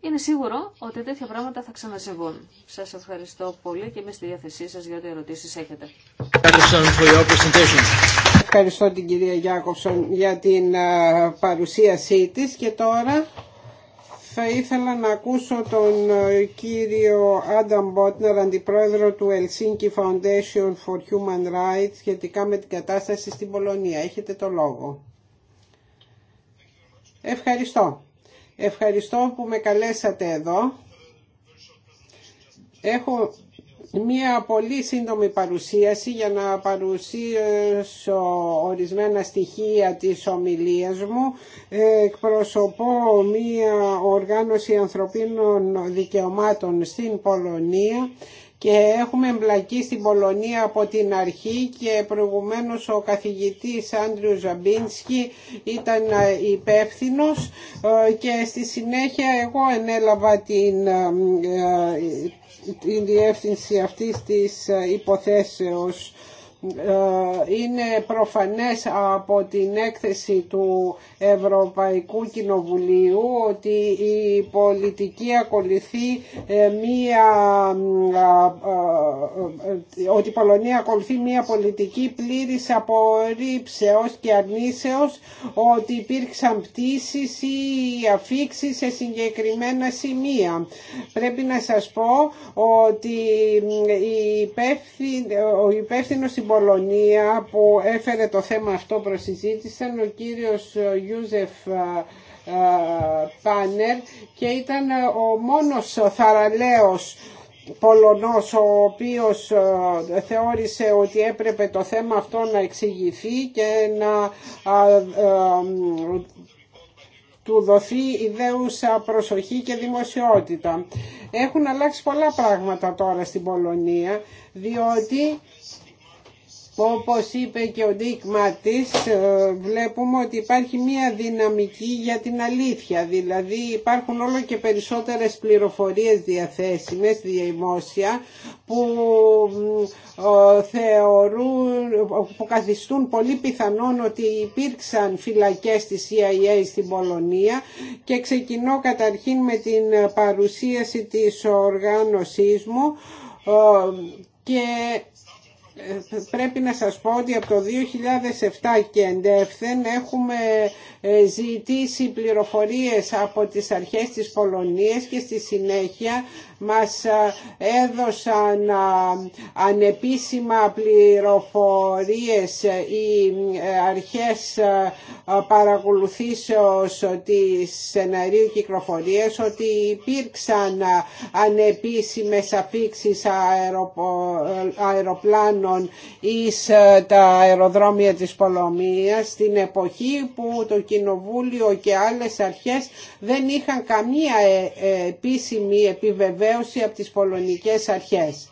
είναι σίγουρο ότι τέτοια πράγματα θα ξανασυμβούν. Σας ευχαριστώ πολύ και είμαι στη διάθεσή σας για ό,τι ερωτήσεις έχετε. Ευχαριστώ την κυρία Γιάκοψον για την ε, παρουσίασή της και τώρα... Θα ήθελα να ακούσω τον ε, κύριο Άνταμ Μπότνερ, αντιπρόεδρο του Helsinki Foundation for Human Rights, σχετικά με την κατάσταση στην Πολωνία. Έχετε το λόγο. Ευχαριστώ. Ευχαριστώ που με καλέσατε εδώ. Έχω μία πολύ σύντομη παρουσίαση για να παρουσίασω ορισμένα στοιχεία της ομιλίας μου. Εκπροσωπώ μία οργάνωση ανθρωπίνων δικαιωμάτων στην Πολωνία και έχουμε εμπλακεί στην Πολωνία από την αρχή και προηγουμένως ο καθηγητής Άντριου Ζαμπίνσκι ήταν υπεύθυνο ε, και στη συνέχεια εγώ ενέλαβα την, ε, την διεύθυνση αυτής της ε, υποθέσεως ε, είναι προφανές από την έκθεση του Ευρωπαϊκού Κοινοβουλίου ότι η πολιτική ακολουθεί ε, μία ε, ότι η Πολωνία ακολουθεί μία πολιτική πλήρης απορρίψεως και αρνήσεως ότι υπήρξαν πτήσεις ή αφήξεις σε συγκεκριμένα σημεία. Πρέπει να σας πω ότι ο υπεύθυνος Πολωνία που έφερε το θέμα αυτό προς ο κύριος ε, Ιούζεφ ε, ε, Πάνερ και ήταν ο μόνος θαραλέος Πολωνός ο οποίος θεώρησε ότι έπρεπε το θέμα αυτό να εξηγηθεί και να του δοθεί ιδέουσα προσοχή και δημοσιότητα. Έχουν αλλάξει πολλά πράγματα τώρα στην Πολωνία, διότι όπως είπε και ο Ντίκ ε, βλέπουμε ότι υπάρχει μία δυναμική για την αλήθεια. Δηλαδή υπάρχουν όλο και περισσότερες πληροφορίες διαθέσιμες, δημόσια, που, θεωρούν, που καθιστούν πολύ πιθανόν ότι υπήρξαν φυλακές της CIA στην Πολωνία και ξεκινώ καταρχήν με την παρουσίαση της οργάνωσής μου ε, και ε, πρέπει να σας πω ότι από το 2007 και εντεύθεν έχουμε ε, ζητήσει πληροφορίες από τις αρχές της Πολωνίας και στη συνέχεια μας ε, έδωσαν ανεπίσημα πληροφορίες ε, οι αρχές παρακολουθήσεως της σεναρίου κυκλοφορίας ότι υπήρξαν ανεπίσημες αφήξεις αεροπλάνων εις τα αεροδρόμια της Πολωνίας στην εποχή που το Κοινοβούλιο και άλλες αρχές δεν είχαν καμία ε, ε, επίσημη επιβεβαίωση από τις πολωνικές αρχές.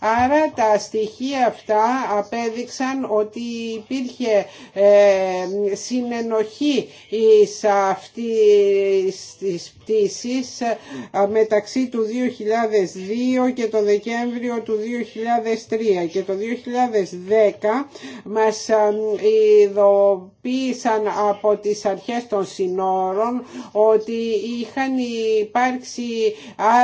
Άρα τα στοιχεία αυτά απέδειξαν ότι υπήρχε ε, συνενοχή εις αυτής της πτήσης ε, μεταξύ του 2002 και το Δεκέμβριο του 2003 και το 2010 μας ε, ειδοποίησαν από τις αρχές των συνόρων ότι είχαν υπάρξει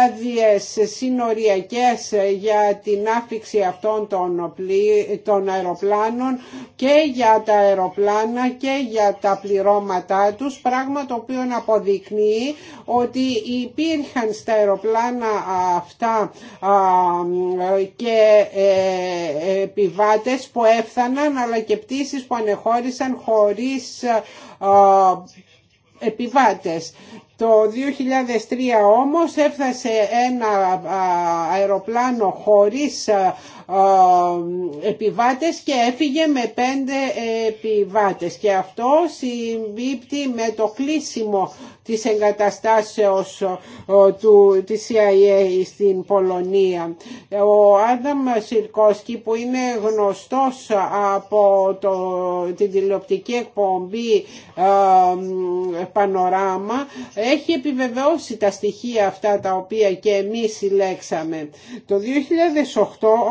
άδειες συνοριακές για την άφηξη αυτών των, πλή, των αεροπλάνων και για τα αεροπλάνα και για τα πληρώματά τους πράγμα το οποίο αποδεικνύει ότι υπήρχαν στα αεροπλάνα αυτά και ε, επιβάτες που έφθαναν αλλά και πτήσεις που ανεχώρησαν χωρίς επιβάτες. Το 2003 όμως έφτασε ένα αεροπλάνο χωρίς επιβάτες και έφυγε με πέντε επιβάτες και αυτό συμπίπτει με το κλείσιμο της εγκαταστάσεως του, της CIA στην Πολωνία. Ο Άνταμ Σιρκόσκι που είναι γνωστός από το, την τηλεοπτική εκπομπή Πανοράμα έχει επιβεβαιώσει τα στοιχεία αυτά τα οποία και εμείς συλλέξαμε. Το 2008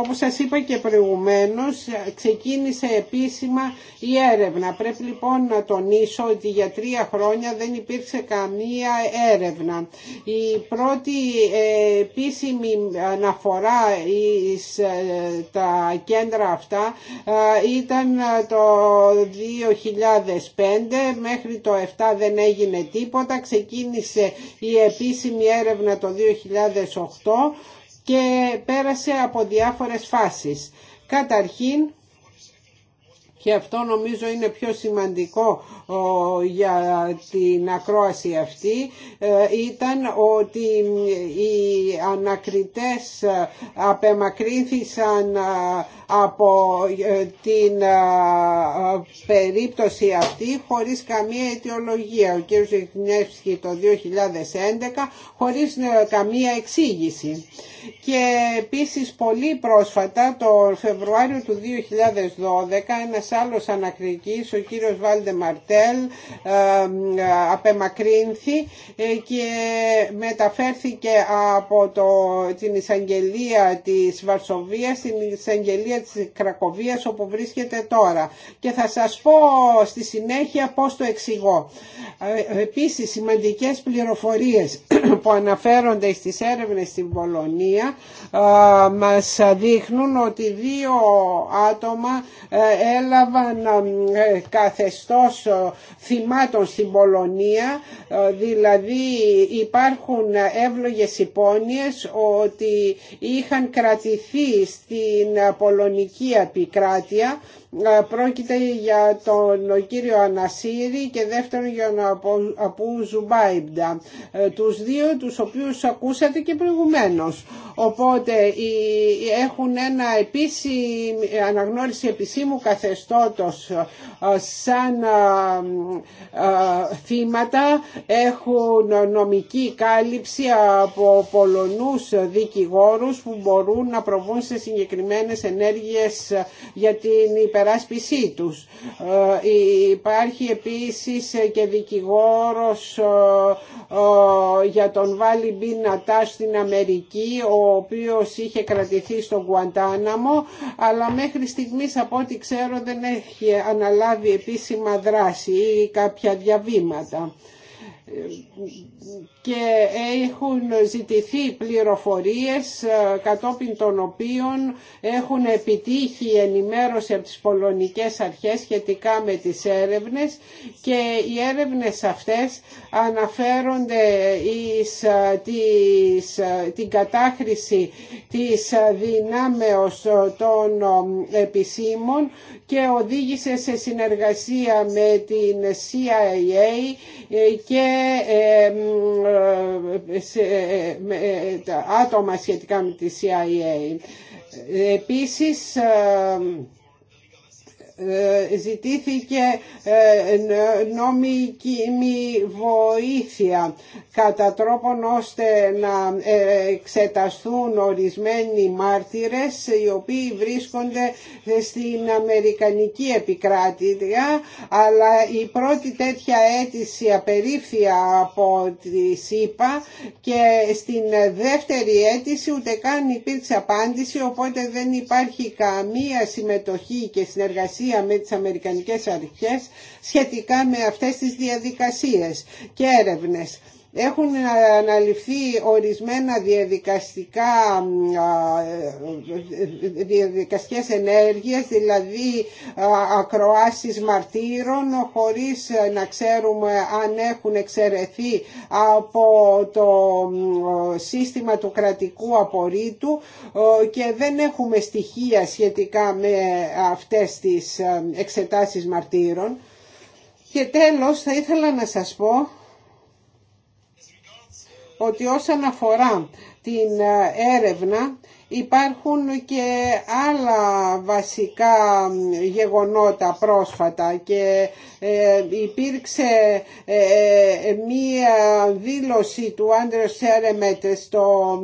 όπως σας είπα και προηγουμένως ξεκίνησε επίσημα η έρευνα. Πρέπει λοιπόν να τονίσω ότι για τρία χρόνια δεν υπήρξε μια έρευνα. Η πρώτη ε, επίσημη αναφορά εις ε, τα κέντρα αυτά ε, ήταν το 2005 μέχρι το 7 δεν έγινε τίποτα ξεκίνησε η επίσημη έρευνα το 2008 και πέρασε από διάφορες φάσεις. Καταρχήν και αυτό νομίζω είναι πιο σημαντικό για την ακρόαση αυτή ε, ήταν ότι οι ανακριτές απεμακρύνθησαν ε, από ε, την περίπτωση αυτή χωρίς καμία αιτιολογία. Ο κ. Ζεκνεύσκη το 2011 χωρίς καμία εξήγηση. Και επίσης πολύ πρόσφατα το Φεβρουάριο του 2012 ένας άλλος ανακριτής, ο κ. Βάλτε Μαρτέ, απεμακρίνθη απεμακρύνθη ε, και μεταφέρθηκε από την εισαγγελία της Βαρσοβίας στην εισαγγελία της Κρακοβίας όπου βρίσκεται τώρα και θα σας πω στη συνέχεια πώς το εξηγώ. Ε, επίσης σημαντικές πληροφορίες που αναφέρονται στις έρευνες στην Πολωνία ε, μας δείχνουν ότι δύο άτομα έλαβαν καθεστώς θυμάτων στην Πολωνία, ε, δηλαδή υπάρχουν εύλογες υπόνοιες ότι είχαν κρατηθεί στην πολωνική επικράτεια ε, πρόκειται για τον κύριο Ανασύρη και δεύτερον για τον Απού Ζουμπάιμπτα, ε, τους δύο τους οποίους ακούσατε και προηγουμένως οπότε έχουν ένα επίσημη αναγνώριση επισήμου καθεστώτος ε, σαν θύματα έχουν νομική κάλυψη από Πολωνούς δικηγόρους που μπορούν να προβούν σε συγκεκριμένες ενέργειες για την υπεράσπισή τους. Ε, υπάρχει επίσης και δικηγόρος ε, ε, για τον Βάλι Μπιν νατά στην Αμερική, ο οποίος είχε κρατηθεί στο Γκουαντάναμο, αλλά μέχρι στιγμής από ό,τι ξέρω δεν έχει αναλάβει επίσημα δράση ή κάποια διαβήματα και έχουν ζητηθεί πληροφορίες ε, κατόπιν των οποίων έχουν επιτύχει η ενημέρωση από τις πολωνικές αρχές σχετικά με τις έρευνες και οι έρευνες αυτές αναφέρονται εις ε, ε, την κατάχρηση της δυνάμεως των επισήμων και οδήγησε σε συνεργασία με την CIA ε, και ε, ε, σε άτομα σχετικά με τη CIA. Επίσης ζητήθηκε ε, νομική βοήθεια κατά τρόπον ώστε να ε, εξεταστούν ορισμένοι μάρτυρες οι οποίοι βρίσκονται στην Αμερικανική επικράτεια αλλά η πρώτη τέτοια αίτηση απερίφθηκε από τη ΣΥΠΑ και στην δεύτερη αίτηση ούτε καν υπήρξε απάντηση οπότε δεν υπάρχει καμία συμμετοχή και συνεργασία με τις Αμερικανικές Αρχές σχετικά με αυτές τις διαδικασίες και έρευνες. Έχουν αναλυφθεί ορισμένα διαδικαστικά ε, διαδικαστικές ενέργειες, δηλαδή ακροάσεις μαρτύρων χωρίς να ξέρουμε αν έχουν εξαιρεθεί από το σύστημα του κρατικού απορρίτου και δεν έχουμε στοιχεία σχετικά με αυτές τις ε, εξετάσεις μαρτύρων. Και τέλος θα ήθελα να σας πω ότι όσον αφορά την ε, έρευνα υπάρχουν και άλλα βασικά γεγονότα πρόσφατα και ε, υπήρξε ε, μία δήλωση του άντρε Σέρεμετ στο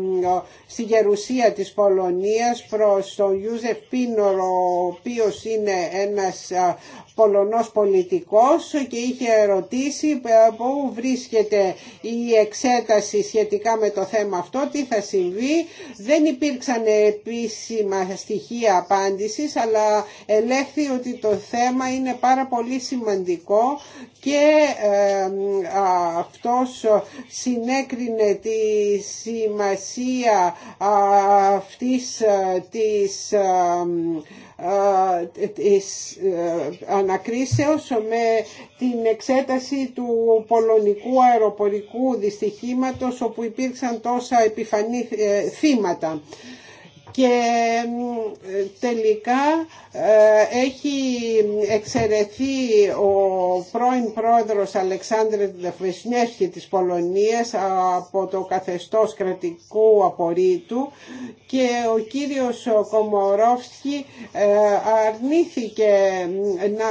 στη γερουσία της Πολωνίας προς τον Ιούζεφ Πίνορο ο οποίος είναι ένας Πολωνός πολιτικός και είχε ερωτήσει ε, πού βρίσκεται η εξέταση σχετικά με το θέμα αυτό, τι θα συμβεί. Δεν υπήρξαν επίσημα στοιχεία απάντησης, αλλά ελέγχθη ότι το θέμα είναι πάρα πολύ σημαντικό και ε, αυτός συνέκρινε τη σημασία αυτής ε, της ε, ε, της ανακρίσεως με την εξέταση του πολωνικού αεροπορικού δυστυχήματος όπου υπήρξαν τόσα επιφανή θύματα και ε, τελικά ε, έχει εξαιρεθεί ο πρώην πρόεδρος Αλεξάνδρε Δεφεσνιέσχη της Πολωνίας από το καθεστώς κρατικού απορρίτου και ο κύριος Κομορόφσκι ε, αρνήθηκε να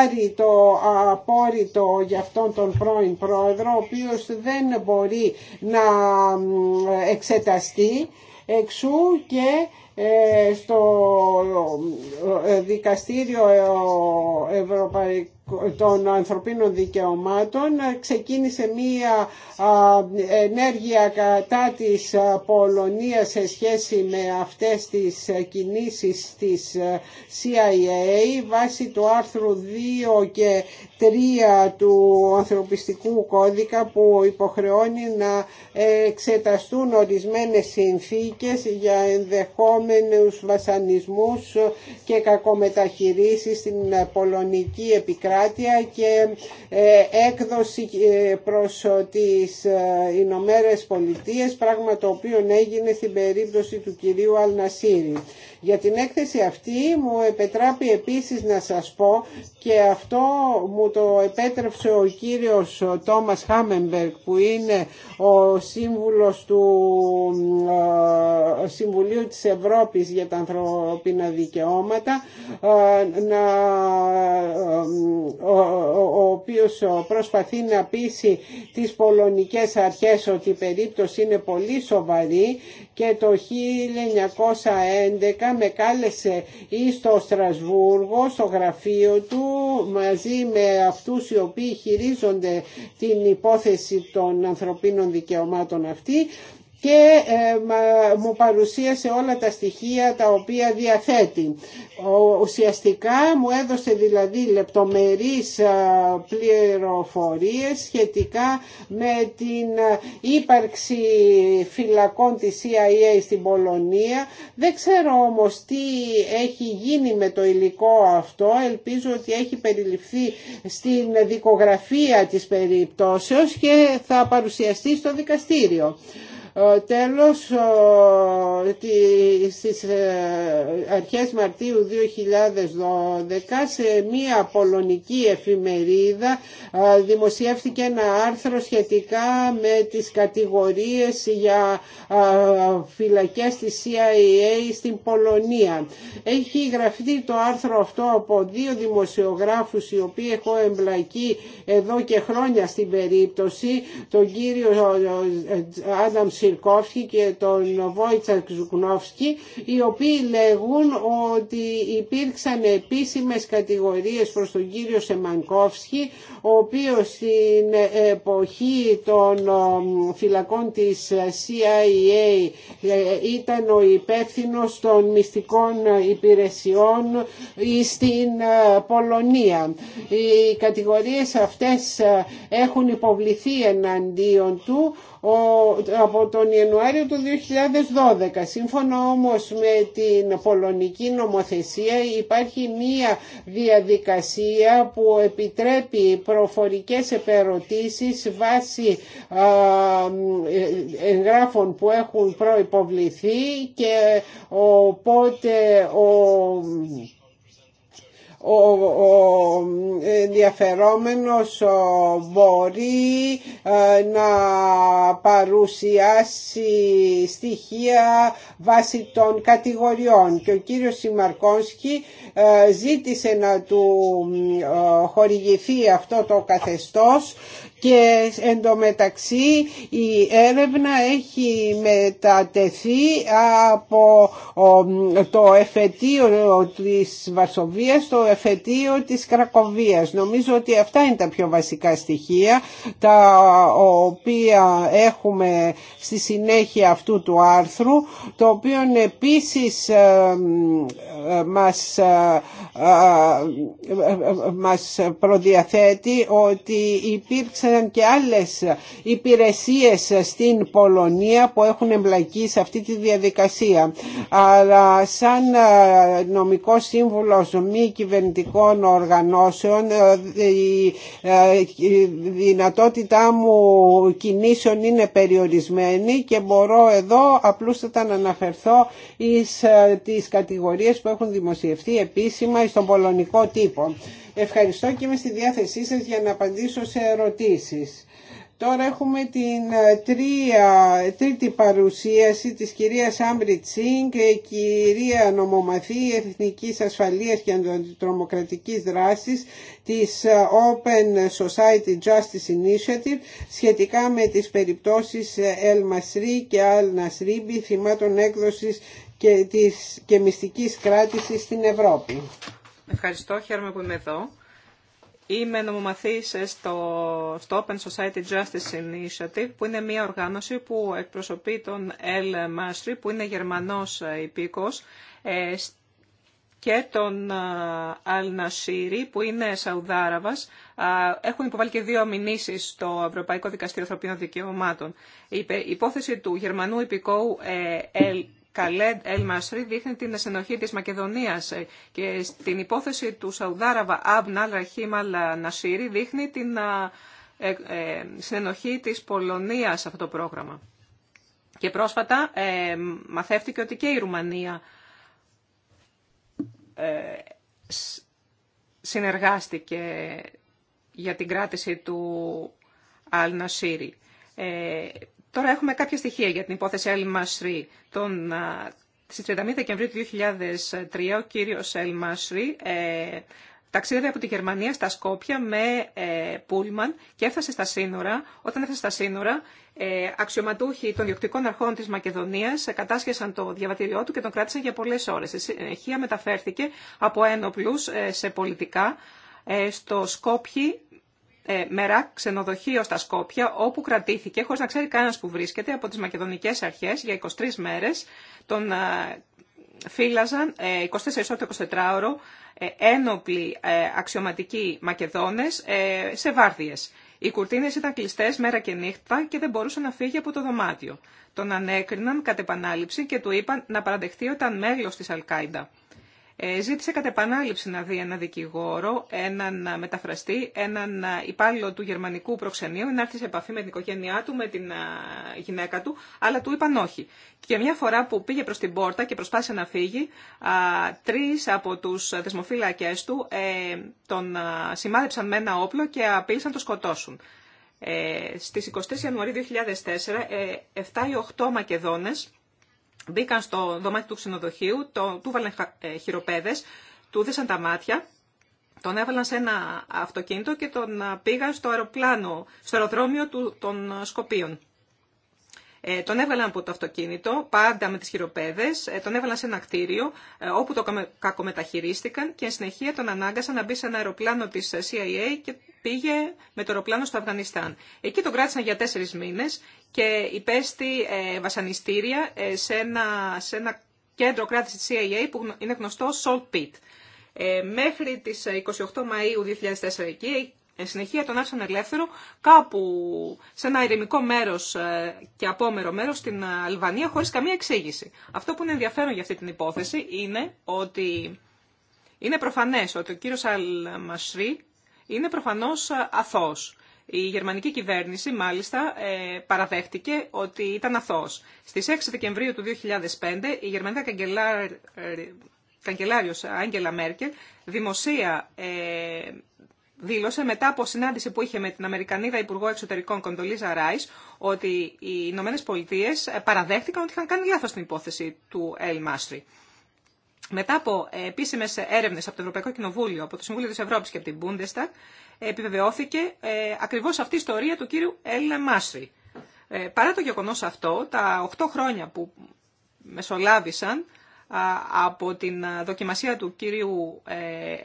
άρει το απόρριτο για αυτόν τον πρώην πρόεδρο ο οποίος δεν μπορεί να εξεταστεί Εξού και ε, στο ε, Δικαστήριο ε, των ανθρωπίνων δικαιωμάτων ξεκίνησε μία ενέργεια κατά της Πολωνίας σε σχέση με αυτές τις κινήσεις της CIA βάσει του άρθρου 2 και 3 του ανθρωπιστικού κώδικα που υποχρεώνει να εξεταστούν ορισμένες συνθήκες για ενδεχόμενη συνεχιζόμενους βασανισμούς και κακομεταχειρήσεις στην πολωνική επικράτεια και ε, έκδοση ε, προς ε, τις Ηνωμένε Πολιτείες, πράγμα το οποίο έγινε στην περίπτωση του κυρίου Αλνασίρη. Για την έκθεση αυτή μου επιτράπει επίσης να σας πω και αυτό μου το επέτρεψε ο κύριος Τόμας Χάμεμπεργκ που είναι ο σύμβουλος του ε, Συμβουλίου της Ευρώπης για τα ανθρωπίνα δικαιώματα ε, να, ε, ο οποίος προσπαθεί να πείσει τις πολωνικές αρχές ότι η περίπτωση είναι πολύ σοβαρή και το 1911 με κάλεσε ή το Στρασβούργο, στο γραφείο του μαζί με αυτούς οι οποίοι χειρίζονται την υπόθεση των ανθρωπίνων δικαιωμάτων αυτή και ε, μου παρουσίασε όλα τα στοιχεία τα οποία διαθέτει. Ουσιαστικά μου έδωσε δηλαδή λεπτομερείς πληροφορίες σχετικά με την ύπαρξη φυλακών της CIA στην Πολωνία. Δεν ξέρω όμως τι έχει γίνει με το υλικό αυτό. Ελπίζω ότι έχει περιληφθεί στην δικογραφία της περιπτώσεως και θα παρουσιαστεί στο δικαστήριο. Ε, τέλος, στις ε, αρχές Μαρτίου 2012 σε μία πολωνική εφημερίδα ε, δημοσιεύτηκε ένα άρθρο σχετικά με τις κατηγορίες για φυλακές της CIA στην Πολωνία. Έχει γραφτεί το άρθρο αυτό από δύο δημοσιογράφους οι οποίοι έχω εμπλακεί εδώ και χρόνια στην περίπτωση, τον κύριο Άνταμ και τον Βόιτσα Ζουκνόφσκι οι οποίοι λέγουν ότι υπήρξαν επίσημες κατηγορίες προς τον κύριο Σεμανκόφσκι ο οποίος στην εποχή των ε, φυλακών της ε, CIA ε, ήταν ο υπεύθυνο των μυστικών υπηρεσιών στην Πολωνία. Οι κατηγορίες αυτές έχουν υποβληθεί εναντίον του από τον Ιανουάριο του 2012. Σύμφωνα όμως με την πολωνική νομοθεσία υπάρχει μία διαδικασία που επιτρέπει προφορικές επερωτήσεις βάσει εγγράφων που έχουν προϋποβληθεί και οπότε ο ο ενδιαφερόμενος μπορεί ε, να παρουσιάσει στοιχεία βάσει των κατηγοριών και ο κύριος Σιμαρκόνσκι ε, ζήτησε να του ε, χορηγηθεί αυτό το καθεστώς και εντωμεταξύ η έρευνα έχει μετατεθεί από το εφετείο της βασοβίας στο εφετείο της Κρακοβίας. Νομίζω ότι αυτά είναι τα πιο βασικά στοιχεία τα οποία έχουμε στη συνέχεια αυτού του άρθρου το οποίο επίσης μας, μας προδιαθέτει ότι υπήρξε έφεραν και άλλες υπηρεσίες στην Πολωνία που έχουν εμπλακεί σε αυτή τη διαδικασία. Αλλά σαν ε, νομικό σύμβουλος μη κυβερνητικών οργανώσεων ε, ε, η δυνατότητά μου κινήσεων είναι περιορισμένη και μπορώ εδώ απλούστατα να αναφερθώ εις τις κατηγορίες που έχουν δημοσιευτεί επίσημα στον πολωνικό τύπο. Ευχαριστώ και είμαι στη διάθεσή σας για να απαντήσω σε ερωτήσεις. Τώρα έχουμε την ε, τρία, τρίτη παρουσίαση της κυρίας Άμπριτ Σίνγκ, ε, κυρία νομομαθή Εθνικής Ασφαλείας και Αντιτρομοκρατικής Δράσης της ε, Open Society Justice Initiative σχετικά με τις περιπτώσεις Ελ Μασρί και Αλ Νασρίμπη θυμάτων έκδοσης και, της, και μυστικής κράτησης στην Ευρώπη. Ευχαριστώ, χαίρομαι που είμαι εδώ. Είμαι νομομαθής στο, Open Society Justice Initiative, που είναι μια οργάνωση που εκπροσωπεί τον Ελ Μάστρι, που είναι Γερμανός ε, υπήκος, ε, και τον ε, Αλ Νασίρι, που είναι Σαουδάραβας. Έχουν υποβάλει και δύο αμηνήσεις στο Ευρωπαϊκό Δικαστήριο Ανθρωπίνων Δικαιωμάτων. Η υπόθεση του Γερμανού υπηκόου Ελ Καλέντ Ελ Μασρή δείχνει την συνοχή της Μακεδονίας ε, και στην υπόθεση του Σαουδάραβα Αμπν Αλ Νασίρη δείχνει την ε, ε, συνοχή της Πολωνίας σε αυτό το πρόγραμμα. Και πρόσφατα ε, μαθεύτηκε ότι και η Ρουμανία συνεργάστηκε για την κράτηση του Αλ Νασίρη. Τώρα έχουμε κάποια στοιχεία για την υπόθεση Έλμα Μασρή. Τον, 31 Δεκεμβρίου του 2003 ο κύριος Έλμα Μασρή ε, ταξίδευε από τη Γερμανία στα Σκόπια με Πούλμαν ε, και έφτασε στα σύνορα. Όταν έφτασε στα σύνορα, ε, αξιωματούχοι των διοκτικών αρχών της Μακεδονίας κατάσχεσαν το διαβατήριό του και τον κράτησαν για πολλές ώρες. Η συνεχεία μεταφέρθηκε από ένοπλους ε, σε πολιτικά ε, στο Σκόπι ε, μερά ξενοδοχείο στα Σκόπια, όπου κρατήθηκε, χωρίς να ξέρει κανένας που βρίσκεται, από τις μακεδονικές αρχές για 23 μέρες, τον ε, φύλαζαν 24 ε, ώρες 24 ώρο ένοπλοι αξιωματικοί Μακεδόνες σε βάρδιες. Οι κουρτίνες ήταν κλειστές μέρα και νύχτα και δεν μπορούσαν να φύγει από το δωμάτιο. Τον ανέκριναν κατ' επανάληψη και του είπαν να παραδεχτεί ότι ήταν μέλος της Αλκάιντα. Ε, ζήτησε κατ' επανάληψη να δει ένα δικηγόρο, έναν μεταφραστή, έναν υπάλληλο του γερμανικού προξενείου, να έρθει σε επαφή με την οικογένειά του, με την γυναίκα του, αλλά του είπαν όχι. Και μια φορά που πήγε προς την πόρτα και προσπάθησε να φύγει, τρεις από τους δεσμοφύλακές του ε, τον σημάδεψαν με ένα όπλο και απείλησαν να το σκοτώσουν. Ε, στις 23 Ιανουαρίου 2004, 7 ή 8 Μακεδόνες Μπήκαν στο δωμάτιο του ξενοδοχείου, το, του βάλαν ε, χειροπέδες, του δίσαν τα μάτια, τον έβαλαν σε ένα αυτοκίνητο και τον πήγαν στο αεροπλάνο, στο αεροδρόμιο του, των Σκοπίων. Ε, τον έβγαλαν από το αυτοκίνητο, πάντα με τις χειροπέδες, ε, τον έβαλαν σε ένα κτίριο ε, όπου το κακομεταχειρίστηκαν και εν συνεχεία τον ανάγκασαν να μπει σε ένα αεροπλάνο της CIA και πήγε με το αεροπλάνο στο Αφγανιστάν. Εκεί τον κράτησαν για τέσσερις μήνες και υπέστη βασανιστήρια σε ένα, σε ένα κέντρο κράτηση της CIA που είναι γνωστό Salt Pit. Ε, μέχρι τις 28 Μαΐου 2004 εκεί Εν συνεχεία τον άφησαν ελεύθερο κάπου σε ένα ηρεμικό μέρο ε, και απόμερο μέρο στην Αλβανία χωρί καμία εξήγηση. Αυτό που είναι ενδιαφέρον για αυτή την υπόθεση είναι ότι είναι προφανέ ότι ο κύριο Αλμασρή είναι προφανώ ε, αθώο. Η γερμανική κυβέρνηση μάλιστα ε, παραδέχτηκε ότι ήταν αθώος. Στις 6 Δεκεμβρίου του 2005 η γερμανική καγκελάρ, καγκελάριος Άγγελα Μέρκελ δημοσία δήλωσε μετά από συνάντηση που είχε με την Αμερικανίδα Υπουργό Εξωτερικών Κοντολίζα Ράι ότι οι Ηνωμένε Πολιτείε ε, παραδέχτηκαν ότι είχαν κάνει λάθο την υπόθεση του Ελ Μάστρι. Μετά από ε, επίσημε έρευνε από το Ευρωπαϊκό Κοινοβούλιο, από το Συμβούλιο τη Ευρώπη και από την Bundestag, επιβεβαιώθηκε ε, ακριβώ αυτή η ιστορία του κύριου Ελ Μάστρι. Παρά το γεγονό αυτό, τα 8 χρόνια που μεσολάβησαν, από την δοκιμασία του κύριου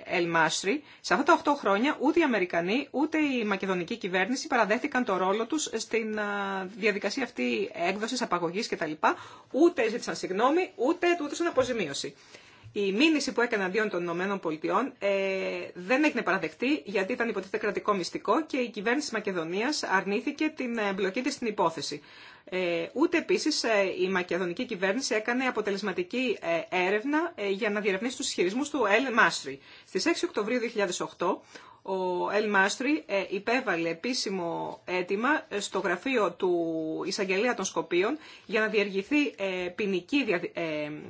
Ελμάστρη, σε αυτά τα 8 χρόνια ούτε οι Αμερικανοί ούτε η μακεδονική κυβέρνηση παραδέχτηκαν το ρόλο τους στην διαδικασία αυτή έκδοσης, απαγωγής κτλ. Ούτε ζήτησαν συγγνώμη, ούτε του έδωσαν αποζημίωση. Η μήνυση που έκανε αντίον των Ηνωμένων Πολιτειών ε, δεν έγινε παραδεκτή γιατί ήταν υποτίθεται κρατικό μυστικό και η κυβέρνηση της Μακεδονίας αρνήθηκε την εμπλοκή της στην υπόθεση. Ε, ούτε επίσης ε, η μακεδονική κυβέρνηση έκανε αποτελεσματική έρευνα για να διερευνήσει τους ισχυρισμούς του Ελ Μάστρι. Στις 6 Οκτωβρίου 2008 ο Ελ Μάστρι υπέβαλε επίσημο αίτημα στο γραφείο του εισαγγελία των Σκοπίων για να διεργηθεί ποινική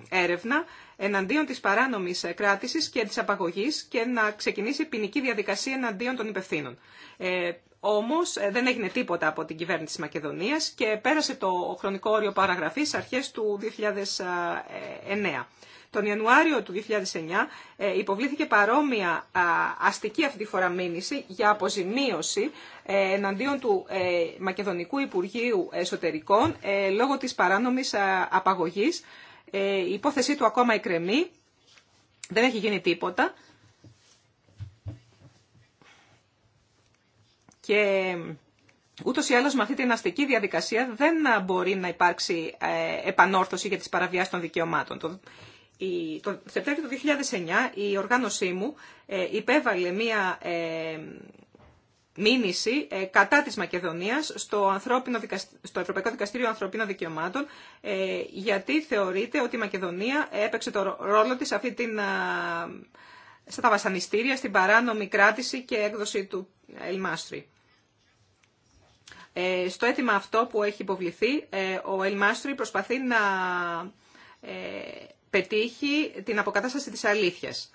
έρευνα εναντίον της παράνομης κράτησης και της απαγωγής και να ξεκινήσει ποινική διαδικασία εναντίον των υπευθύνων. Ε, όμως ε, δεν έγινε τίποτα από την κυβέρνηση της Μακεδονίας και πέρασε το χρονικό όριο παραγραφής αρχές του 2009. Τον Ιανουάριο του 2009 ε, υποβλήθηκε παρόμοια αστική αυτή τη φορά μήνυση για αποζημίωση ε, εναντίον του Μακεδονικού Υπουργείου Εσωτερικών λόγω της παράνομης απαγωγής ε, η υπόθεσή του ακόμα εκκρεμεί, δεν έχει γίνει τίποτα. Και ούτω ή άλλω με αυτή την αστική διαδικασία δεν μπορεί να υπάρξει ε, επανόρθωση για τις παραβιάσεις των δικαιωμάτων. Το, η, το Σεπτέμβριο του 2009 η οργάνωσή μου ε, υπέβαλε μία μήνυση ε, κατά της Μακεδονίας στο, ανθρώπινο Ευρωπαϊκό Δικαστήριο Ανθρωπίνων Δικαιωμάτων ε, γιατί θεωρείται ότι η Μακεδονία έπαιξε το ρόλο της αυτή την, στα βασανιστήρια, στην παράνομη κράτηση και έκδοση του Ελμάστρη. Ε, στο αίτημα αυτό που έχει υποβληθεί, ο Ελμάστρη προσπαθεί να πετύχει την αποκατάσταση της αλήθειας.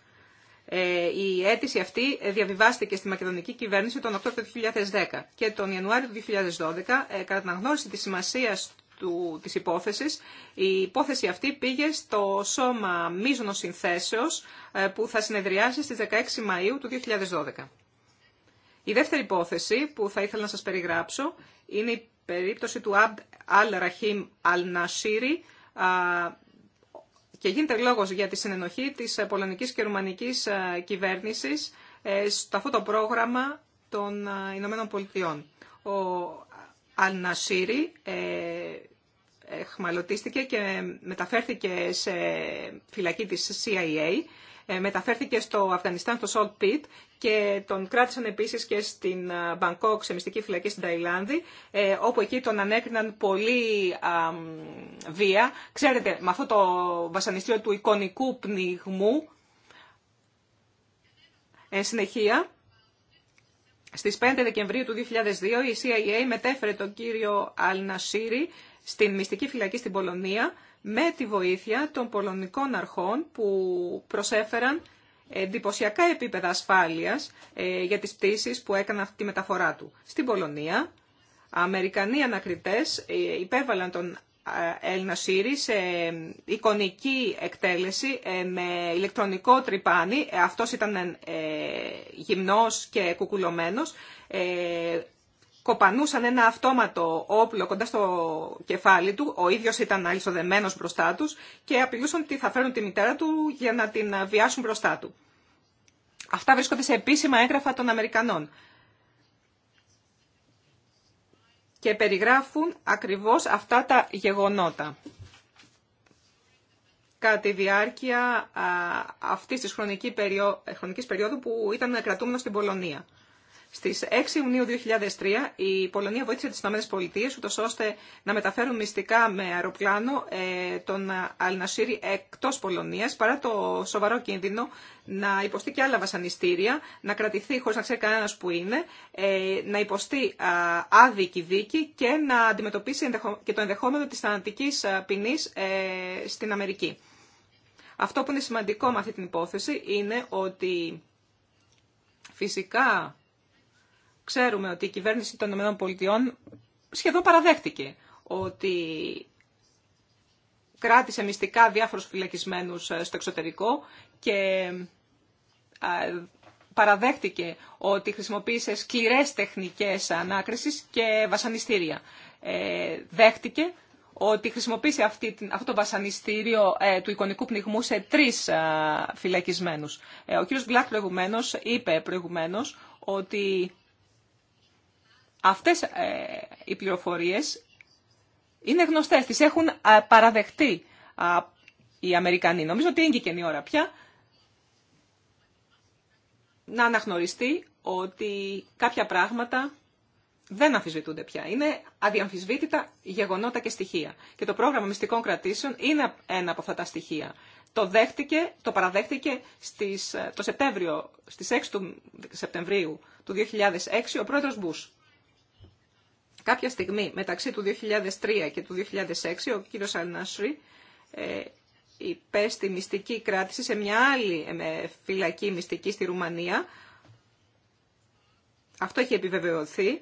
Ε, η αίτηση αυτή διαβιβάστηκε στη μακεδονική κυβέρνηση τον Οκτώβριο του 2010 και τον Ιανουάριο του 2012, ε, κατά την αγνώριση της σημασίας του, της υπόθεσης, η υπόθεση αυτή πήγε στο σώμα Μίζωνος συνθέσεως ε, που θα συνεδριάσει στις 16 Μαΐου του 2012. Η δεύτερη υπόθεση που θα ήθελα να σας περιγράψω είναι η περίπτωση του Αμπ Αλ Ραχίμ Αλ Νασίρι, και γίνεται λόγος για τη συνενοχή της ε, πολωνικής και ρουμανικής ε, κυβέρνησης ε, στο αυτό το πρόγραμμα των Ηνωμένων Πολιτειών. Ο Αλνασίρη εχμαλωτίστηκε και μεταφέρθηκε σε φυλακή της CIA ε, μεταφέρθηκε στο Αφγανιστάν, στο Σολτ Πιτ και τον κράτησαν επίσης και στην ε, Μπανκόκ, σε μυστική φυλακή στην Ταϊλάνδη, ε, όπου εκεί τον ανέκριναν πολύ βία. Ξέρετε, με αυτό το βασανιστήριο του εικονικού πνιγμού, Εν συνεχεία, στις 5 Δεκεμβρίου του 2002 η CIA μετέφερε τον κύριο Αλνασίρη στην μυστική φυλακή στην Πολωνία με τη βοήθεια των πολωνικών αρχών που προσέφεραν εντυπωσιακά επίπεδα ασφάλειας ε, για τις πτήσεις που έκαναν αυτή τη μεταφορά του. Στην Πολωνία, Αμερικανοί ανακριτές ε, υπέβαλαν τον Έλληνα Σύρη σε εικονική εκτέλεση ε, με ηλεκτρονικό τρυπάνι. Αυτός ήταν γυμνός και κουκουλωμένος κοπανούσαν ένα αυτόματο όπλο κοντά στο κεφάλι του, ο ίδιος ήταν αλυσοδεμένος μπροστά τους και απειλούσαν ότι θα φέρουν τη μητέρα του για να την βιάσουν μπροστά του. Αυτά βρίσκονται σε επίσημα έγγραφα των Αμερικανών και περιγράφουν ακριβώς αυτά τα γεγονότα. Κατά τη διάρκεια αυτής της ε, χρονικής περίοδου που ήταν κρατούμενο στην Πολωνία. Στι 6 Ιουνίου 2003 η Πολωνία βοήθησε τι ΗΠΑ ούτω ώστε να μεταφέρουν μυστικά με αεροπλάνο ε, τον Αλνασίρι εκτό Πολωνίας παρά το σοβαρό κίνδυνο να υποστεί και άλλα βασανιστήρια, να κρατηθεί χωρί να ξέρει κανένα που είναι, ε, να υποστεί άδικη δίκη και να αντιμετωπίσει και το ενδεχόμενο της θανατικής ποινής ε, στην Αμερική. Αυτό που είναι σημαντικό με αυτή την υπόθεση είναι ότι φυσικά Ξέρουμε ότι η κυβέρνηση των ΗΠΑ σχεδόν παραδέχτηκε ότι κράτησε μυστικά διάφορους φυλακισμένους ε, στο εξωτερικό και ε, παραδέχτηκε ότι χρησιμοποίησε σκληρές τεχνικές ανάκρισης και βασανιστήρια. Ε, δέχτηκε ότι χρησιμοποίησε αυτή, αυτό το βασανιστήριο του εικονικού πνιγμού σε τρεις ε, φυλακισμένους. ο κύριος Μπλακ προηγουμένως είπε προηγουμένως ότι Αυτές ε, οι πληροφορίες είναι γνωστές, τις έχουν ε, παραδεχτεί οι Αμερικανοί. Νομίζω ότι είναι και η ώρα πια να αναγνωριστεί ότι κάποια πράγματα δεν αμφισβητούνται πια. Είναι αδιαμφισβήτητα γεγονότα και στοιχεία. Και το πρόγραμμα μυστικών κρατήσεων είναι ένα από αυτά τα στοιχεία. Το, δέχτηκε, το παραδέχτηκε στις, ε, το Σεπτέμβριο, στις 6 του Σεπτεμβρίου του 2006 ο πρόεδρος Μπούς. Κάποια στιγμή μεταξύ του 2003 και του 2006 ο κύριος Αλνάσρη ε, υπέστη μυστική κράτηση σε μια άλλη ε, φυλακή μυστική στη Ρουμανία. Αυτό έχει επιβεβαιωθεί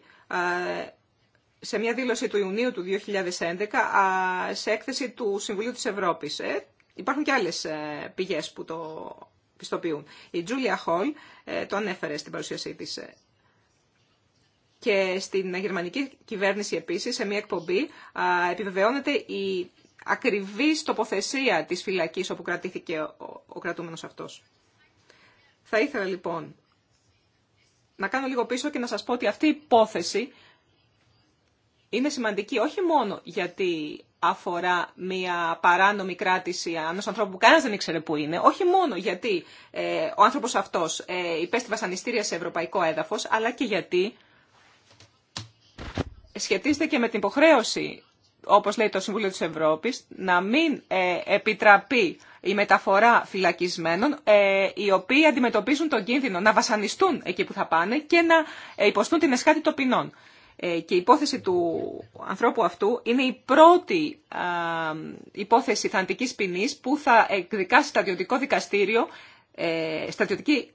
σε μια δήλωση του Ιουνίου του 2011 σε έκθεση του Συμβουλίου της Ευρώπης. Ε, υπάρχουν και άλλες ε, πηγές που το πιστοποιούν. Η Τζούλια Χολ το ανέφερε στην παρουσίασή της. Και στην γερμανική κυβέρνηση επίσης, σε μια εκπομπή, επιβεβαιώνεται η ακριβής τοποθεσία της φυλακής όπου κρατήθηκε ο κρατούμενος αυτός. Θα ήθελα λοιπόν να κάνω λίγο πίσω και να σας πω ότι αυτή η υπόθεση είναι σημαντική όχι μόνο γιατί αφορά μια παράνομη κράτηση ενός ανθρώπου που κανένας δεν ήξερε που είναι, όχι μόνο γιατί ε, ο άνθρωπος αυτός ε, υπέστη βασανιστήρια σε ευρωπαϊκό έδαφος, αλλά και γιατί σχετίζεται και με την υποχρέωση, όπως λέει το Συμβούλιο της Ευρώπης, να μην ε, επιτραπεί η μεταφορά φυλακισμένων, ε, οι οποίοι αντιμετωπίζουν τον κίνδυνο να βασανιστούν εκεί που θα πάνε και να ε, υποστούν την εσχάτη των ποινών. Και η υπόθεση του ανθρώπου αυτού είναι η πρώτη υπόθεση θαντικής ποινής που θα εκδικάσει στατιωτικό δικαστήριο, στατιωτική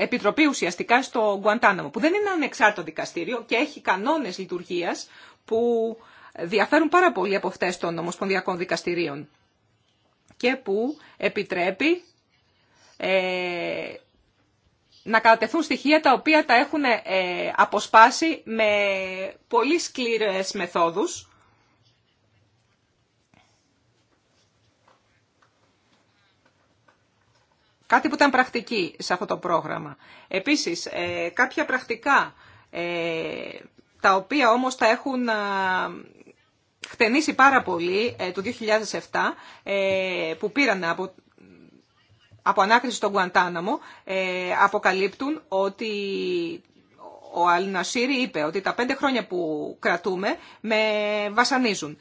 επιτροπή ουσιαστικά στο Γκουαντάναμο, που δεν είναι ανεξάρτητο δικαστήριο και έχει κανόνες λειτουργίας που διαφέρουν πάρα πολύ από αυτές των νομοσπονδιακών δικαστηρίων και που επιτρέπει ε, να κατατεθούν στοιχεία τα οποία τα έχουν ε, αποσπάσει με πολύ σκληρές μεθόδους Κάτι που ήταν πρακτική σε αυτό το πρόγραμμα. Επίσης, ε, κάποια πρακτικά, ε, τα οποία όμως τα έχουν χτενίσει πάρα πολύ ε, το 2007, που πήραν από από ανάκριση στον Κουαντάναμο αποκαλύπτουν ότι ο Αλνασίρη είπε ότι τα πέντε χρόνια που κρατούμε με βασανίζουν.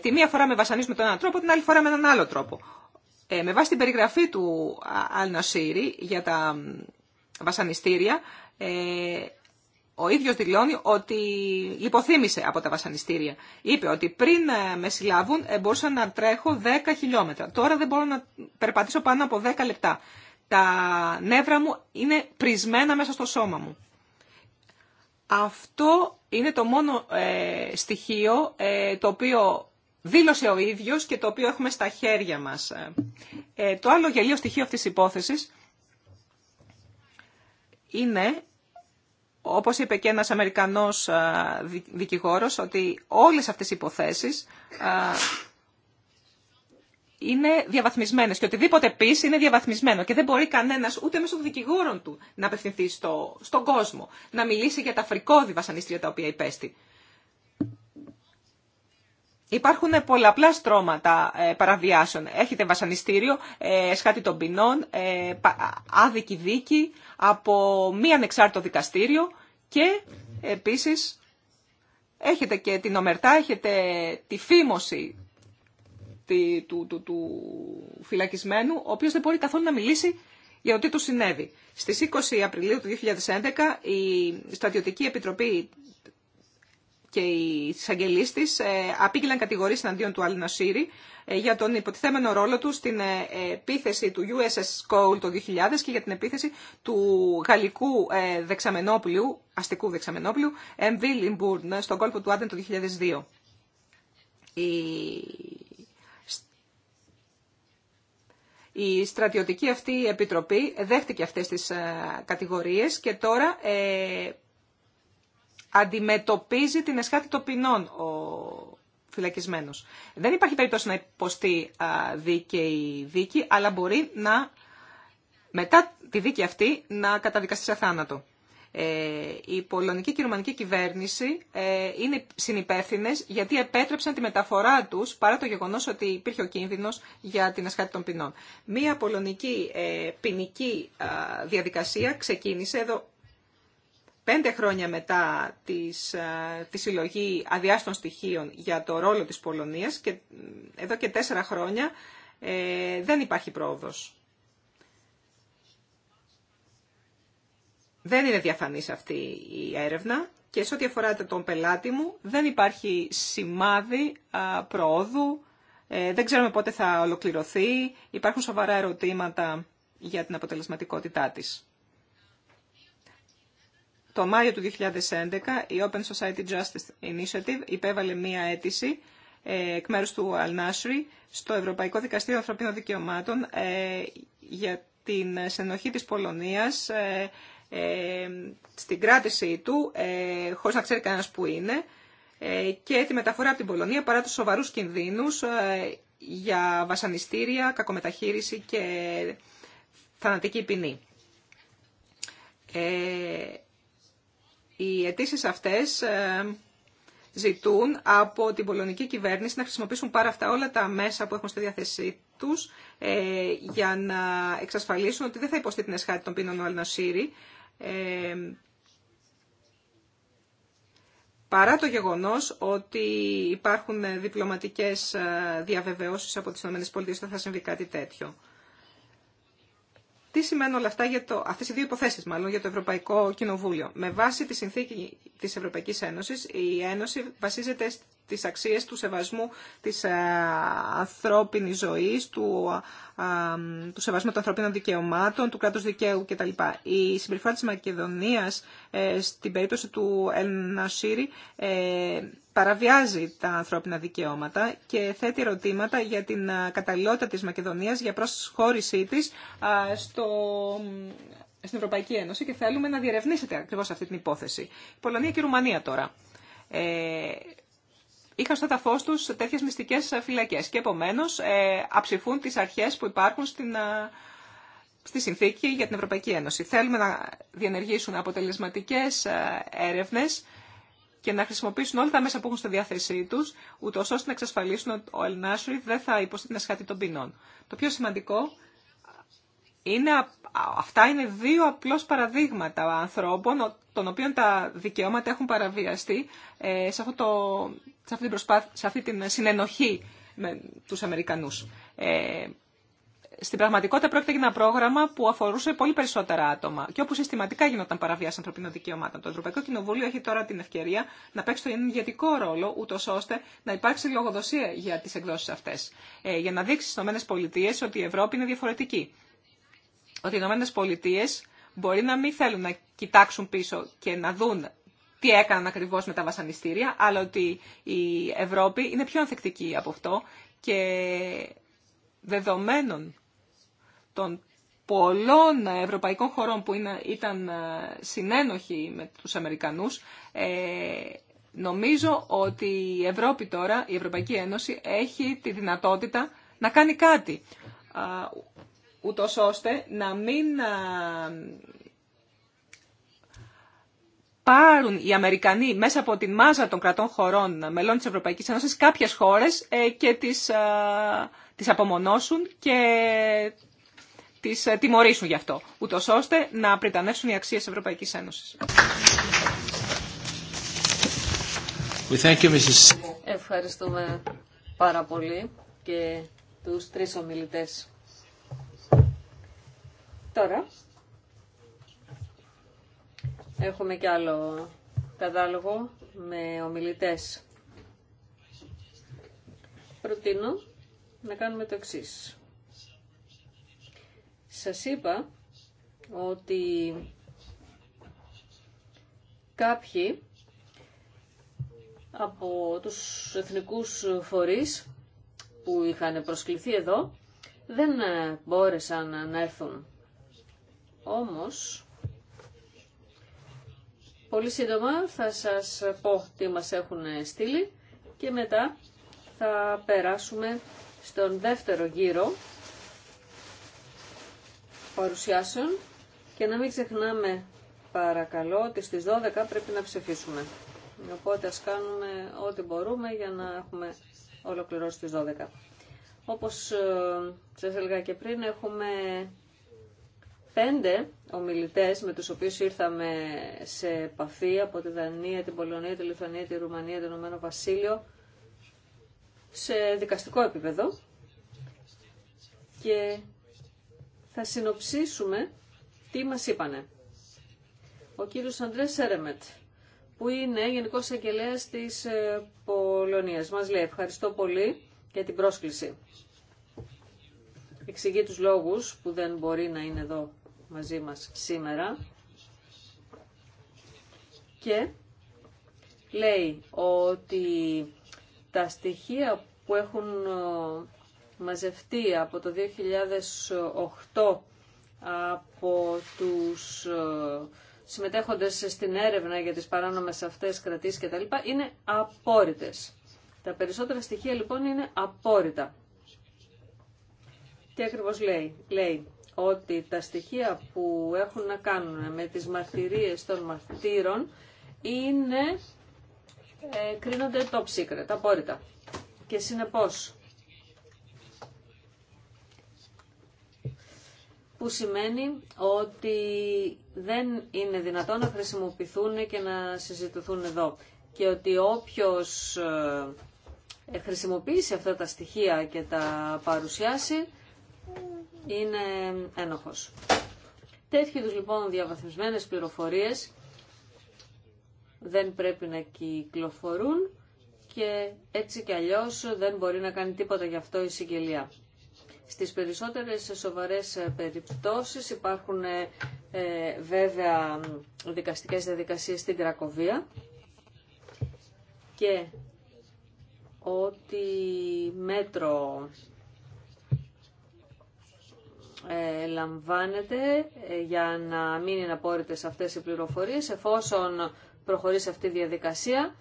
τη μία φορά με βασανίζουν με τον έναν τρόπο, την άλλη φορά με έναν άλλο τρόπο. Ε, με βάση την περιγραφή του Αλνασίρη για τα βασανιστήρια, ε, ο ίδιος δηλώνει ότι υποθύμησε από τα βασανιστήρια. Είπε ότι πριν ε, με συλλάβουν ε, μπορούσα να τρέχω 10 χιλιόμετρα. Τώρα δεν μπορώ να περπατήσω πάνω από 10 λεπτά. Τα νεύρα μου είναι πρισμένα μέσα στο σώμα μου. Αυτό είναι το μόνο ε, στοιχείο το οποίο δήλωσε ο ίδιος και το οποίο έχουμε στα χέρια μας. Ε, ε, το άλλο γελίο στοιχείο αυτής της υπόθεσης είναι, όπως είπε και ένας Αμερικανός δικηγόρος, ότι όλες αυτές οι υποθέσεις είναι διαβαθμισμένε και οτιδήποτε πει είναι διαβαθμισμένο και δεν μπορεί κανένα ούτε μέσω των δικηγόρων του να απευθυνθεί στο, στον κόσμο, να μιλήσει για τα φρικόδη βασανίστρια τα οποία υπέστη. Υπάρχουν πολλαπλά στρώματα ε, παραβιάσεων. Έχετε βασανιστήριο, ε, σκάτη των ποινών, ε, άδικη δίκη από μη ανεξάρτητο δικαστήριο και επίσης έχετε και την ομερτά, έχετε τη φήμωση του, φυλακισμένου, ο οποίος δεν μπορεί καθόλου να μιλήσει για το τι του συνέβη. Στις 20 Απριλίου του 2011 η Στρατιωτική Επιτροπή και οι εισαγγελεί τη ε, απήγγειλαν κατηγορίε εναντίον του Σύρι ε, για τον υποτιθέμενο ρόλο του στην ε, επίθεση του USS Cole το 2000 και για την επίθεση του γαλλικού δεξαμενόπλου, αστικού δεξαμενόπλου, MV Limburn, στον κόλπο του Άντεν το 2002. Η... Η στρατιωτική αυτή επιτροπή δέχτηκε αυτές τις κατηγορίες και τώρα αντιμετωπίζει την εσχάτη των ποινών ο φυλακισμένος. Δεν υπάρχει περίπτωση να υποστεί δίκαιη δίκη, αλλά μπορεί να, μετά τη δίκη αυτή να καταδικαστεί σε θάνατο. Ε, η πολωνική και η ρουμανική κυβέρνηση ε, είναι συνυπεύθυνε γιατί επέτρεψαν τη μεταφορά τους παρά το γεγονός ότι υπήρχε ο κίνδυνος για την ασχάτη των ποινών. Μία πολωνική ε, ποινική διαδικασία ξεκίνησε εδώ πέντε χρόνια μετά της, ε, τη συλλογή αδειάστων στοιχείων για το ρόλο της Πολωνίας και ε, εδώ και τέσσερα χρόνια ε, δεν υπάρχει πρόοδος. Δεν είναι διαφανής αυτή η έρευνα και σε ό,τι αφορά τον πελάτη μου δεν υπάρχει σημάδι προόδου, δεν ξέρουμε πότε θα ολοκληρωθεί, υπάρχουν σοβαρά ερωτήματα για την αποτελεσματικότητά της. Το Μάιο του 2011 η Open Society Justice Initiative υπέβαλε μία αίτηση ε, εκ μέρους του Al-Nashri στο Ευρωπαϊκό Δικαστήριο Ανθρωπίνων Δικαιωμάτων ε, για την συνοχή της Πολωνίας ε, στην κράτησή του, χωρίς να ξέρει κανένας που είναι, και τη μεταφορά από την Πολωνία παρά τους σοβαρούς κινδύνους για βασανιστήρια, κακομεταχείριση και θανατική ποινή. Οι αιτήσει αυτέ ε, ζητούν από την πολωνική κυβέρνηση να χρησιμοποιήσουν πάρα αυτά όλα τα μέσα που έχουν στη διάθεσή τους ε, για να εξασφαλίσουν ότι δεν θα υποστεί την εσχάτη των πίνων ο Αλνασίρη ε, παρά το γεγονός ότι υπάρχουν διπλωματικές διαβεβαιώσεις από τις ΗΠΑ ότι θα συμβεί κάτι τέτοιο. Τι σημαίνουν όλα αυτά για το, αυτές οι δύο υποθέσεις μάλλον για το Ευρωπαϊκό Κοινοβούλιο. Με βάση τη συνθήκη της Ευρωπαϊκής Ένωσης, η Ένωση βασίζεται στις αξίες του σεβασμού της α, ε, ανθρώπινης ζωής, του, ε, του σεβασμού των ανθρωπίνων δικαιωμάτων, του κράτους δικαίου κτλ. Η συμπεριφορά της Μακεδονίας ε, στην περίπτωση του Ελνασίρη ε, παραβιάζει τα ανθρώπινα δικαιώματα και θέτει ερωτήματα για την καταλληλότητα της Μακεδονίας για προσχώρησή της στο, στην Ευρωπαϊκή Ένωση και θέλουμε να διερευνήσετε ακριβώς αυτή την υπόθεση. Πολωνία και Ρουμανία τώρα. Ε, είχαν στο ταφό τους τέτοιες μυστικές φυλακές και επομένως ε, αψηφούν τις αρχές που υπάρχουν στη συνθήκη για την Ευρωπαϊκή Ένωση. Θέλουμε να διενεργήσουν αποτελεσματικές έρευνες και να χρησιμοποιήσουν όλα τα μέσα που έχουν στη διάθεσή του, ούτω ώστε να εξασφαλίσουν ότι ο Ελνάσουρι δεν θα υποστεί την ασχάτη των ποινών. Το πιο σημαντικό είναι, αυτά είναι δύο απλώς παραδείγματα ανθρώπων των οποίων τα δικαιώματα έχουν παραβιαστεί ε, σε, αυτό σε, αυτή, την σε αυτή την συνενοχή με τους Αμερικανούς. Ε, στην πραγματικότητα πρόκειται για ένα πρόγραμμα που αφορούσε πολύ περισσότερα άτομα και όπου συστηματικά γινόταν παραβίαση ανθρωπίνων δικαιωμάτων. Το Ευρωπαϊκό Κοινοβούλιο έχει τώρα την ευκαιρία να παίξει τον ηγετικό ρόλο, ούτω ώστε να υπάρξει λογοδοσία για τι εκδόσει αυτέ. Ε, για να δείξει στι ΗΠΑ ότι η Ευρώπη είναι διαφορετική. Ότι οι ΗΠΑ μπορεί να μην θέλουν να κοιτάξουν πίσω και να δουν τι έκαναν ακριβώ με τα βασανιστήρια, αλλά ότι η Ευρώπη είναι πιο ανθεκτική από αυτό και δεδομένων των πολλών ευρωπαϊκών χωρών που ήταν ε, συνένοχοι με τους Αμερικανούς, ε, νομίζω ότι η Ευρώπη τώρα, η Ευρωπαϊκή Ένωση, έχει τη δυνατότητα να κάνει κάτι, ούτως ώστε να μην πάρουν οι Αμερικανοί μέσα από τη μάζα των κρατών χωρών μελών της Ευρωπαϊκής Ένωσης κάποιες χώρες ε, και τις, τις απομονώσουν και τις ε, τιμωρήσουν γι' αυτό, ούτω ώστε να πριτανεύσουν οι αξίες Ευρωπαϊκής Ένωσης. Ευχαριστούμε πάρα πολύ και τους τρεις ομιλητές. Τώρα έχουμε κι άλλο κατάλογο με ομιλητές. Προτείνω να κάνουμε το εξής. Σας είπα ότι κάποιοι από τους εθνικούς φορείς που είχαν προσκληθεί εδώ δεν ε, μπόρεσαν να έρθουν. Όμως, πολύ σύντομα θα σας πω τι μας έχουν στείλει και μετά θα περάσουμε στον δεύτερο γύρο παρουσιάσεων και να μην ξεχνάμε παρακαλώ ότι στις 12 πρέπει να ψηφίσουμε. Οπότε ας κάνουμε ό,τι μπορούμε για να έχουμε ολοκληρώσει στις 12. Όπως ε, σας έλεγα και πριν έχουμε πέντε ομιλητές με τους οποίους ήρθαμε σε επαφή από τη Δανία, την Πολωνία, τη Λιθουανία, τη Ρουμανία, το Ηνωμένο Βασίλειο σε δικαστικό επίπεδο και θα συνοψίσουμε τι μας είπανε. Ο κύριος Αντρέ Σέρεμετ, που είναι Γενικός Αγγελέας της ε, Πολωνίας, μας λέει ευχαριστώ πολύ για την πρόσκληση. Εξηγεί τους λόγους που δεν μπορεί να είναι εδώ μαζί μας σήμερα και λέει ότι τα στοιχεία που έχουν ε, μαζευτεί από το 2008 από τους ε, συμμετέχοντες στην έρευνα για τις παράνομες αυτές κρατήσεις κτλ. είναι απόρριτες. Τα περισσότερα στοιχεία λοιπόν είναι απόρριτα. Τι ακριβώς λέει. Λέει ότι τα στοιχεία που έχουν να κάνουν με τις μαρτυρίες των μαρτύρων είναι ε, κρίνονται top secret, απόρριτα. Και συνεπώς που σημαίνει ότι δεν είναι δυνατόν να χρησιμοποιηθούν και να συζητηθούν εδώ και ότι όποιος ε, χρησιμοποιήσει αυτά τα στοιχεία και τα παρουσιάσει είναι ένοχος. Τέτοιου λοιπόν διαβαθμισμένες πληροφορίες δεν πρέπει να κυκλοφορούν και έτσι κι αλλιώς δεν μπορεί να κάνει τίποτα γι' αυτό η συγγελία. Στις περισσότερες σοβαρές περιπτώσεις υπάρχουν ε, ε, βέβαια δικαστικές διαδικασίες στην Κρακοβία και ό,τι μέτρο ε, λαμβάνεται ε, για να μην είναι απόρριτες αυτές οι πληροφορίες εφόσον προχωρήσει αυτή τη διαδικασία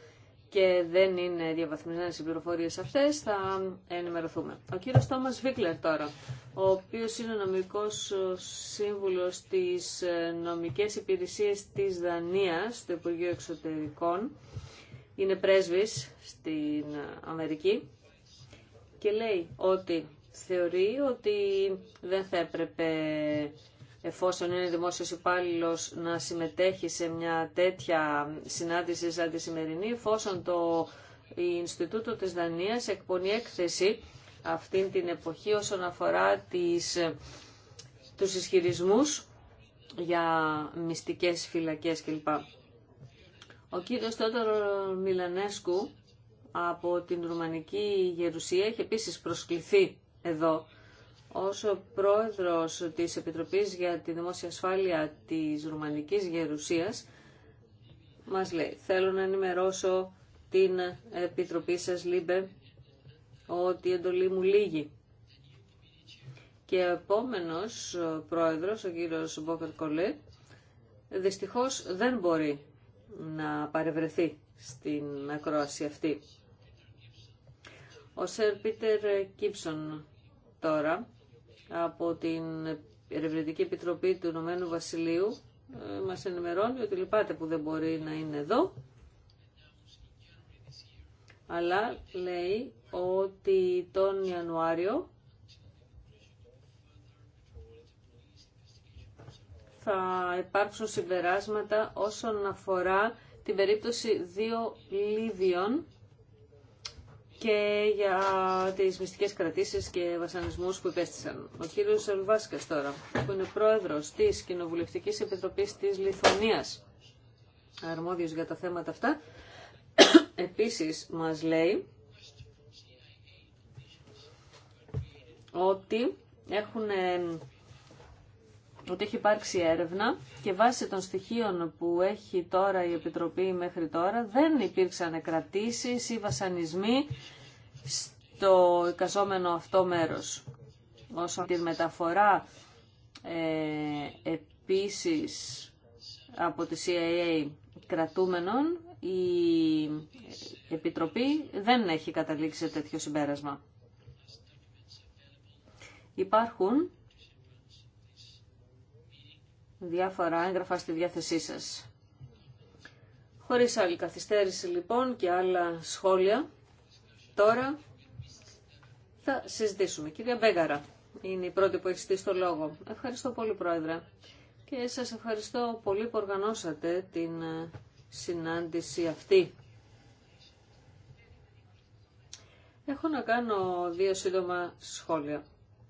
και δεν είναι διαβαθμισμένε οι πληροφορίε αυτέ θα ενημερωθούμε. Ο κύριο Τόμα Βίκλερ τώρα, ο οποίο είναι ο νομικός σύμβουλος της νομικές υπηρεσίε της Δανίας, του Υπουργείου Εξωτερικών, είναι πρέσβή στην Αμερική και λέει ότι θεωρεί ότι δεν θα έπρεπε εφόσον είναι δημόσιος υπάλληλο να συμμετέχει σε μια τέτοια συνάντηση σαν τη σημερινή, εφόσον το Ινστιτούτο της Δανίας εκπονεί έκθεση αυτήν την εποχή όσον αφορά τις, τους ισχυρισμούς για μυστικές φυλακές κλπ. Ο κύριος Τότορ Μιλανέσκου από την Ρουμανική Γερουσία έχει επίσης προσκληθεί εδώ ως πρόεδρος της Επιτροπής για τη Δημόσια Ασφάλεια της Ρουμανικής Γερουσίας, μας λέει, θέλω να ενημερώσω την Επιτροπή σας, Λίμπε, ότι η εντολή μου λύγει. Και ο επόμενος πρόεδρος, ο κύριος Μπόκερ Κολέ, δυστυχώς δεν μπορεί να παρευρεθεί στην ακρόαση αυτή. Ο Σερ Πίτερ Κίψον τώρα από την Ερευνητική Επιτροπή του Ηνωμένου Βασιλείου ε, μας ενημερώνει ότι λυπάται που δεν μπορεί να είναι εδώ αλλά λέει ότι τον Ιανουάριο θα υπάρξουν συμπεράσματα όσον αφορά την περίπτωση δύο Λίβιων και για τις μυστικές κρατήσεις και βασανισμούς που υπέστησαν. Ο κύριος Ελβάσκας τώρα, που είναι πρόεδρος της Κοινοβουλευτικής Επιτροπής της Λιθωνίας, αρμόδιος για τα θέματα αυτά, επίσης μας λέει ότι έχουν ότι έχει υπάρξει έρευνα και βάσει των στοιχείων που έχει τώρα η Επιτροπή μέχρι τώρα δεν υπήρξαν κρατήσεις ή βασανισμοί στο εικαζόμενο αυτό μέρος. Όσο τη μεταφορά ε, επίσης από τη CIA κρατούμενων η Επιτροπή δεν έχει καταλήξει σε τέτοιο συμπέρασμα. Υπάρχουν διάφορα έγγραφα στη διάθεσή σας. Χωρίς άλλη καθυστέρηση λοιπόν και άλλα σχόλια, τώρα θα συζητήσουμε. Κυρία Μπέγαρα, είναι η πρώτη που έχει στήσει το λόγο. Ευχαριστώ πολύ Πρόεδρε και σας ευχαριστώ πολύ που οργανώσατε την ε, συνάντηση αυτή. Έχω να κάνω δύο σύντομα σχόλια.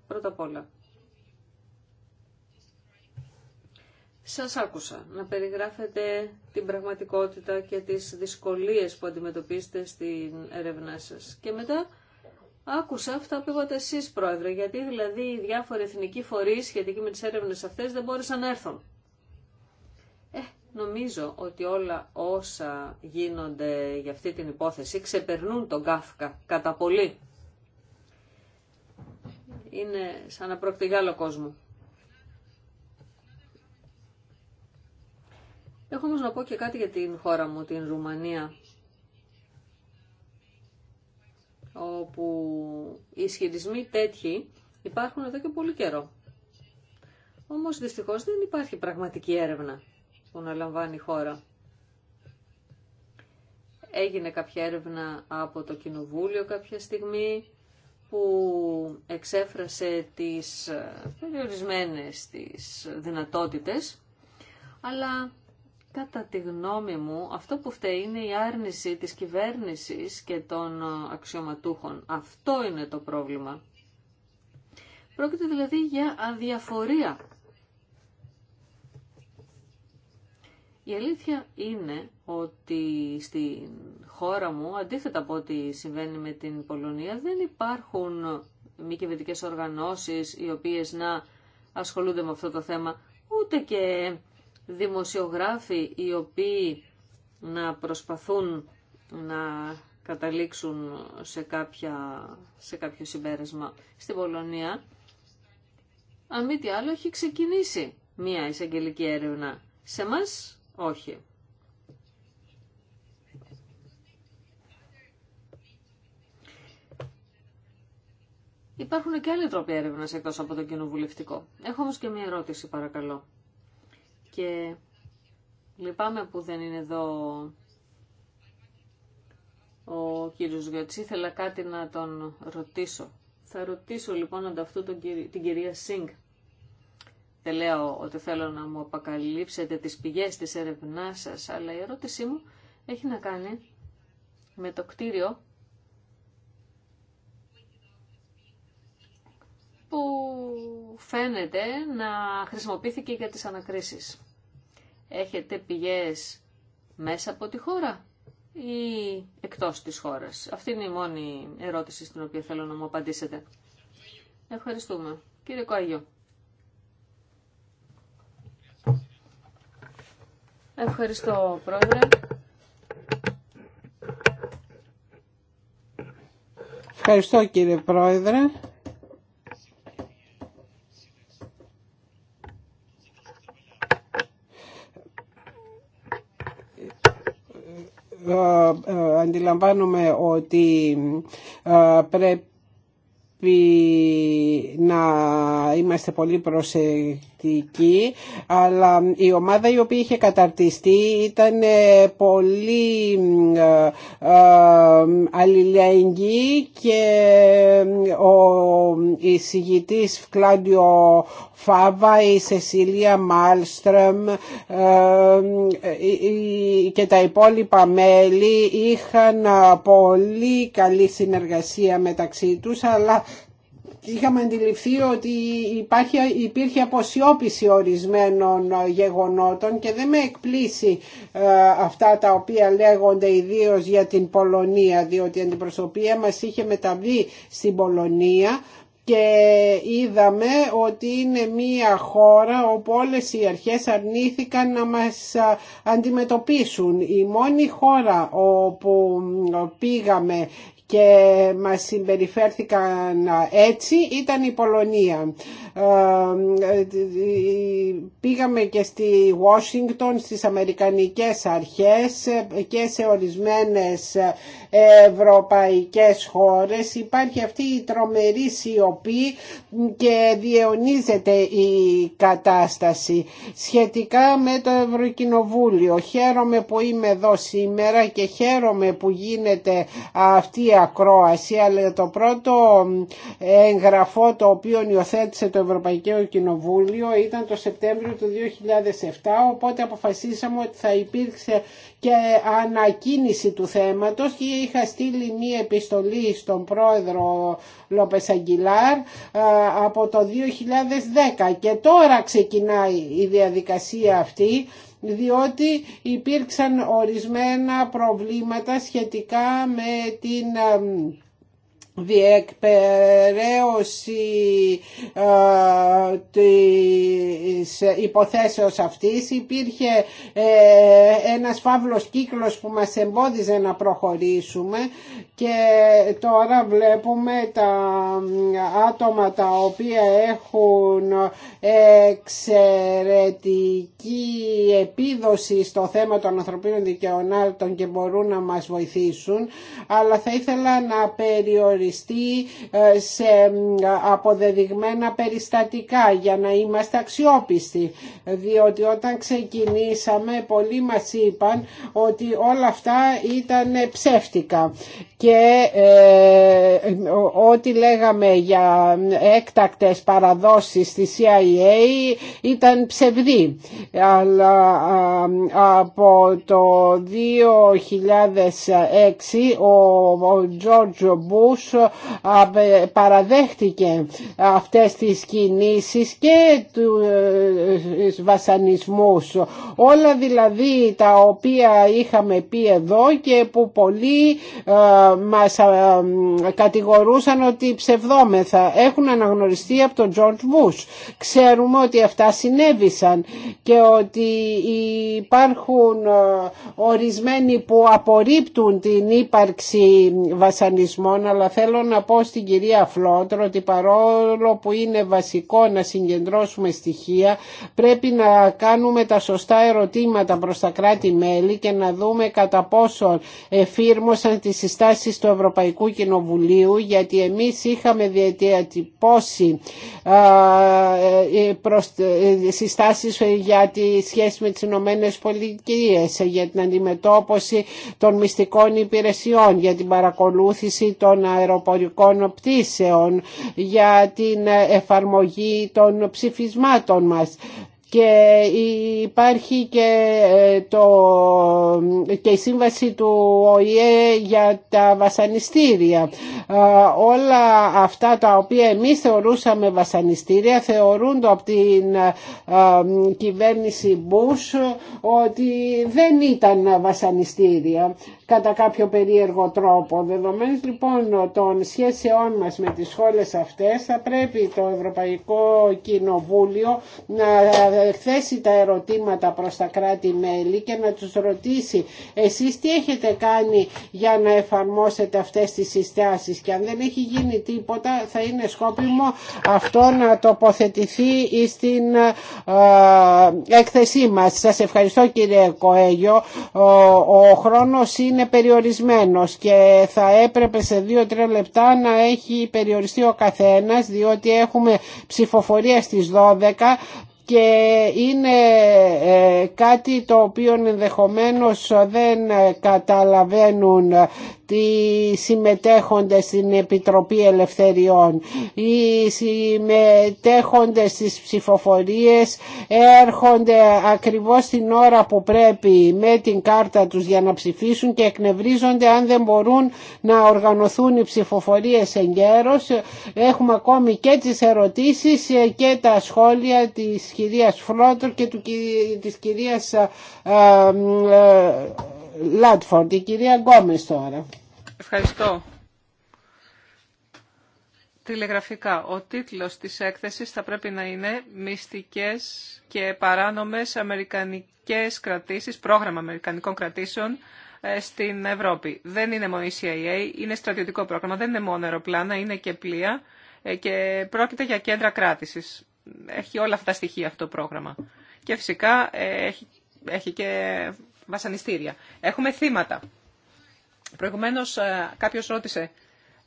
Πρώτα απ' όλα, Σας άκουσα να περιγράφετε την πραγματικότητα και τις δυσκολίες που αντιμετωπίσετε στην έρευνά σας. Και μετά άκουσα αυτά που είπατε εσείς, Πρόεδρε, γιατί δηλαδή οι διάφοροι εθνικοί φορείς σχετικοί με τις έρευνες αυτές δεν μπόρεσαν να έρθουν. Ε, νομίζω ότι όλα όσα γίνονται για αυτή την υπόθεση ξεπερνούν τον Κάφκα κατά πολύ. Είναι σαν να πρόκειται για άλλο κόσμο. Έχω όμως να πω και κάτι για την χώρα μου, την Ρουμανία, όπου οι ισχυρισμοί τέτοιοι υπάρχουν εδώ και πολύ καιρό. Όμως δυστυχώς δεν υπάρχει πραγματική έρευνα που να λαμβάνει η χώρα. Έγινε κάποια έρευνα από το Κοινοβούλιο κάποια στιγμή που εξέφρασε τις περιορισμένες τις δυνατότητες, αλλά Κατά τη γνώμη μου, αυτό που φταίει είναι η άρνηση της κυβέρνησης και των ε, αξιωματούχων. Αυτό είναι το πρόβλημα. Πρόκειται δηλαδή για αδιαφορία. Η αλήθεια είναι ότι στην χώρα μου, αντίθετα από ό,τι συμβαίνει με την Πολωνία, δεν υπάρχουν μη κυβερνητικές οργανώσεις οι οποίες να ασχολούνται με αυτό το θέμα, ούτε και δημοσιογράφοι οι οποίοι να προσπαθούν να καταλήξουν σε, κάποια, σε κάποιο συμπέρασμα στην Πολωνία, αν μη τι άλλο έχει ξεκινήσει μία εισαγγελική έρευνα. Σε μας όχι. Υπάρχουν και άλλοι τρόποι έρευνας εκτός από το κοινοβουλευτικό. Έχω όμως και μία ερώτηση, παρακαλώ και λυπάμαι που δεν είναι εδώ ο κύριος Γιώτης. Ήθελα κάτι να τον ρωτήσω. Θα ρωτήσω λοιπόν ανταυτού τον κυρί... την κυρία Σίνγκ. Δεν λέω ότι θέλω να μου αποκαλύψετε τις πηγές της έρευνά σας, αλλά η ερώτησή μου έχει να κάνει με το κτίριο που φαίνεται να χρησιμοποιήθηκε για τις ανακρίσεις έχετε πηγές μέσα από τη χώρα ή εκτός της χώρας. Αυτή είναι η μόνη ερώτηση στην οποία θέλω να μου απαντήσετε. Ευχαριστούμε. Κύριε Κοαγιό. Ευχαριστώ, Πρόεδρε. Ευχαριστώ, κύριε Πρόεδρε. αντιλαμβάνομαι ότι πρέπει να είμαστε πολύ προσεκτικοί αλλά η ομάδα η οποία είχε καταρτιστεί ήταν ε, πολύ ε, ε, αλληλεγγύη και ο εισηγητής Φκλάντιο Φάβα, η Σεσίλια Μάλστρεμ και τα υπόλοιπα μέλη είχαν πολύ καλή συνεργασία μεταξύ τους αλλά είχαμε αντιληφθεί ότι υπάρχει, υπήρχε αποσιώπηση ορισμένων ε, γεγονότων και δεν με εκπλήσει ε, αυτά τα οποία λέγονται ιδίω για την Πολωνία διότι η αντιπροσωπεία μας είχε μεταβεί στην Πολωνία και είδαμε ότι είναι μία χώρα όπου όλες οι αρχές αρνήθηκαν να μας ε, αντιμετωπίσουν. Η μόνη χώρα όπου πήγαμε και μας συμπεριφέρθηκαν έτσι ήταν η Πολωνία. Ε, πήγαμε και στη Washington, στις Αμερικανικές αρχές και σε ορισμένες ευρωπαϊκές χώρες. Υπάρχει αυτή η τρομερή σιωπή και διαιωνίζεται η κατάσταση. Σχετικά με το Ευρωκοινοβούλιο, χαίρομαι που είμαι εδώ σήμερα και χαίρομαι που γίνεται αυτή η ακρόαση, αλλά το πρώτο εγγραφό το οποίο υιοθέτησε το Ευρωπαϊκό Κοινοβούλιο ήταν το Σεπτέμβριο του 2007, οπότε αποφασίσαμε ότι θα υπήρξε και ανακίνηση του θέματος και είχα στείλει μία επιστολή στον πρόεδρο Λόπες Αγγιλάρ ε, από το 2010 και τώρα ξεκινάει η διαδικασία αυτή διότι υπήρξαν ορισμένα προβλήματα σχετικά με την διεκπαιρέωση ε, της υποθέσεως αυτής υπήρχε ε, ένας φαύλος κύκλος που μας εμπόδιζε να προχωρήσουμε και τώρα βλέπουμε τα άτομα τα οποία έχουν εξαιρετική επίδοση στο θέμα των ανθρωπίνων δικαιωνάτων και μπορούν να μας βοηθήσουν αλλά θα ήθελα να περιοριστούμε ε, σε ε, αποδεδειγμένα περιστατικά για να είμαστε αξιόπιστοι. Διότι όταν ξεκινήσαμε πολλοί μας είπαν ότι όλα αυτά ήταν ψεύτικα και ε, ό,τι λέγαμε για έκτακτες παραδόσεις στη CIA ήταν ψευδή. Αλλά από το 2006 ο Τζόρτζο Μπούς παραδέχτηκε αυτές τις κινήσεις και του ε, ε, βασανισμούς. Όλα δηλαδή τα οποία είχαμε πει εδώ και που πολλοί ε, μας κατηγορούσαν ότι ψευδόμεθα έχουν αναγνωριστεί από τον George Bush. Ξέρουμε ότι αυτά συνέβησαν και ότι υπάρχουν ορισμένοι που απορρίπτουν την ύπαρξη βασανισμών αλλά θέλω να πω στην κυρία Φλότρο ότι παρόλο που είναι βασικό να συγκεντρώσουμε στοιχεία πρέπει να κάνουμε τα σωστά ερωτήματα προς τα κράτη-μέλη και να δούμε κατά πόσο εφήρμοσαν τις συστάσεις του Ευρωπαϊκού Κοινοβουλίου γιατί εμείς είχαμε διατυπώσει ε, ε, συστάσεις για τη σχέση με τις Ηνωμένε Πολιτείες, για την αντιμετώπιση των μυστικών υπηρεσιών, για την παρακολούθηση των αεροπορικών πτήσεων για την εφαρμογή των ψηφισμάτων μας και υπάρχει και, ε, το, και η σύμβαση του ΟΗΕ για τα βασανιστήρια. Όλα αυτά τα οποία εμείς θεωρούσαμε βασανιστήρια θεωρούνται από την ε, κυβέρνηση Μπούς ότι δεν ήταν βασανιστήρια κατά κάποιο περίεργο τρόπο. Δεδομένου λοιπόν των σχέσεών μας με τις χώρες αυτές θα πρέπει το Ευρωπαϊκό Κοινοβούλιο να θέσει τα ερωτήματα προς τα κράτη-μέλη και να τους ρωτήσει εσείς τι έχετε κάνει για να εφαρμόσετε αυτές τις συστάσεις και αν δεν έχει γίνει τίποτα θα είναι σκόπιμο αυτό να τοποθετηθεί στην ε, έκθεσή μας. Σας ευχαριστώ κύριε Κοέγιο. Ο χρόνος είναι περιορισμένος και θα έπρεπε σε δύο-τρία λεπτά να έχει περιοριστεί ο καθένας διότι έχουμε ψηφοφορία στις 12 και είναι ε, κάτι το οποίο ενδεχομένως δεν ε, καταλαβαίνουν τι συμμετέχοντες στην Επιτροπή Ελευθεριών. Οι συμμετέχοντες στις ψηφοφορίες έρχονται ακριβώς την ώρα που πρέπει με την κάρτα τους για να ψηφίσουν και εκνευρίζονται αν δεν μπορούν να οργανωθούν οι ψηφοφορίες εν γέρος. Έχουμε ακόμη και τις ερωτήσεις και τα σχόλια της κυρίας Φλότορ και του, της κυρίας Λατφόρντ, η κυρία Γκόμες τώρα. Ευχαριστώ. Τηλεγραφικά, ο τίτλος της έκθεσης θα πρέπει να είναι «Μυστικές και παράνομες αμερικανικές κρατήσεις, πρόγραμμα αμερικανικών κρατήσεων ε, στην Ευρώπη». Δεν είναι μόνο η CIA, είναι στρατιωτικό πρόγραμμα, δεν είναι μόνο αεροπλάνα, είναι και πλοία ε, και πρόκειται για κέντρα κράτησης. Έχει όλα αυτά τα στοιχεία αυτό το πρόγραμμα. Και φυσικά ε, έχει και βασανιστήρια. Έχουμε θύματα. Προηγουμένως ε, κάποιος ρώτησε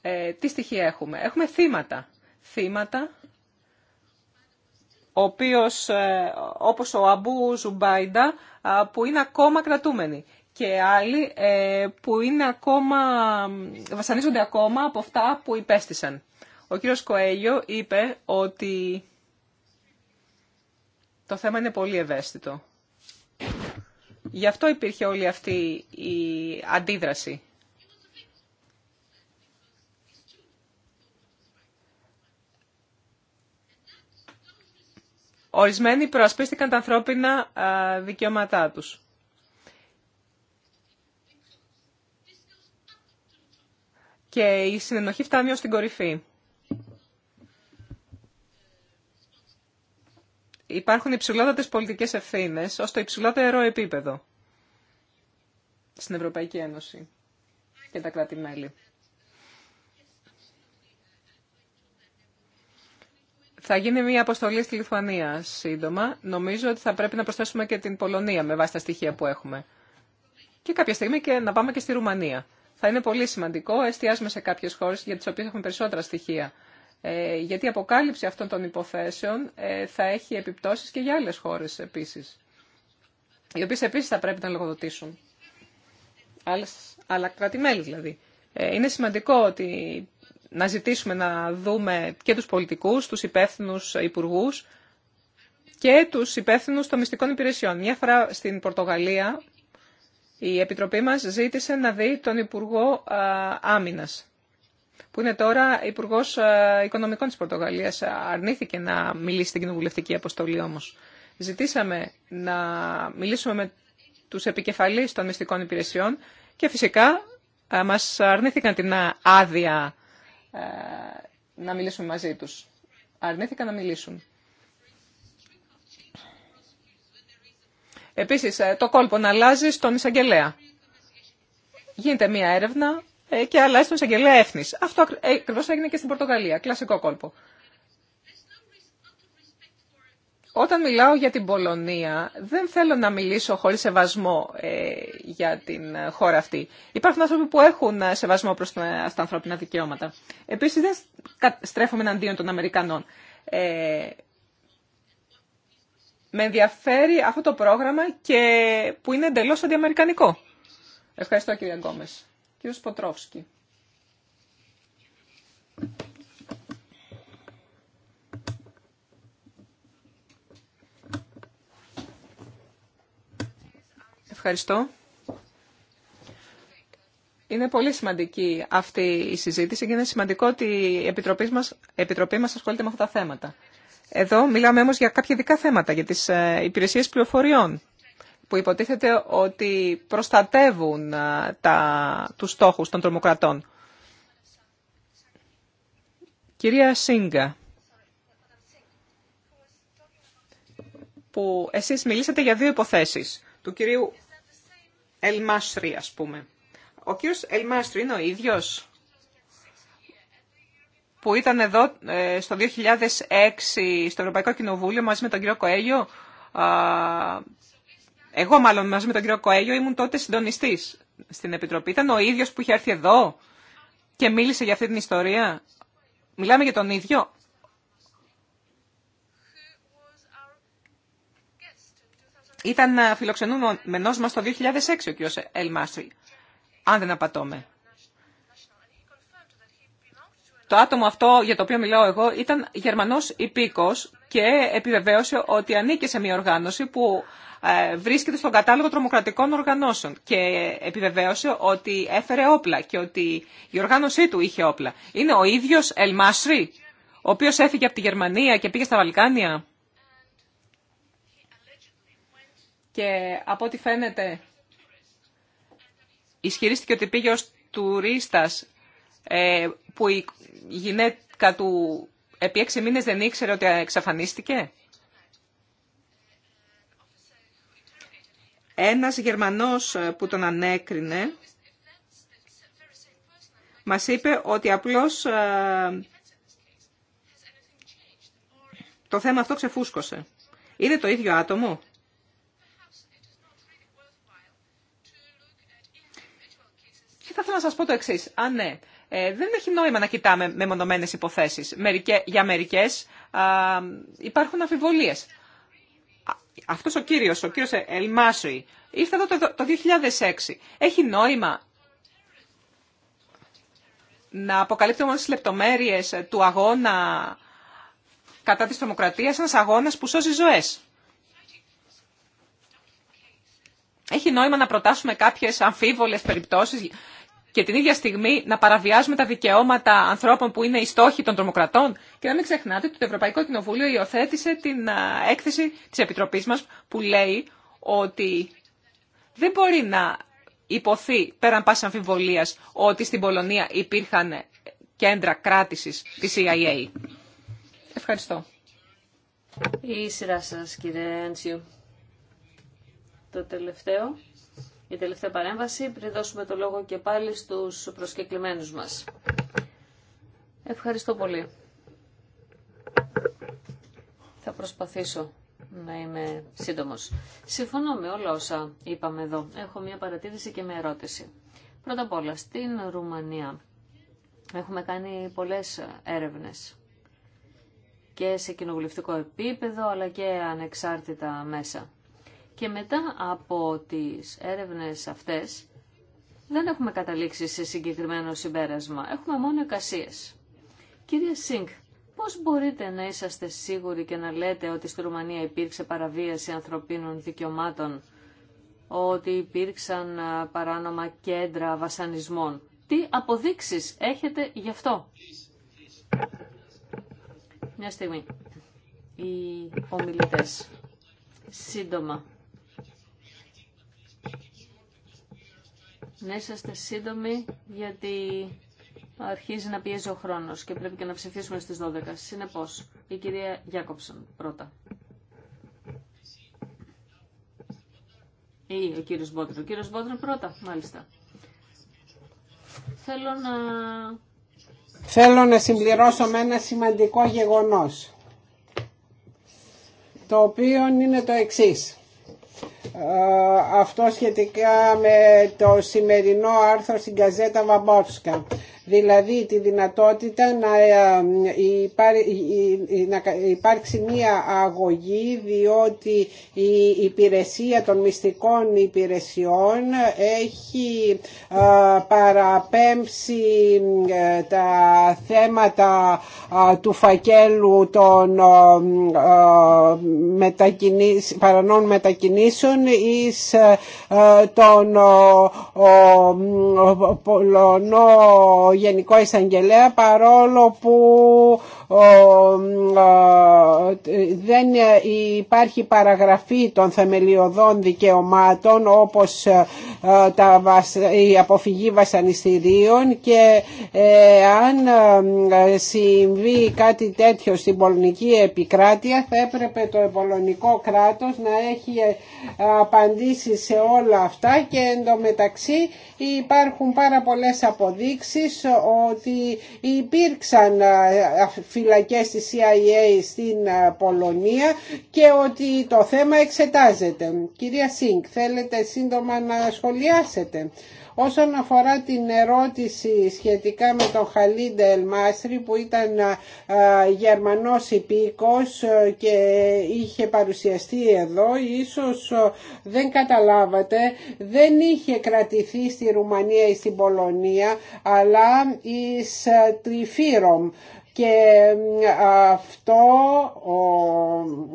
ε, τι στοιχεία έχουμε. Έχουμε θύματα. Θύματα, ο ε, όπως ο Αμπού Ζουμπάιντα, που είναι ακόμα κρατούμενοι και άλλοι που είναι ακόμα, βασανίζονται ακόμα από αυτά που υπέστησαν. Ο κύριος Κοέλιο είπε ότι το θέμα είναι πολύ ευαίσθητο. Γι' αυτό υπήρχε όλη αυτή η αντίδραση. Ορισμένοι προασπίστηκαν τα ανθρώπινα δικαιώματά τους. Και η συνενοχή φτάνει ως την κορυφή. υπάρχουν υψηλότερες πολιτικές ευθύνες ως το υψηλότερο επίπεδο στην Ευρωπαϊκή Ένωση και τα κράτη-μέλη. Θα γίνει μια αποστολή στη Λιθουανία σύντομα. Νομίζω ότι θα πρέπει να προσθέσουμε και την Πολωνία με βάση τα στοιχεία που έχουμε. Και κάποια στιγμή και να πάμε και στη Ρουμανία. Θα είναι πολύ σημαντικό, εστιάζουμε σε κάποιες χώρες για τις οποίες έχουμε περισσότερα στοιχεία ε, γιατί η αποκάλυψη αυτών των υποθέσεων ε, θα έχει επιπτώσεις και για άλλες χώρες επίσης, οι οποίες επίσης θα πρέπει να λογοδοτήσουν. Άλλες, άλλα κράτη-μέλη δηλαδή. Ε, είναι σημαντικό ότι να ζητήσουμε να δούμε και τους πολιτικούς, τους υπεύθυνου υπουργού και τους υπεύθυνου των μυστικών υπηρεσιών. Μια φορά στην Πορτογαλία η Επιτροπή μας ζήτησε να δει τον Υπουργό Άμυνας που είναι τώρα Υπουργό ε, Οικονομικών τη Πορτογαλία. Αρνήθηκε να μιλήσει στην κοινοβουλευτική αποστολή όμω. Ζητήσαμε να μιλήσουμε με του επικεφαλεί των μυστικών υπηρεσιών και φυσικά ε, μα αρνήθηκαν την άδεια ε, να μιλήσουμε μαζί του. Αρνήθηκαν να μιλήσουν. Επίσης, το κόλπο να αλλάζει στον εισαγγελέα. Γίνεται μία έρευνα ε, και άλλα τον εισαγγελέα έθνη. Αυτό ε, ακριβώ έγινε και στην Πορτογαλία. Κλασικό κόλπο. Όταν μιλάω για την Πολωνία, δεν θέλω να μιλήσω χωρίς σεβασμό ε, για την χώρα αυτή. Υπάρχουν άνθρωποι που έχουν σεβασμό προς τα, ανθρώπινα δικαιώματα. Επίσης, δεν στρέφομαι εναντίον των Αμερικανών. με ενδιαφέρει αυτό το πρόγραμμα και που είναι εντελώς αντιαμερικανικό. Ευχαριστώ, κύριε Γκόμες. Κύριο Ποτρόφσκι. Ευχαριστώ. Είναι πολύ σημαντική αυτή η συζήτηση και είναι σημαντικό ότι η Επιτροπή μας, η Επιτροπή μας ασχολείται με αυτά τα θέματα. Εδώ μιλάμε όμως για κάποια ειδικά θέματα, για τις ε, υπηρεσίες πληροφοριών που υποτίθεται ότι προστατεύουν τα, τους στόχους των τρομοκρατών. Κυρία Σίγκα, που εσείς μιλήσατε για δύο υποθέσεις, του κυρίου Ελμάστρη, ας πούμε. Ο κύριος Ελμάστρη είναι ο ίδιος που ήταν εδώ ε, στο 2006 στο Ευρωπαϊκό Κοινοβούλιο μαζί με τον κύριο Κοέγιο εγώ μάλλον μαζί με τον κύριο Κοέλιο ήμουν τότε συντονιστή στην Επιτροπή. Ήταν ο ίδιος που είχε έρθει εδώ και μίλησε για αυτή την ιστορία. Μιλάμε για τον ίδιο. Ήταν φιλοξενούμενος μας το 2006 ο κύριος Ελμάστρη, αν δεν απατώμε. Το άτομο αυτό για το οποίο μιλάω εγώ ήταν Γερμανός υπήκος και επιβεβαίωσε ότι ανήκε σε μια οργάνωση που ε, βρίσκεται στον κατάλογο τρομοκρατικών οργανώσεων και επιβεβαίωσε ότι έφερε όπλα και ότι η οργάνωσή του είχε όπλα. Είναι ο ίδιος Ελμάσρι, ο οποίος έφυγε από τη Γερμανία και πήγε στα Βαλκάνια. Και από ό,τι φαίνεται ισχυρίστηκε ότι πήγε ως τουρίστας ε, που η γυναίκα του επί έξι μήνες δεν ήξερε ότι εξαφανίστηκε. Ένας Γερμανός ε, που τον ανέκρινε μας είπε ότι απλώς ε, το θέμα αυτό ξεφούσκωσε. Είναι το ίδιο άτομο. Και θα ήθελα να σας πω το εξής. Α, ναι. Ε, δεν έχει νόημα να κοιτάμε μονομενες υποθέσεις. για μερικές υπάρχουν αμφιβολίες. Αυτός ο κύριος, ο κύριος Ελμάσουη, ήρθε εδώ το 2006. Έχει νόημα να αποκαλύπτουμε όλες τις λεπτομέρειες του αγώνα κατά της τρομοκρατίας, ένας αγώνας που σώζει ζωές. Έχει νόημα να προτάσουμε κάποιες αμφίβολες περιπτώσεις και την ίδια στιγμή να παραβιάζουμε τα δικαιώματα ανθρώπων που είναι οι στόχοι των τρομοκρατών. Και να μην ξεχνάτε ότι το Ευρωπαϊκό Κοινοβούλιο υιοθέτησε την έκθεση της Επιτροπής μας που λέει ότι δεν μπορεί να υποθεί πέραν πάση αμφιβολίας ότι στην Πολωνία υπήρχαν κέντρα κράτησης της CIA. Ευχαριστώ. Η σειρά σας κύριε Έντσιου. Το τελευταίο η τελευταία παρέμβαση πριν δώσουμε το λόγο και πάλι στους προσκεκλημένους μας. Ευχαριστώ πολύ. Θα προσπαθήσω να είμαι σύντομος. Συμφωνώ με όλα όσα είπαμε εδώ. Έχω μια παρατήρηση και μια ερώτηση. Πρώτα απ' όλα, στην Ρουμανία έχουμε κάνει πολλές έρευνες και σε κοινοβουλευτικό επίπεδο αλλά και ανεξάρτητα μέσα. Και μετά από τις έρευνες αυτές δεν έχουμε καταλήξει σε συγκεκριμένο συμπέρασμα. Έχουμε μόνο εικασίες. Κυρία Σίνκ, πώς μπορείτε να είσαστε σίγουροι και να λέτε ότι στη Ρουμανία υπήρξε παραβίαση ανθρωπίνων δικαιωμάτων, ότι υπήρξαν παράνομα κέντρα βασανισμών. Τι αποδείξεις έχετε γι' αυτό. Μια στιγμή. Οι ομιλητές. Σύντομα. Να είσαστε σύντομοι γιατί αρχίζει να πιέζει ο χρόνος και πρέπει και να ψηφίσουμε στις 12. Συνεπώς, η κυρία Γιάκοψον πρώτα. Ή ο κύριος Μπότρου. Ο κύριος Μπότρου πρώτα, μάλιστα. Θέλω να... Θέλω να συμπληρώσω με ένα σημαντικό γεγονός, το οποίο είναι το εξής αυτό σχετικά με το σημερινό άρθρο στην Καζέτα Βαμπότσκα δηλαδή τη δυνατότητα να, υπάρξει μία αγωγή διότι η υπηρεσία των μυστικών υπηρεσιών έχει παραπέμψει τα θέματα του φακέλου των παρανών μετακινήσεων εις των Πολωνών Γενικό Εισαγγελέα παρόλο που δεν υπάρχει παραγραφή των θεμελιωδών δικαιωμάτων όπως ε, τα, η αποφυγή βασανιστήριων και ε, αν ε, συμβεί κάτι τέτοιο στην πολωνική επικράτεια θα έπρεπε το πολωνικό κράτος να έχει απαντήσει σε όλα αυτά και εντωμεταξύ υπάρχουν πάρα πολλές αποδείξεις ότι υπήρξαν φυλακές τη CIA στην ε, Πολωνία και ότι το θέμα εξετάζεται. Κυρία Σίνκ, θέλετε σύντομα να σχολιάσετε. Όσον αφορά την ερώτηση σχετικά με τον Χαλίντε Ελμάστρη που ήταν ε, ε, γερμανός υπήκος και είχε παρουσιαστεί εδώ, ίσως δεν καταλάβατε, δεν είχε κρατηθεί στη Ρουμανία ή στην Πολωνία, αλλά εις Τριφύρομ και αυτό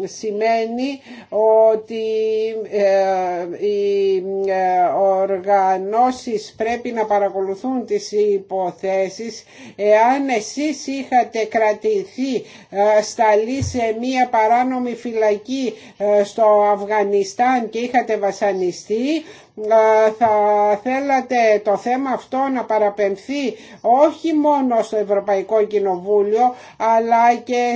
σημαίνει ότι ε, οι ε, οργανώσεις πρέπει να παρακολουθούν τις υποθέσεις εάν εσείς είχατε κρατηθεί ε, σταλή σε μία παράνομη φυλακή στο Αφγανιστάν και είχατε βασανιστεί θα θέλατε το θέμα αυτό να παραπεμφθεί όχι μόνο στο Ευρωπαϊκό Κοινοβούλιο αλλά και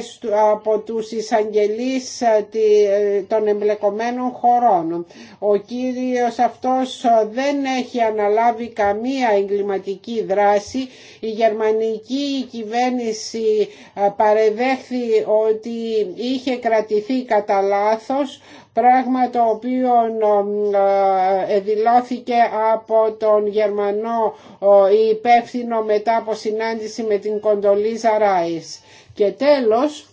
από τους εισαγγελείς ε, ε, των εμπλεκομένων χωρών. Ο κύριος αυτός ε, δεν έχει αναλάβει καμία εγκληματική δράση. Η γερμανική κυβέρνηση παρεδέχθη ότι είχε κρατηθεί κατά λάθος πράγμα το οποίο ε, δηλώθηκε από τον Γερμανό υπεύθυνο μετά από συνάντηση με την Κοντολίζα Ράις. Και τέλος,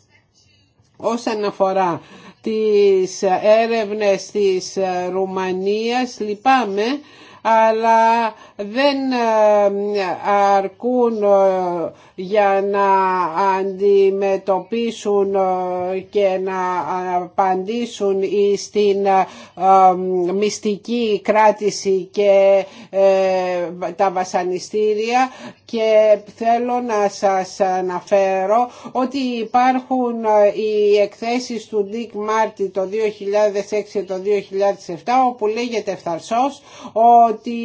όσον αφορά τις ε, έρευνες της ε, Ρουμανίας, λυπάμαι αλλά δεν ε, αρκούν ε, για να αντιμετωπίσουν ε, και να απαντήσουν στην μυστική κράτηση και τα βασανιστήρια και θέλω να σας αναφέρω ότι υπάρχουν οι εκθέσεις του Ντίκ Μάρτι το 2006 και το 2007 όπου λέγεται ευθαρσός ότι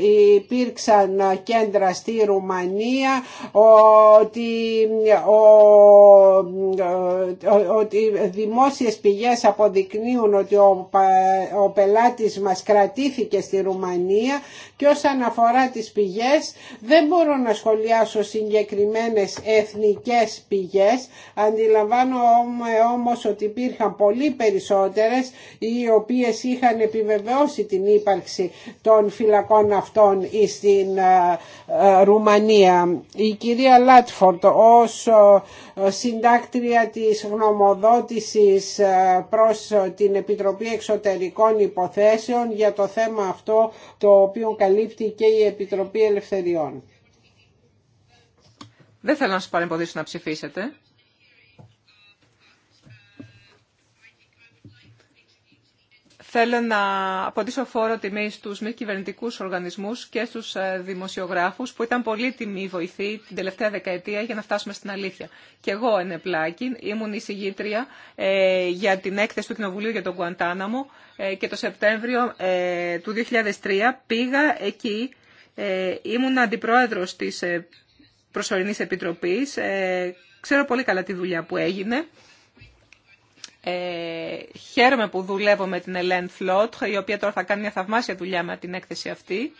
ε, υπήρξαν κέντρα στη Ρουμανία, ότι, ότι δημόσιες πηγές αποδεικνύουν ότι ο πελάτης μας κρατήθηκε στη Ρουμανία και όσον αφορά τις πηγές δεν μπορώ να σχολιάσω συγκεκριμένες εθνικές πηγές. Αντιλαμβάνομαι όμως ότι υπήρχαν πολύ περισσότερες οι οποίες είχαν επιβεβαιώσει την ύπαρξη των φυλακών αυτών στην ε, ε, Ρουμανία. Η κυρία Λάτφορντ ως συντάκτρια της γνωμοδότησης ε, προς ε, την Επιτροπή Εξωτερικών Υποθέσεων για το θέμα αυτό το οποίο καλύπτει και η Επιτροπή Ελευθεριών. Δεν θέλω να σας παρεμποδίσω να ψηφίσετε. Θέλω να αποτύσω φόρο τιμή στους μη κυβερνητικού οργανισμούς και στους ε, δημοσιογράφους που ήταν πολύτιμοι τιμή βοηθή την τελευταία δεκαετία για να φτάσουμε στην αλήθεια. Και εγώ ενεπλάκη, ήμουν εισηγήτρια ε, για την έκθεση του Κοινοβουλίου για τον Κουαντάναμο ε, και το Σεπτέμβριο ε, του 2003 πήγα εκεί, ε, ήμουν αντιπρόεδρος της ε, προσωρινής επιτροπής, ε, ξέρω πολύ καλά τη δουλειά που έγινε. Ε, χαίρομαι που δουλεύω με την Ελέν Φλότ η οποία τώρα θα κάνει μια θαυμάσια δουλειά με την έκθεση αυτή.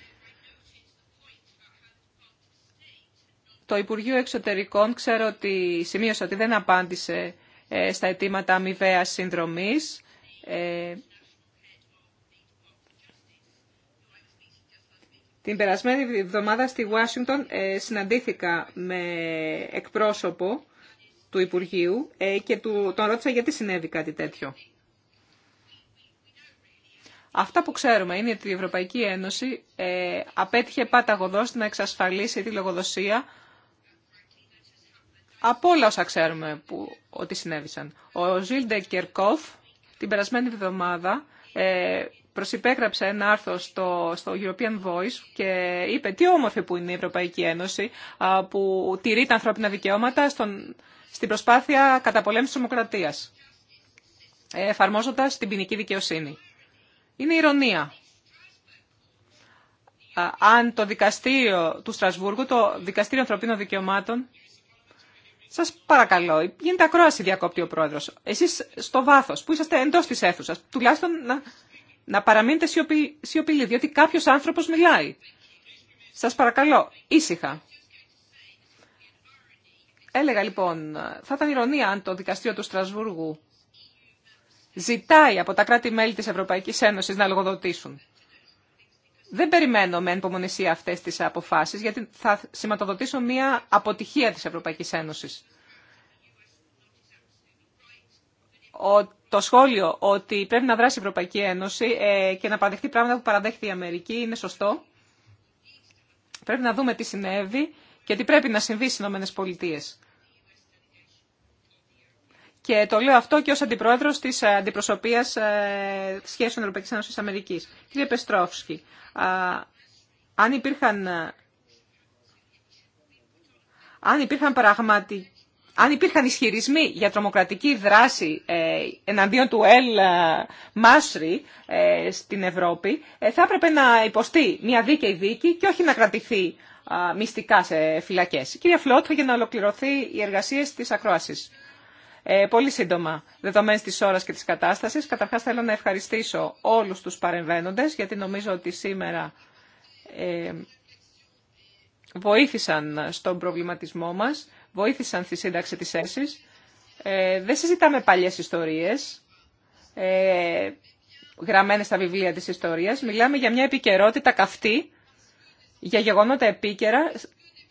Το Υπουργείο Εξωτερικών ξέρω ότι σημείωσε ότι δεν απάντησε ε, στα αιτήματα αμοιβαία συνδρομής. Ε, την περασμένη εβδομάδα στη Ουάσιγκτον ε, συναντήθηκα με εκπρόσωπο του Υπουργείου ε, και του, τον ρώτησα γιατί συνέβη κάτι τέτοιο. Αυτά που ξέρουμε είναι ότι η Ευρωπαϊκή Ένωση ε, απέτυχε πάταγωδός να εξασφαλίσει τη λογοδοσία από όλα όσα ξέρουμε που, ότι συνέβησαν. Ο Ζιλντε Κερκόφ την περασμένη εβδομάδα ε, προσυπέγραψε ένα άρθρο στο, στο European Voice και είπε τι όμορφη που είναι η Ευρωπαϊκή Ένωση που τηρεί τα ανθρώπινα δικαιώματα στον, στην προσπάθεια καταπολέμησης της δημοκρατίας, εφαρμόζοντας την ποινική δικαιοσύνη. Είναι ηρωνία. Αν το δικαστήριο του Στρασβούργου, το Δικαστήριο Ανθρωπίνων Δικαιωμάτων, σας παρακαλώ, γίνεται ακρόαση διακόπτη ο πρόεδρος. Εσείς στο βάθος, που είσαστε εντός της αίθουσας, τουλάχιστον να, να παραμείνετε σιωπηλοί, διότι κάποιος άνθρωπος μιλάει. Σας παρακαλώ, ήσυχα. Έλεγα λοιπόν, θα ήταν ηρωνία αν το δικαστήριο του Στρασβούργου ζητάει από τα κράτη-μέλη της Ευρωπαϊκής Ένωσης να λογοδοτήσουν. Δεν περιμένω με ενπομονησία αυτές τις αποφάσεις, γιατί θα σηματοδοτήσω μία αποτυχία της Ευρωπαϊκής Ένωσης. το σχόλιο ότι πρέπει να δράσει η Ευρωπαϊκή Ένωση ε, και να παραδεχτεί πράγματα που παραδέχεται η Αμερική είναι σωστό. Πρέπει να δούμε τι συνέβη και τι πρέπει να συμβεί στι Ηνωμένε Πολιτείες. Και το λέω αυτό και ως αντιπρόεδρος της ε, αντιπροσωπείας ε, σχέσεων Ευρωπαϊκής Ένωσης Αμερικής. Κύριε Πεστρόφσκι, αν υπήρχαν, ε, αν υπήρχαν πραγματι... αν υπήρχαν ισχυρισμοί για τρομοκρατική δράση εναντίον του Ελ Μάσρι στην Ευρώπη, θα έπρεπε να υποστεί μια δίκαιη δίκη και όχι να κρατηθεί μυστικά σε φυλακές. Κυρία Φλότ, για να ολοκληρωθεί οι εργασία της ακρόασης. Ε, πολύ σύντομα, δεδομένε τη ώρα και τη κατάσταση, καταρχά θέλω να ευχαριστήσω όλου του παρεμβαίνοντε, γιατί νομίζω ότι σήμερα ε, βοήθησαν στον προβληματισμό μα, βοήθησαν στη σύνταξη τη θέση. Ε, δεν συζητάμε παλιέ ιστορίε ε, γραμμένες στα βιβλία της ιστορίας. Μιλάμε για μια επικαιρότητα καυτή, για γεγονότα επίκαιρα.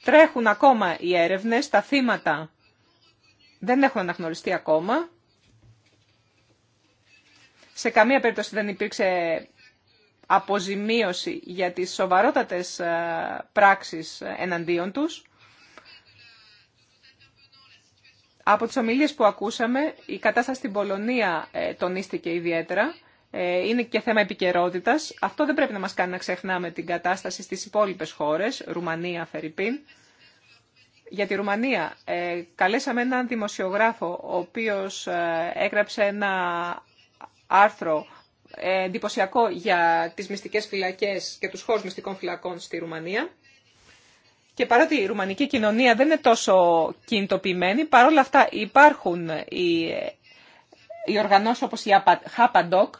Τρέχουν ακόμα οι έρευνε, τα θύματα δεν έχουν αναγνωριστεί ακόμα. Σε καμία περίπτωση δεν υπήρξε αποζημίωση για τις σοβαρότατες ε, πράξεις εναντίον τους. Από τις ομιλίες που ακούσαμε, η κατάσταση στην Πολωνία ε, τονίστηκε ιδιαίτερα. Ε, είναι και θέμα επικαιρότητα. Αυτό δεν πρέπει να μας κάνει να ξεχνάμε την κατάσταση στις υπόλοιπες χώρες, Ρουμανία, Φερρυπίν. Για τη Ρουμανία ε, καλέσαμε έναν δημοσιογράφο ο οποίος ε, έγραψε ένα άρθρο ε, εντυπωσιακό για τις μυστικές φυλακές και τους χώρους μυστικών φυλακών στη Ρουμανία. Και παρότι η ρουμανική κοινωνία δεν είναι τόσο κινητοποιημένη, παρόλα αυτά υπάρχουν οι, οι οργανώσεις όπως η Χάπαντοκ,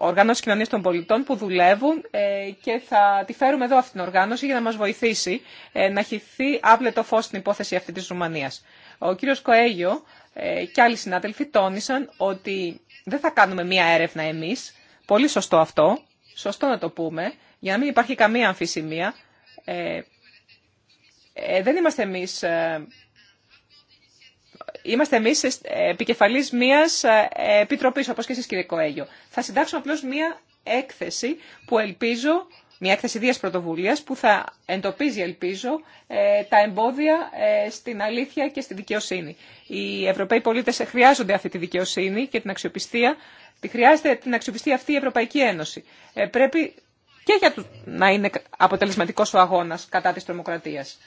Οργάνωση Κοινωνία των πολιτών που δουλεύουν ε, και θα τη φέρουμε εδώ αυτήν την οργάνωση για να μας βοηθήσει ε, να χυθεί άπλετο φω στην υπόθεση αυτή της Ρουμανίας. Ο κύριος Κοέγιο ε, και άλλοι συνάδελφοι τόνισαν ότι δεν θα κάνουμε μία έρευνα εμείς. Πολύ σωστό αυτό, σωστό να το πούμε, για να μην υπάρχει καμία αμφισημία. Ε, ε, δεν είμαστε εμείς Είμαστε εμεί επικεφαλή μια ε, επιτροπή, όπω και εσεί κύριε Κοέγιο. Θα συντάξουμε απλώ μια έκθεση που ελπίζω, μια έκθεση δίας πρωτοβουλία που θα εντοπίζει, ελπίζω, ε, τα εμπόδια ε, στην αλήθεια και στη δικαιοσύνη. Οι Ευρωπαίοι πολίτε χρειάζονται αυτή τη δικαιοσύνη και την αξιοπιστία. Τη χρειάζεται την αξιοπιστία αυτή η Ευρωπαϊκή Ένωση. πρέπει και για να είναι αποτελεσματικός ο αγώνας κατά της τρομοκρατίας.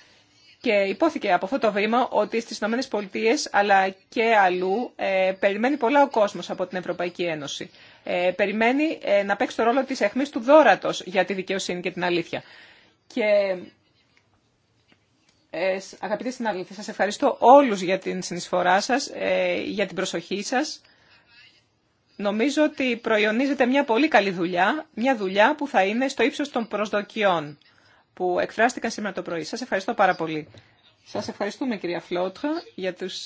Και υπόθηκε από αυτό το βήμα ότι στις ΗΠΑ αλλά και αλλού ε, περιμένει πολλά ο κόσμος από την Ευρωπαϊκή Ένωση. Ε, περιμένει ε, να παίξει το ρόλο της αιχμής του δόρατος για τη δικαιοσύνη και την αλήθεια. Και αγαπητοί συνάδελφοι, σας ευχαριστώ όλους για την συνεισφορά σας, για την προσοχή σας. Νομίζω ότι προϊονίζεται μια πολύ καλή δουλειά, μια δουλειά που θα είναι στο ύψος των προσδοκιών που εκφράστηκαν σήμερα το πρωί. Σας ευχαριστώ πάρα πολύ. Σας ευχαριστούμε κυρία Φλότχα για τους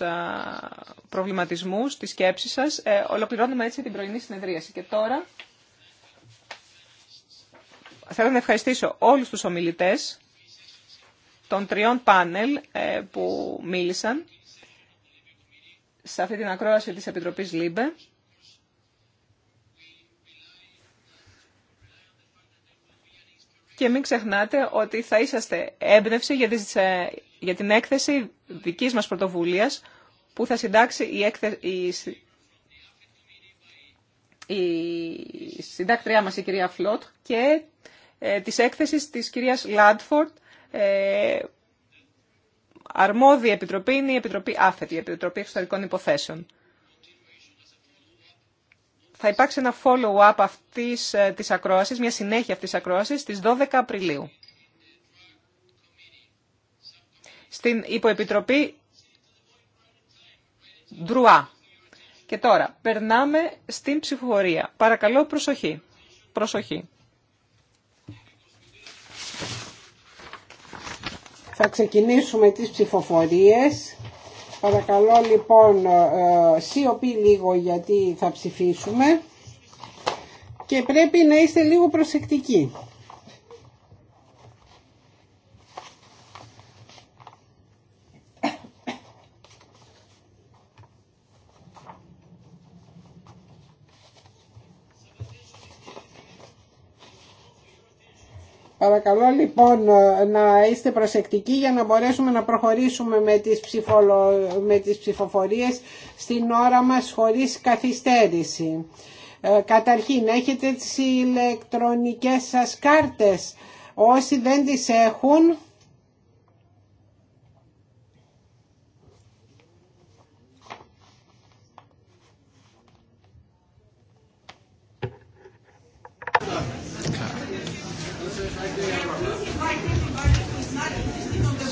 προβληματισμούς, τις σκέψεις σας. Ε, ολοκληρώνουμε έτσι την πρωινή συνεδρίαση. Και τώρα θέλω να ευχαριστήσω όλους τους ομιλητές των τριών πάνελ ε, που μίλησαν σε αυτή την ακρόαση της Επιτροπής ΛΥΜΠΕ. και μην ξεχνάτε ότι θα είσαστε έμπνευση ε, για, την έκθεση δικής μας πρωτοβουλίας που θα συντάξει η, έκθε, η, η συντάκτριά μας η κυρία Φλότ και ε, της έκθεσης της κυρίας Λάντφορντ ε, αρμόδια επιτροπή είναι η Επιτροπή Άφετη, η Επιτροπή Εξωτερικών Υποθέσεων θα υπάρξει ένα follow-up αυτής ε, της ακρόασης, μια συνέχεια αυτής της ακρόασης, στις 12 Απριλίου. Στην υποεπιτροπή Ντρουά. Και τώρα, περνάμε στην ψηφοφορία. Παρακαλώ, προσοχή. Προσοχή. Θα ξεκινήσουμε τις ψηφοφορίες. Παρακαλώ λοιπόν ε, ε, σιωπή λίγο γιατί θα ψηφίσουμε και πρέπει να είστε λίγο προσεκτικοί. Παρακαλώ λοιπόν ε, να είστε προσεκτικοί για να μπορέσουμε να προχωρήσουμε με τις, ψηφολο... με τις ψηφοφορίες στην ώρα μας χωρίς καθυστέρηση. Ε, καταρχήν έχετε τις ηλεκτρονικές σας κάρτες. Όσοι δεν τις έχουν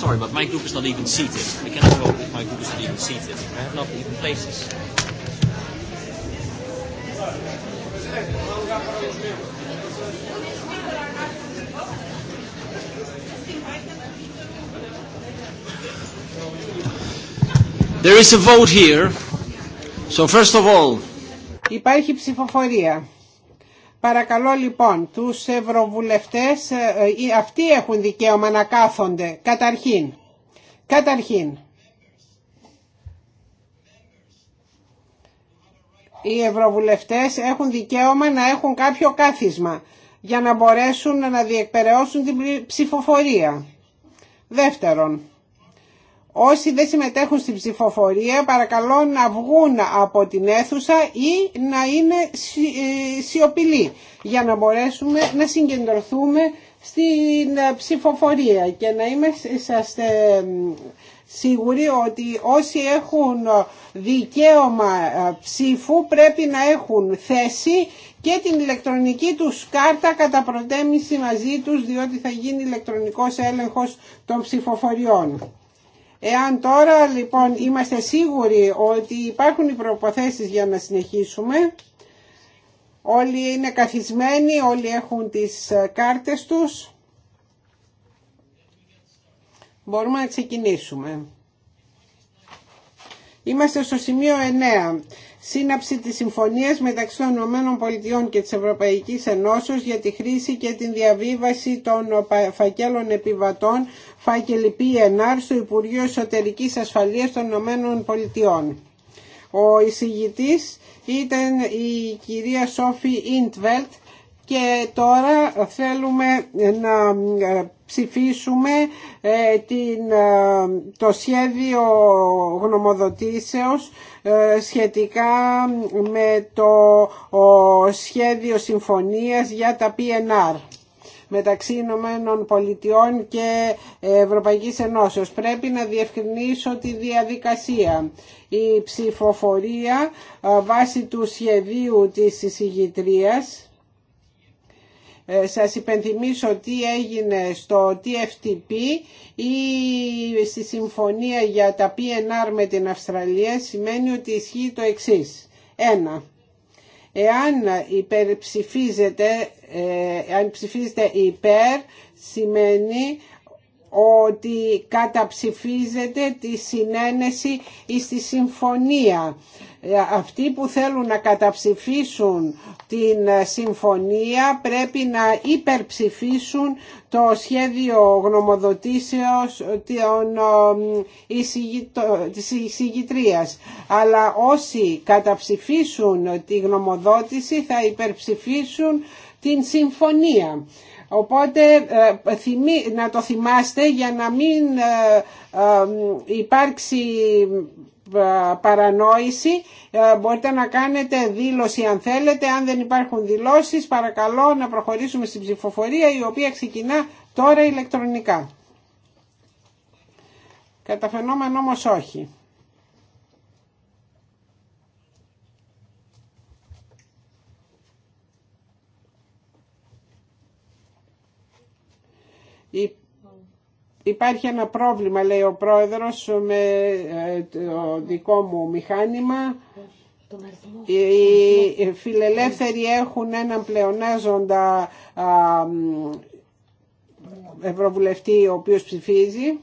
sorry, but my group is not even seated. We cannot vote if my group is not even seated. I have not even places. There is a vote here. So first of all. Υπάρχει ψηφοφορία. Παρακαλώ λοιπόν τους ευρωβουλευτές, ε, ε, αυτοί έχουν δικαίωμα να κάθονται καταρχήν. Καταρχήν. Οι ευρωβουλευτές έχουν δικαίωμα να έχουν κάποιο κάθισμα για να μπορέσουν να διεκπαιρεώσουν την ψηφοφορία. Δεύτερον, Όσοι δεν συμμετέχουν στην ψηφοφορία παρακαλώ να βγουν από την αίθουσα ή να είναι ε, σιωπηλοί για να μπορέσουμε να συγκεντρωθούμε στην ε, ψηφοφορία και να είμαστε σίγουροι ότι όσοι έχουν δικαίωμα ε, ψήφου πρέπει να έχουν θέση και την ηλεκτρονική τους κάρτα κατά προτέμηση μαζί τους διότι θα γίνει ηλεκτρονικός έλεγχος των ψηφοφοριών. Εάν τώρα λοιπόν είμαστε σίγουροι ότι υπάρχουν οι προποθέσεις για να συνεχίσουμε, όλοι είναι καθισμένοι, όλοι έχουν τις ε, κάρτες τους, μπορούμε να ξεκινήσουμε. Είμαστε στο σημείο 9 σύναψη της συμφωνίας μεταξύ των ΗΠΑ και της Ευρωπαϊκής Ενώσεως για τη χρήση και την διαβίβαση των φακέλων επιβατών φάκελοι PNR στο Υπουργείο Εσωτερικής Ασφαλείας των ΗΠΑ. Ο εισηγητής ήταν η κυρία Σόφη Ιντβελτ και τώρα θέλουμε να ψηφίσουμε ε, την, ε, το σχέδιο γνωμοδοτήσεως ε, σχετικά με το σχέδιο συμφωνίας για τα PNR μεταξύ Ηνωμένων Πολιτειών και Ευρωπαϊκής Ενώσεως. Πρέπει να διευκρινίσω τη διαδικασία. Η ψηφοφορία βάσει του σχεδίου της εισηγητρίας ε, σας υπενθυμίσω τι έγινε στο TFTP ή στη συμφωνία για τα PNR με την Αυστραλία σημαίνει ότι ισχύει το εξής. Ένα, εάν υπερψηφίζεται, ε, αν ψηφίζετε υπέρ σημαίνει ότι καταψηφίζεται τη συνένεση ή τη συμφωνία. Ε, αυτοί που θέλουν να καταψηφίσουν την ε, συμφωνία πρέπει να υπερψηφίσουν το σχέδιο γνωμοδοτήσεως ε, της εισηγητρίας. Αλλά όσοι καταψηφίσουν τη γνωμοδότηση θα υπερψηφίσουν την συμφωνία. Οπότε ε, να το θυμάστε για να μην ε, ε, υπάρξει παρανόηση μπορείτε να κάνετε δήλωση αν θέλετε αν δεν υπάρχουν δηλώσεις παρακαλώ να προχωρήσουμε στην ψηφοφορία η οποία ξεκινά τώρα ηλεκτρονικά Καταφαινόμενο όμως όχι Υπάρχει ένα πρόβλημα, λέει ο πρόεδρος, με ε, το δικό μου μηχάνημα. Οι φιλελεύθεροι έχουν έναν πλεονάζοντα ευρωβουλευτή ο οποίος ψηφίζει.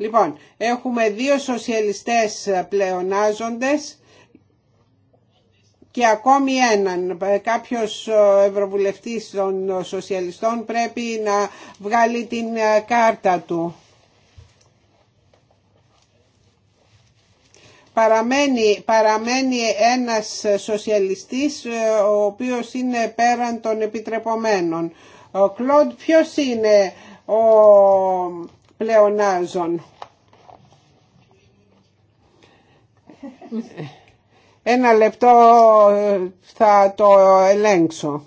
Λοιπόν, έχουμε δύο σοσιαλιστές πλεονάζοντες και ακόμη έναν. Κάποιος ευρωβουλευτής των σοσιαλιστών πρέπει να βγάλει την ε, κάρτα του. Παραμένει, παραμένει ένας σοσιαλιστής ε, ο οποίος είναι πέραν των επιτρεπομένων. Ο Κλοντ ποιος είναι ο πλεονάζων. Ένα λεπτό ε, θα το ελέγξω.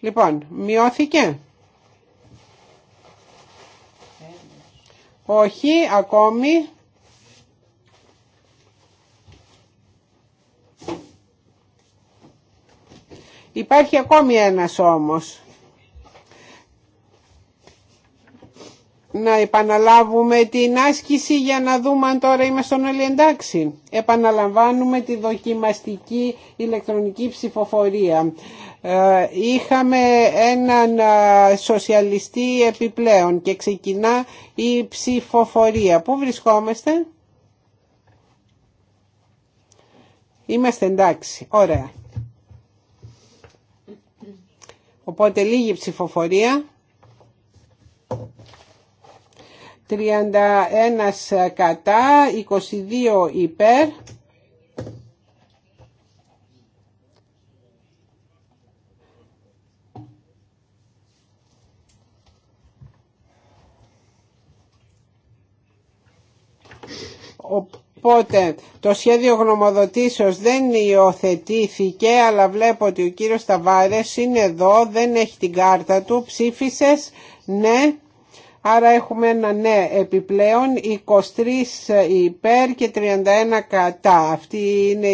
Λοιπόν, μειώθηκε. Όχι, ακόμη. Υπάρχει ακόμη ένας όμως. Να επαναλάβουμε την άσκηση για να δούμε αν τώρα είμαστε όλοι εντάξει. Επαναλαμβάνουμε τη δοκιμαστική ηλεκτρονική ψηφοφορία. Ε, είχαμε έναν ε, σοσιαλιστή επιπλέον και ξεκινά η ψηφοφορία. Πού βρισκόμαστε? Είμαστε εντάξει. Ωραία. Οπότε λίγη ψηφοφορία. 31 κατά, 22 υπέρ. Ο Οπότε το σχέδιο γνωμοδοτήσεως δεν υιοθετήθηκε αλλά βλέπω ότι ο κύριος Ταβάρες είναι εδώ, δεν έχει την κάρτα του, ψήφισες, ναι. Άρα έχουμε ένα ναι επιπλέον, 23 υπέρ και 31 κατά. Αυτή είναι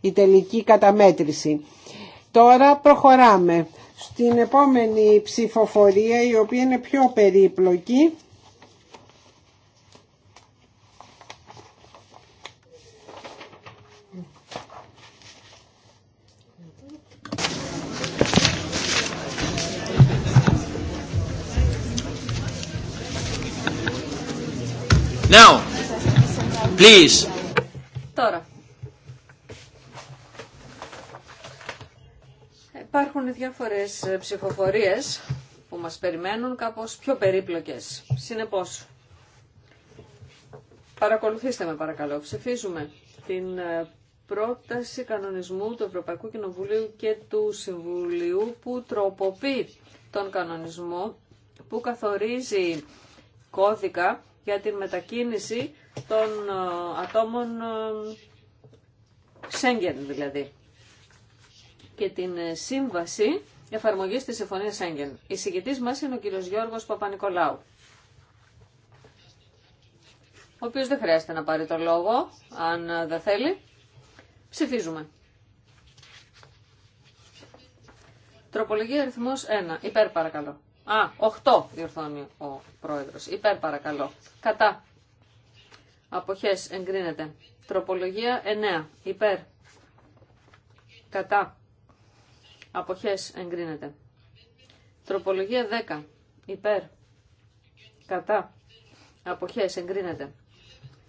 η τελική καταμέτρηση. Τώρα προχωράμε στην επόμενη ψηφοφορία η οποία είναι πιο περίπλοκη. Now, please. Τώρα. Υπάρχουν διάφορες ψηφοφορίες που μας περιμένουν κάπως πιο περίπλοκες. Συνεπώς, παρακολουθήστε με παρακαλώ. Ψηφίζουμε την ε, πρόταση κανονισμού του Ευρωπαϊκού Κοινοβουλίου και του Συμβουλίου που τροποποιεί τον κανονισμό που καθορίζει κώδικα για την μετακίνηση των ε, ατόμων ε, Σέγγεν δηλαδή και την ε, σύμβαση εφαρμογή της Συμφωνίας Σέγγεν. Η συγκητής μας είναι ο κύριος Γιώργος Παπα-Νικολάου, ο οποίος δεν χρειάζεται να πάρει το λόγο, αν δεν θέλει. Ψηφίζουμε. Τροπολογία αριθμός 1. Υπέρ παρακαλώ. Α, 8 διορθώνει ο πρόεδρος. Υπέρ παρακαλώ. Κατά. Αποχές εγκρίνεται. Τροπολογία 9. Υπέρ. Κατά. Αποχές εγκρίνεται. Τροπολογία 10. Υπέρ. Κατά. Αποχές εγκρίνεται.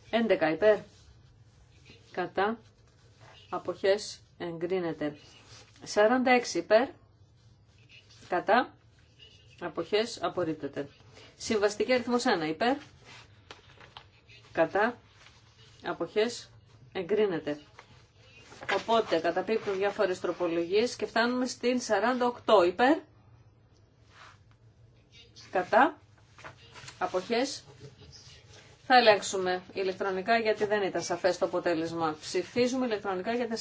11. Υπέρ. Κατά. Αποχές εγκρίνεται. 46. Υπέρ. Κατά. Αποχές απορρίπτεται. Συμβαστική αριθμό 1 υπέρ. Κατά. Αποχές εγκρίνεται. Οπότε καταπίπτουν διάφορες τροπολογίες και φτάνουμε στην 48 υπέρ. Κατά. Αποχές. Θα ελέγξουμε ηλεκτρονικά γιατί δεν ήταν σαφέ το αποτέλεσμα. Ψηφίζουμε ηλεκτρονικά για την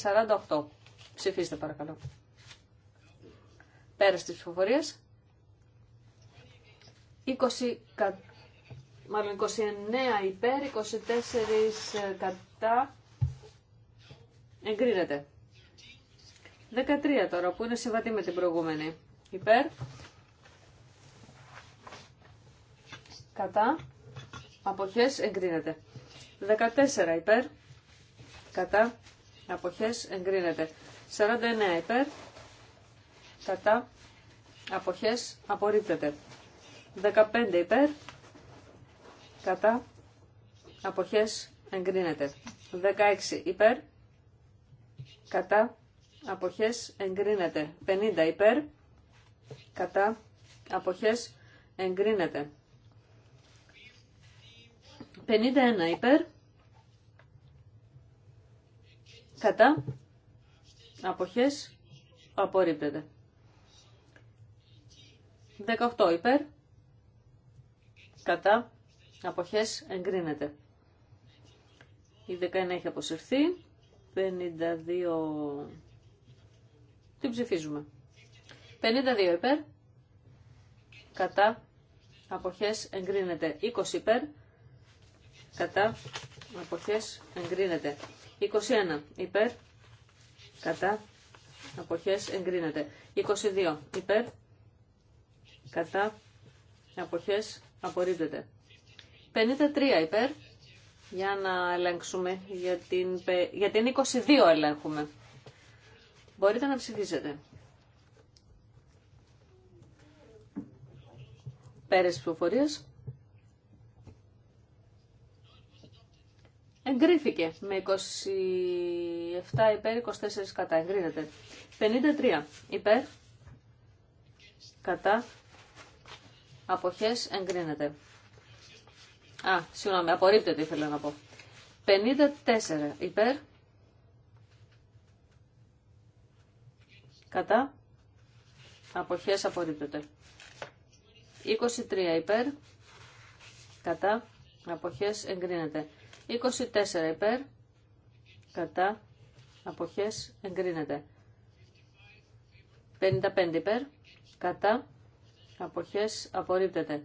48. Ψηφίστε παρακαλώ. Πέρα τη ψηφοφορίες. 20 κα... 29 υπέρ, 24 ε, κατά, εγκρίνεται. 13 τώρα, που είναι συμβατή με την προηγούμενη. Υπέρ, κατά, αποχές, εγκρίνεται. 14 υπέρ, κατά, αποχές, εγκρίνεται. 49 υπέρ, κατά, αποχές, απορρίπτεται. 15 υπέρ, κατά, αποχές εγκρίνεται. 16 υπέρ, κατά, αποχές εγκρίνεται. 50 υπέρ, κατά, αποχές εγκρίνεται. 51 υπέρ, κατά, αποχές απορρίπτεται. 18 υπέρ, κατά, αποχές, εγκρίνεται. Η 19 έχει αποσυρθεί, 52 την ψηφίζουμε. 52 υπέρ, κατά, αποχές, εγκρίνεται. 20 υπέρ, κατά, αποχές, εγκρίνεται. 21 υπέρ, κατά, αποχές, εγκρίνεται. 22 υπέρ, κατά, αποχές, Απορρίπτεται. 53 υπέρ. Για να ελέγξουμε. Για την, για την 22 ελέγχουμε. Μπορείτε να ψηφίσετε. Πέρες ψηφοφορίες. Εγκρίθηκε με 27 υπέρ, 24 κατά. Εγκρίνεται. 53 υπέρ, κατά, Αποχές εγκρίνεται. Α, συγγνώμη, απορρίπτεται ήθελα να πω. 54 υπέρ. Κατά. Αποχές απορρίπτεται. 23 υπέρ. Κατά. Αποχές εγκρίνεται. 24 υπέρ. Κατά. Αποχές εγκρίνεται. 55 υπέρ. Κατά. Αποχές απορρίπτεται.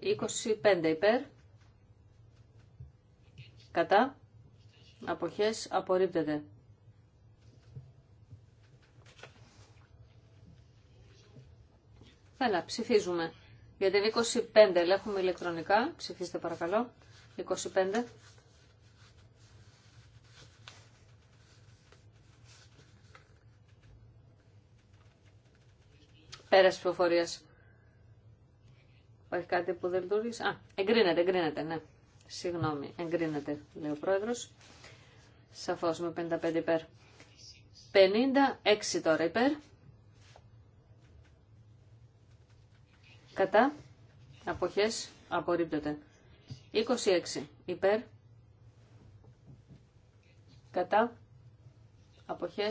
25 υπέρ. Κατά. Αποχές απορρίπτεται. Έλα, ψηφίζουμε. Για την 25 ελέγχουμε ηλεκτρονικά. Ψηφίστε παρακαλώ. 25. τη πληροφορία. Υπάρχει κάτι που δεν λειτουργεί. Α, εγκρίνεται, εγκρίνεται, ναι. Συγγνώμη, εγκρίνεται, λέει ο πρόεδρο. Σαφώ με 55 υπέρ. 56 τώρα υπέρ. Κατά. αποχέ, Απορρίπτεται. 26 υπέρ. Κατά. απόχέ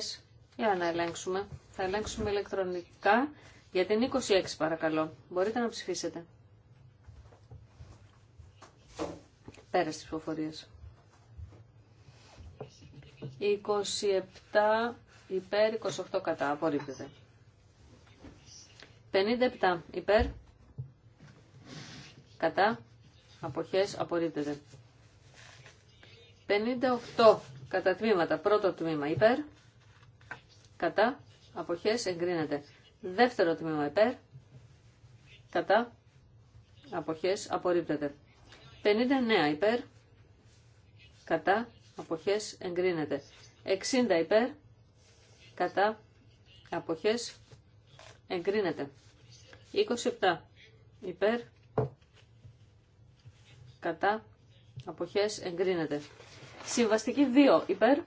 Για να ελέγξουμε. Θα ελέγξουμε ηλεκτρονικά για την 26 παρακαλώ. Μπορείτε να ψηφίσετε. Πέρα στις ψηφοφορίες. 27 υπέρ, 28 κατά. Απορρίπτεται. 57 υπέρ, κατά, αποχές, απορρίπτεται. 58 κατά τμήματα, πρώτο τμήμα υπέρ, κατά, αποχές, εγκρίνεται. Δεύτερο τμήμα υπέρ. Κατά. Αποχές απορρίπτεται. 59 υπέρ. Κατά. Αποχές εγκρίνεται. 60 υπέρ. Κατά. Αποχές εγκρίνεται. 27 υπέρ. Κατά. Αποχές εγκρίνεται. Συμβαστική 2 υπέρ.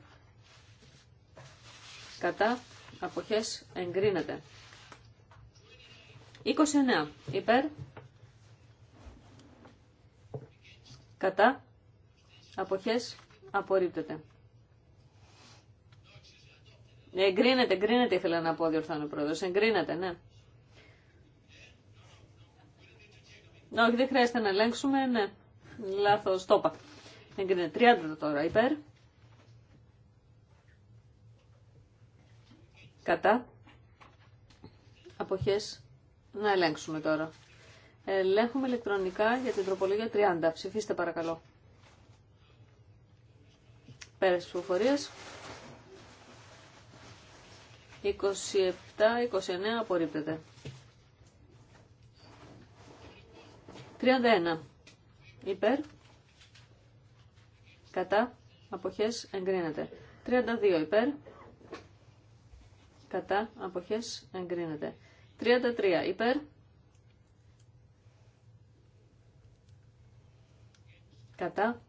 Κατά. Αποχές εγκρίνεται. 29 υπέρ. Κατά. Αποχές απορρίπτεται. Εγκρίνεται, εγκρίνεται ήθελα να πω διορθώνει ο πρόεδρος. Εγκρίνεται, ναι. Όχι, δεν χρειάζεται να ελέγξουμε, ναι. Λάθος, το είπα. Εγκρίνεται. 30 τώρα υπέρ. Κατά. Αποχές να ελέγξουμε τώρα. Ελέγχουμε ηλεκτρονικά για την τροπολογία 30. Ψηφίστε παρακαλώ. Πέρας της προφοριες 27 27-29 απορρίπτεται. 31. Υπέρ. Κατά. Αποχές εγκρίνεται. 32. Υπέρ. Κατά. Αποχές εγκρίνεται. 33 υπέρ. Κατά.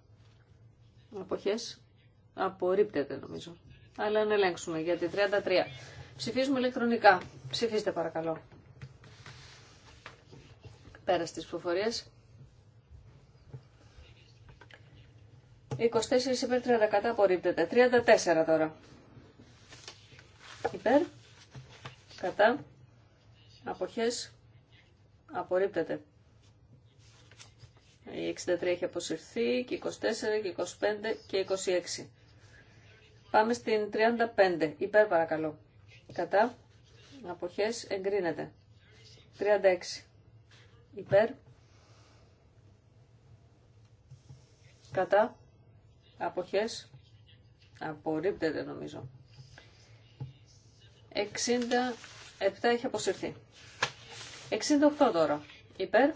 Αποχές. Απορρίπτεται νομίζω. Αλλά να ελέγξουμε γιατί 33. Ψηφίζουμε ηλεκτρονικά. Ψηφίστε παρακαλώ. Πέρα στις ψηφοφορίες. 24 υπέρ 30 κατά απορρίπτεται. 34 τώρα. Υπέρ. Κατά. Αποχές. Απορρίπτεται. Η 63 έχει αποσυρθεί και 24 και 25 και 26. Πάμε στην 35. Υπέρ παρακαλώ. Κατά. Αποχές εγκρίνεται. 36. Υπέρ. Κατά. Αποχές. Απορρίπτεται νομίζω. 67 έχει αποσυρθεί. 68 τώρα. Υπέρ.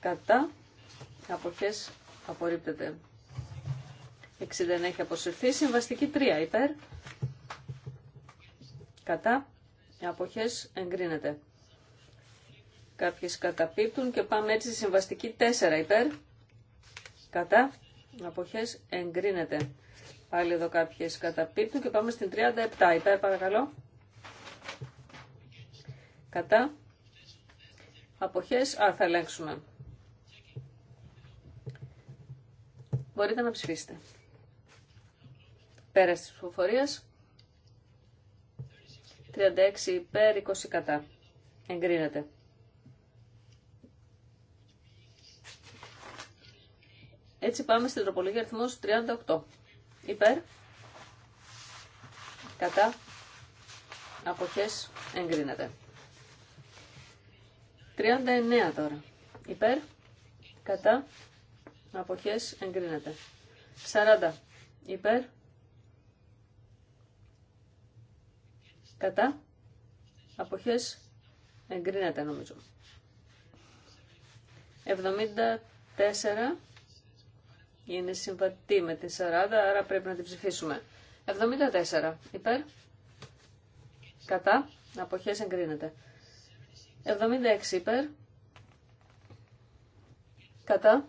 Κατά. Αποχές απορρίπτεται. 60 έχει αποσυρθεί. Συμβαστική 3. Υπέρ. Κατά. Αποχές εγκρίνεται. Κάποιες καταπίπτουν και πάμε έτσι στη συμβαστική 4 υπέρ. Κατά. Αποχές εγκρίνεται. Πάλι εδώ κάποιες καταπίπτουν και πάμε στην 37 υπέρ παρακαλώ κατά, αποχές, θα ελέγξουμε. Μπορείτε να ψηφίσετε. Πέρας της ψηφοφορίας, 36 υπέρ, 20 κατά. Εγκρίνεται. Έτσι πάμε στην τροπολογία αριθμός 38. Υπέρ, κατά, αποχές εγκρίνεται. 39 τώρα. Υπέρ, κατά, αποχές, εγκρίνεται. 40. Υπέρ, κατά, αποχές, εγκρίνεται νομίζω. 74 είναι συμβατή με την 40, άρα πρέπει να την ψηφίσουμε. 74. Υπέρ, κατά, αποχές, εγκρίνεται. 76 υπέρ. Κατά.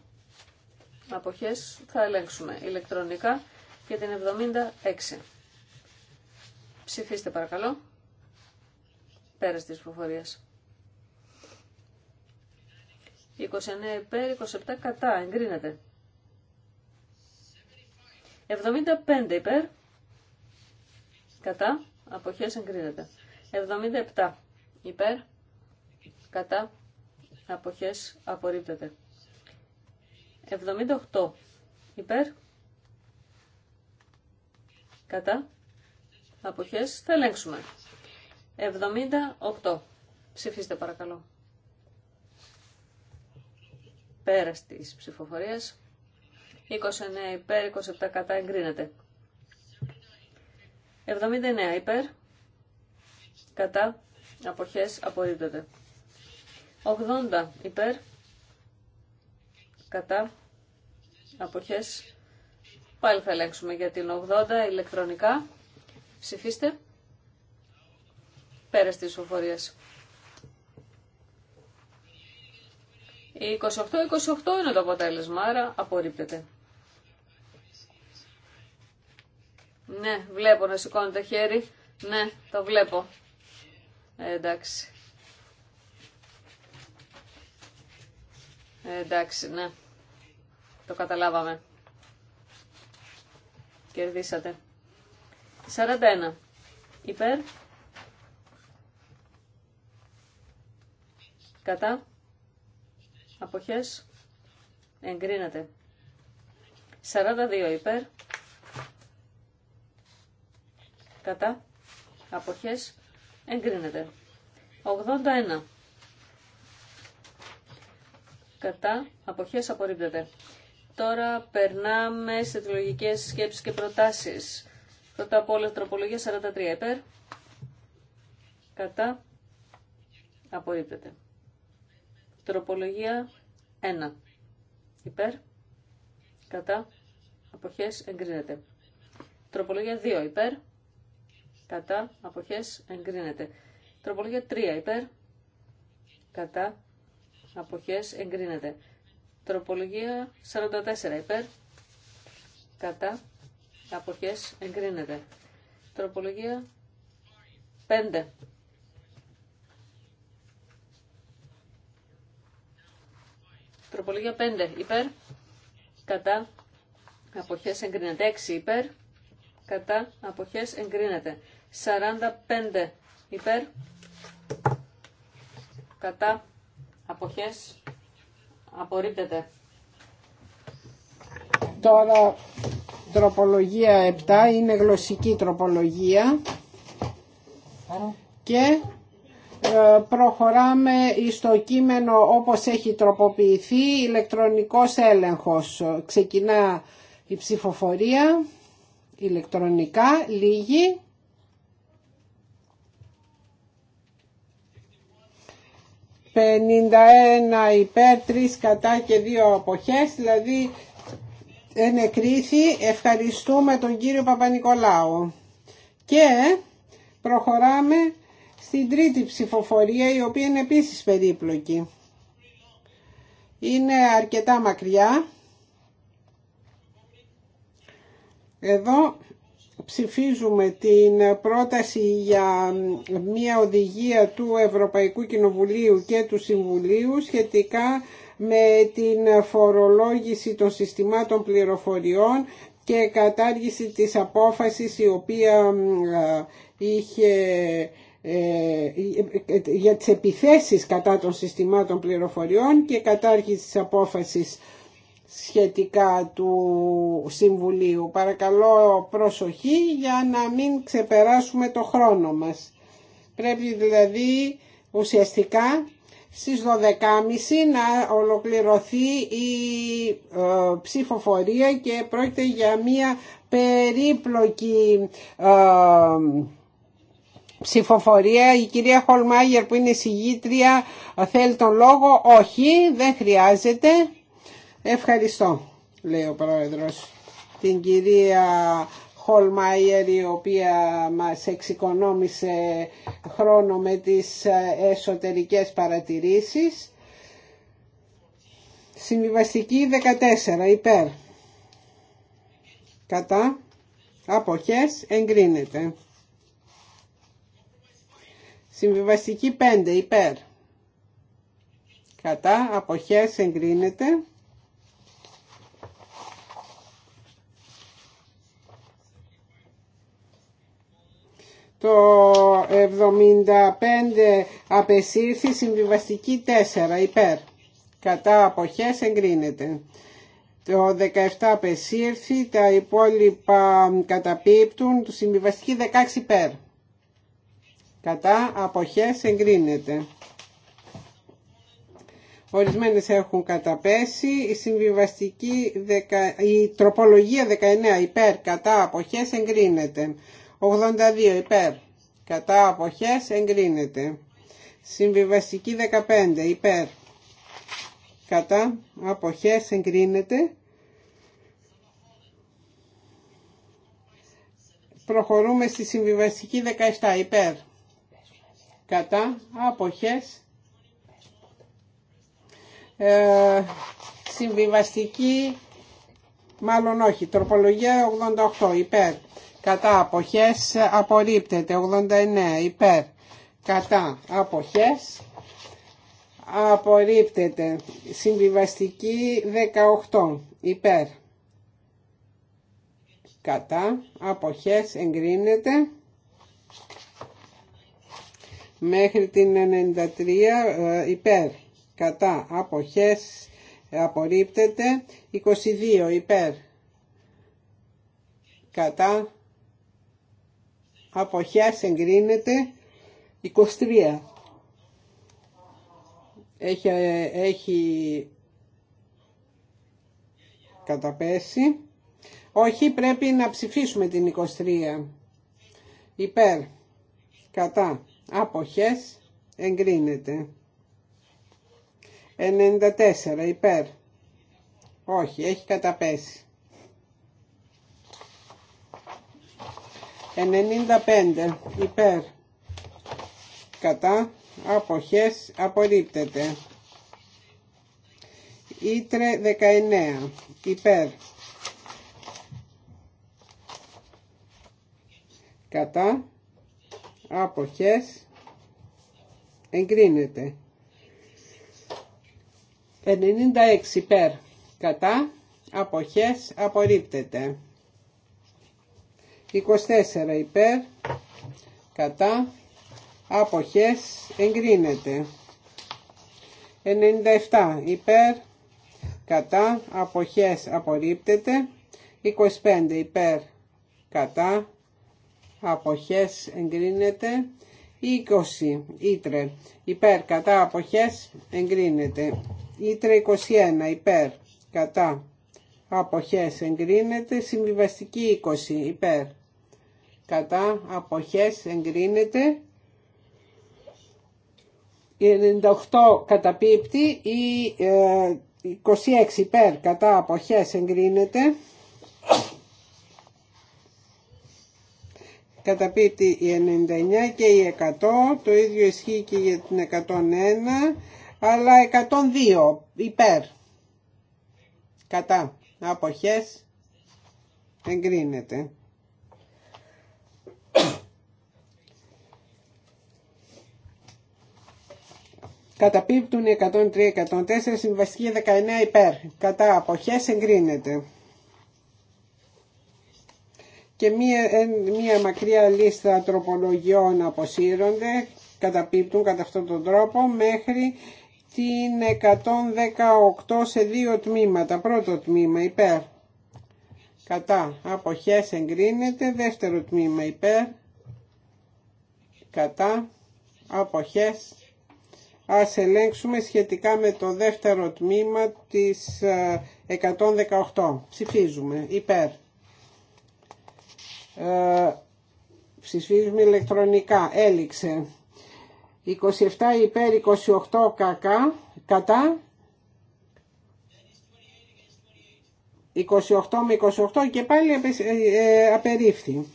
Αποχές θα ελέγξουμε ηλεκτρονικά για την 76. Ψηφίστε παρακαλώ. Πέρας της προφορίας. 29 υπέρ, 27 κατά. Εγκρίνεται. 75 υπέρ. Κατά. Αποχές εγκρίνεται. 77 υπέρ κατά αποχές απορρίπτεται. 78 υπέρ κατά αποχές θα ελέγξουμε. 78 ψηφίστε παρακαλώ. Πέρας της ψηφοφορίας 29 υπέρ 27 κατά εγκρίνεται. 79 υπέρ κατά αποχές απορρίπτεται. 80 υπέρ κατά αποχές πάλι θα ελέγξουμε για την 80 ηλεκτρονικά ψηφίστε πέρα στις Η 28 28-28 είναι το αποτέλεσμα άρα απορρίπτεται ναι βλέπω να το χέρι ναι το βλέπω ε, εντάξει Ε, εντάξει, ναι. Το καταλάβαμε. Κερδίσατε. 41. Υπέρ. Κατά. Αποχές. Εγκρίνεται. 42 υπέρ. Κατά. Αποχές. Εγκρίνεται. 81 κατά, αποχές απορρίπτεται. Τώρα περνάμε σε τριλογικές σκέψεις και προτάσεις. Πρώτα απ' όλα τροπολογία 43 υπέρ, κατά, απορρίπτεται. Τροπολογία 1 υπέρ, κατά, αποχές εγκρίνεται. Τροπολογία 2 υπέρ, κατά, αποχές εγκρίνεται. Τροπολογία 3 υπέρ, κατά, αποχές εγκρίνεται. Τροπολογία 44 υπέρ, κατά, αποχές εγκρίνεται. Τροπολογία 5. Τροπολογία 5 υπέρ, κατά, αποχές εγκρίνεται. 6 υπέρ, κατά, αποχές εγκρίνεται. 45 υπέρ, κατά, Αποχές. Απορρίπτεται. Τώρα τροπολογία 7 είναι γλωσσική τροπολογία και ε, προχωράμε στο κείμενο όπως έχει τροποποιηθεί ηλεκτρονικός έλεγχος. Ξεκινά η ψηφοφορία ηλεκτρονικά, λίγη. 51 υπέρ, 3 κατά και 2 αποχές, δηλαδή ενεκρίθη. Ευχαριστούμε τον κύριο Παπα-Νικολάου. Και προχωράμε στην τρίτη ψηφοφορία η οποία είναι επίσης περίπλοκη. Είναι αρκετά μακριά. Εδώ ψηφίζουμε την πρόταση για μια οδηγία του Ευρωπαϊκού Κοινοβουλίου και του Συμβουλίου σχετικά με την φορολόγηση των συστημάτων πληροφοριών και κατάργηση της απόφασης η οποία ε, είχε ε, ε, για τις επιθέσεις κατά των συστημάτων πληροφοριών και κατάργηση της απόφασης σχετικά του Συμβουλίου. Παρακαλώ προσοχή για να μην ξεπεράσουμε το χρόνο μας. Πρέπει δηλαδή ουσιαστικά στις 12.30 να ολοκληρωθεί η ε, ψηφοφορία και πρόκειται για μια περίπλοκη ε, ψηφοφορία. Η κυρία Χολμάγερ που είναι συγγήτρια ε, θέλει τον λόγο. Όχι, δεν χρειάζεται. Ευχαριστώ, λέει ο Πρόεδρος, την κυρία Χολμάιερ η οποία μας εξοικονόμησε χρόνο με τις ε, εσωτερικές παρατηρήσεις. Συμβιβαστική 14 υπέρ. Κατά. Αποχές εγκρίνεται. Συμβιβαστική 5 υπέρ. Κατά. Αποχές εγκρίνεται. Το 75 απεσύρθη συμβιβαστική 4 υπέρ. Κατά αποχές εγκρίνεται. Το 17 απεσύρθη, τα υπόλοιπα καταπίπτουν, το συμβιβαστική 16 υπέρ. Κατά αποχές εγκρίνεται. Ορισμένες έχουν καταπέσει, η συμβιβαστική, η τροπολογία 19 υπέρ κατά αποχές εγκρίνεται. 82 υπέρ. Κατά αποχές εγκρίνεται. Συμβιβαστική 15 υπέρ. Κατά αποχές εγκρίνεται. Προχωρούμε στη συμβιβαστική 17 υπέρ. Κατά αποχές ε, συμβιβαστική μάλλον όχι, τροπολογία 88 υπέρ κατά αποχές απορρίπτεται 89 υπέρ κατά αποχές απορρίπτεται συμβιβαστική 18 υπέρ κατά αποχές εγκρίνεται μέχρι την 93 ε, υπέρ κατά αποχές απορρίπτεται 22 υπέρ κατά αποχές εγκρίνεται 23 έχει, ε, έχει καταπέσει όχι πρέπει να ψηφίσουμε την 23 υπέρ κατά αποχές εγκρίνεται 94 υπέρ όχι έχει καταπέσει 95 υπέρ κατά αποχές απορρίπτεται Ήτρε 19 υπέρ κατά αποχές εγκρίνεται 96 υπέρ κατά αποχές απορρίπτεται 24 υπέρ κατά αποχές εγκρίνεται 97 υπέρ κατά αποχές απορρίπτεται 25 υπέρ κατά αποχές εγκρίνεται 20 ήτρε υπέρ κατά αποχές εγκρίνεται ήτρε 21 υπέρ κατά αποχές εγκρίνεται συμβιβαστική 20 υπέρ κατά αποχές εγκρίνεται 98 καταπίπτει ή 26 ε, υπέρ κατά αποχές εγκρίνεται καταπίπτει η 99 και η 100 το ίδιο ισχύει και για την 101 αλλά 102 υπέρ κατά αποχές εγκρίνεται Καταπίπτουν οι 103, 104, συμβαστική 19 υπέρ. Κατά αποχές εγκρίνεται. Και μία, μία μακριά λίστα τροπολογιών αποσύρονται, καταπίπτουν κατά αυτόν τον τρόπο μέχρι την 118 σε δύο τμήματα. Πρώτο τμήμα υπέρ. Κατά αποχές εγκρίνεται. Δεύτερο τμήμα υπέρ. Κατά αποχές ας ελέγξουμε σχετικά με το δεύτερο τμήμα της 118. Ε, ψηφίζουμε υπέρ. Ε, ψηφίζουμε ηλεκτρονικά. Έληξε. 27 υπέρ, 28 κακά, κατά. 28 με 28 και πάλι ε, ε, απερίφθη.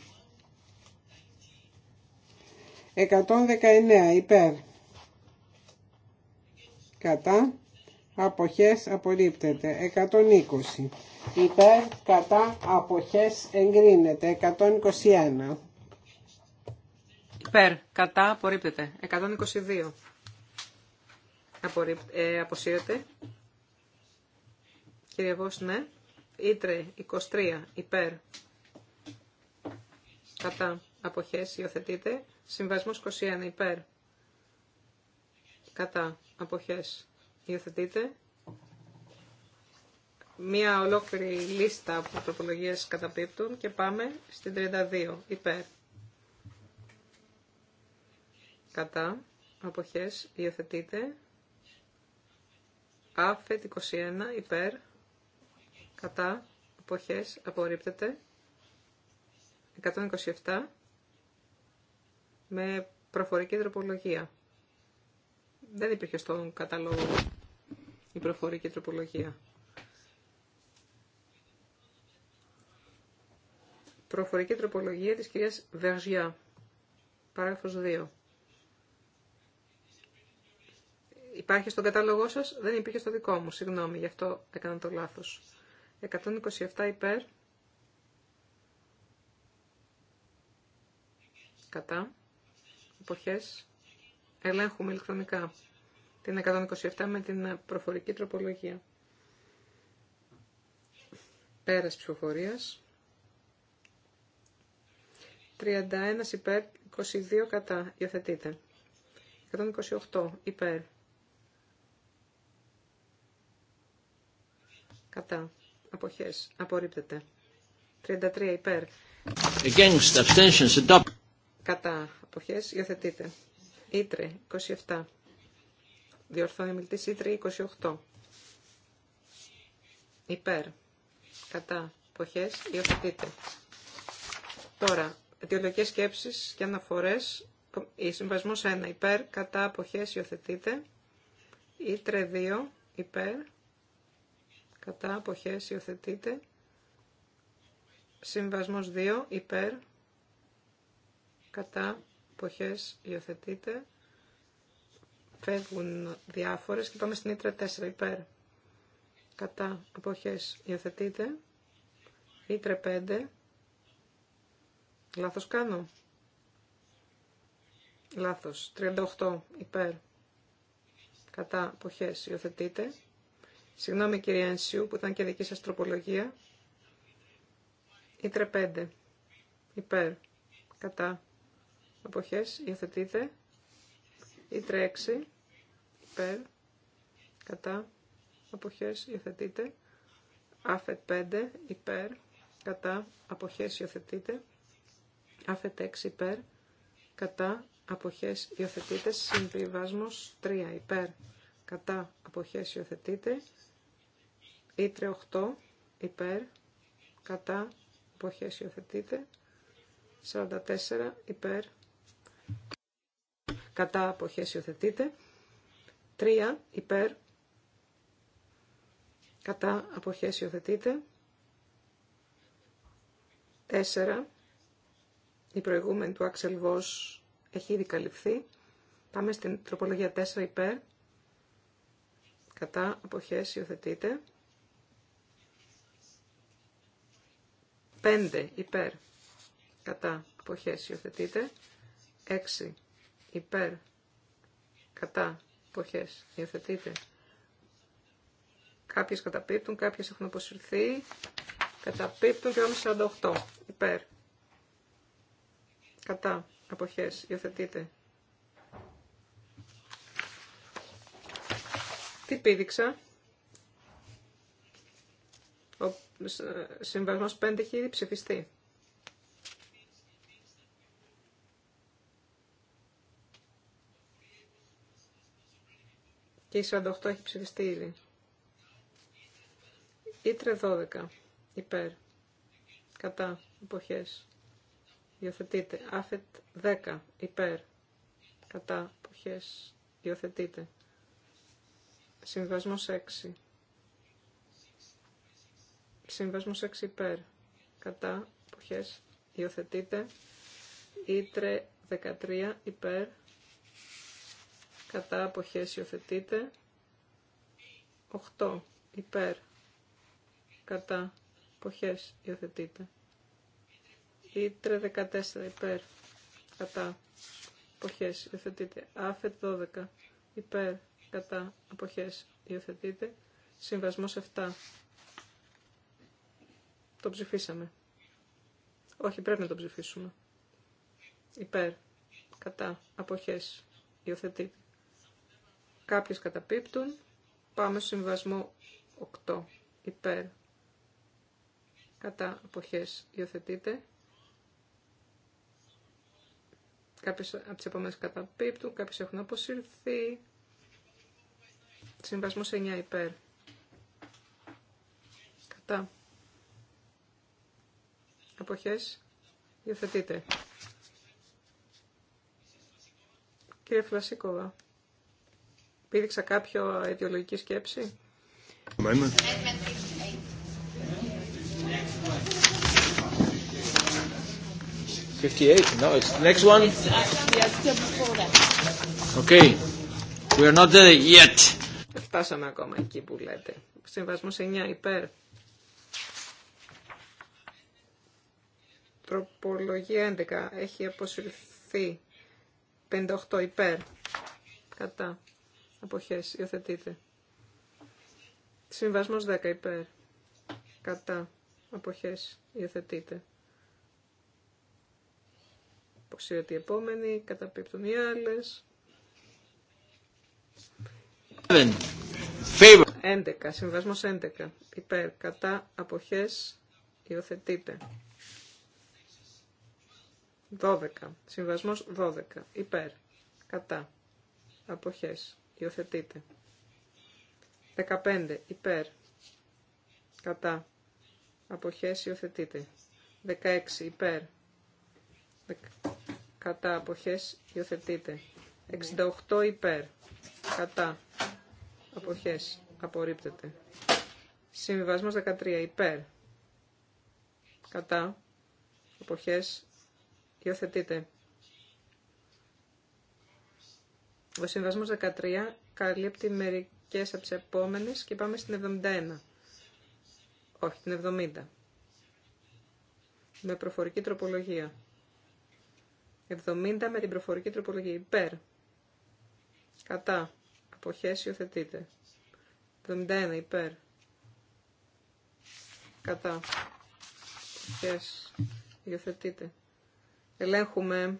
119 υπέρ κατά αποχές απορρίπτεται 120 υπέρ κατά αποχές εγκρίνεται 121 υπέρ κατά απορρίπτεται 122 Απορρίπ, ε, αποσύρεται κύριε ναι Ήτρε 23 υπέρ κατά αποχές υιοθετείται συμβασμός 21 υπέρ κατά αποχές υιοθετείται. Μία ολόκληρη λίστα από τροπολογίες καταπίπτουν και πάμε στην 32 υπέρ. Κατά αποχές υιοθετείται. Άφετ 21 υπέρ. Κατά αποχές απορρίπτεται. 127 με προφορική τροπολογία δεν υπήρχε στον κατάλογο η προφορική τροπολογία. Προφορική τροπολογία της κυρίας Βεργιά, παράγραφος 2. Υπάρχει στον κατάλογό σας, δεν υπήρχε στο δικό μου, συγγνώμη, γι' αυτό έκανα το λάθος. 127 υπέρ, κατά, εποχές, Ελέγχουμε ηλεκτρονικά την 127 με την προφορική τροπολογία. Πέρας ψηφοφορίας. 31 υπέρ, 22 κατά. Υιοθετείτε. 128 υπέρ. Κατά. Αποχές. Απορρίπτεται. 33 υπέρ. Against abstentions adopt. Κατά. Αποχές. Υιοθετείτε. Ήτρε 27. Διορθώνει μιλτής Ήτρε 28. Υπέρ. Κατά. ποχές, υιοθετείτε. Τώρα, αιτιολογικές σκέψεις και αναφορές. Η συμβασμός 1. Υπέρ. Κατά. ποχές, υιοθετείτε. Ήτρε 2. Υπέρ. Κατά. ποχές, υιοθετείτε. Συμβασμός 2. Υπέρ. Κατά αποχές υιοθετείτε. Φεύγουν διάφορες και πάμε στην ήτρα 4 υπέρ. Κατά αποχές υιοθετείτε. Ήτρα 5. Λάθος κάνω. Λάθος. 38 υπέρ. Κατά αποχές υιοθετείτε. Συγγνώμη κύριε Ενσιού που ήταν και δική σας τροπολογία. Ήτρε 5. Υπέρ. Κατά αποχές υιοθετείτε, ή 6 υπέρ κατά αποχές υιοθετείται άφετ 5 υπέρ κατά αποχές υιοθετείται άφετ 6 υπέρ κατά αποχές υιοθετείται συμβιβάσμος 3 υπέρ κατά αποχές υιοθετείται ήτρε 8 υπέρ κατά αποχές υιοθετείται 44 υπέρ κατά αποχές υιοθετείται. 3 υπέρ κατά αποχές υιοθετείται. 4 η προηγούμενη του Axel έχει ήδη καλυφθεί. Πάμε στην τροπολογία 4 υπέρ. Κατά αποχές υιοθετείται. 5 υπέρ. Κατά αποχές υιοθετείται. 6 υπέρ, κατά, εποχές, υιοθετείτε. Κάποιες καταπίπτουν, κάποιες έχουν αποσυρθεί, καταπίπτουν και όμως 48, υπέρ, κατά, εποχές, υιοθετείτε. Τι πήδηξα. Ο συμβασμός 5 έχει ψηφιστεί. Και η 48 έχει ψηφιστεί ήδη. Ήτρε 12. Υπέρ. Κατά. Εποχές. Υιοθετείτε. Άφετ 10. Υπέρ. Κατά. Εποχές. Υιοθετείτε. Συμβασμός 6. Συμβασμός 6 υπέρ. Κατά. Εποχές. Υιοθετείτε. Ήτρε 13 υπέρ κατά αποχές υιοθετείτε. 8 υπέρ κατά αποχές υιοθετείτε. Ήτρε 14 υπέρ κατά αποχές υιοθετείτε. Άφετ 12 υπέρ κατά αποχές υιοθετείτε. Συμβασμός 7. Το ψηφίσαμε. Όχι, πρέπει να το ψηφίσουμε. Υπέρ, κατά, αποχές, υιοθετείται. Κάποιες καταπίπτουν. Πάμε στο συμβασμό 8. Υπέρ. Κατά αποχές υιοθετείτε. Κάποιες από τις επόμενες καταπίπτουν. Κάποιες έχουν αποσυρθεί. Συμβασμό 9 υπέρ. Κατά. Αποχές υιοθετείτε. Κύριε Φλασίκοβα επίδειξα κάποιο αιτιολογική σκέψη. Δεν φτάσαμε ακόμα εκεί που λέτε. Συμβασμό 9 υπέρ. Τροπολογία 11. Έχει αποσυρθεί. 58 υπέρ. Κατά. Αποχές. Υιοθετείτε. Συμβασμός 10 υπέρ. Κατά. Αποχές. Υιοθετείτε. Αποξίωτη επόμενη. Καταπίπτουν οι άλλες. 11. Συμβασμός 11. Υπέρ. Κατά. Αποχές. Υιοθετείτε. 12. Συμβασμός 12. Υπέρ. Κατά. Αποχές. Υιοθετείτε. 15. Υπέρ. Κατά. Αποχές υιοθετείτε. 16. Υπέρ. Κατά. Αποχές υιοθετείτε. 68. Υπέρ. Κατά. Αποχές. Απορρίπτεται. Συμβιβασμός 13. Υπέρ. Κατά. Αποχές. Υιοθετείτε. Ο συμβασμό 13 καλύπτει μερικές από τι επόμενε και πάμε στην 71. Όχι, την 70. Με προφορική τροπολογία. 70 με την προφορική τροπολογία. Υπέρ. Κατά. Αποχές υιοθετείται. 71 υπέρ. Κατά. Αποχές υιοθετείται. Ελέγχουμε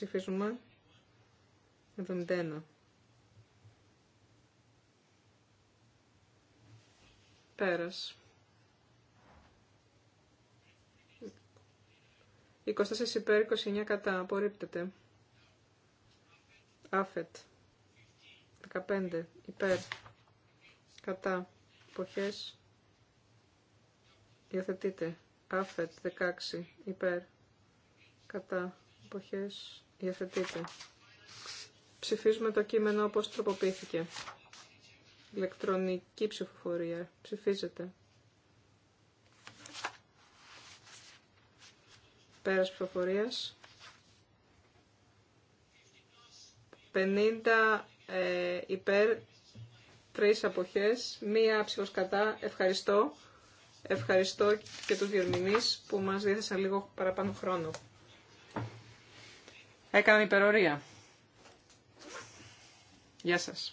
Ψηφίζουμε. 71. Πέρας. 24 υπέρ, 29 κατά. Απορρίπτεται. Άφετ. 15 υπέρ. Κατά. Εποχές. Υιοθετείται. Άφετ 16 υπέρ. Κατά. Εποχές. Υιοθετείτε. Ψηφίζουμε το κείμενο όπως τροποποιήθηκε. Ηλεκτρονική ψηφοφορία. Ψηφίζεται. Πέρας ψηφοφορίας. 50 ε, υπέρ, 3 αποχές, μία ψήφος κατά. Ευχαριστώ. Ευχαριστώ και τους διερμηνείς που μας δίθεσαν λίγο παραπάνω χρόνο. Έκαναν υπερορία. Γεια σας.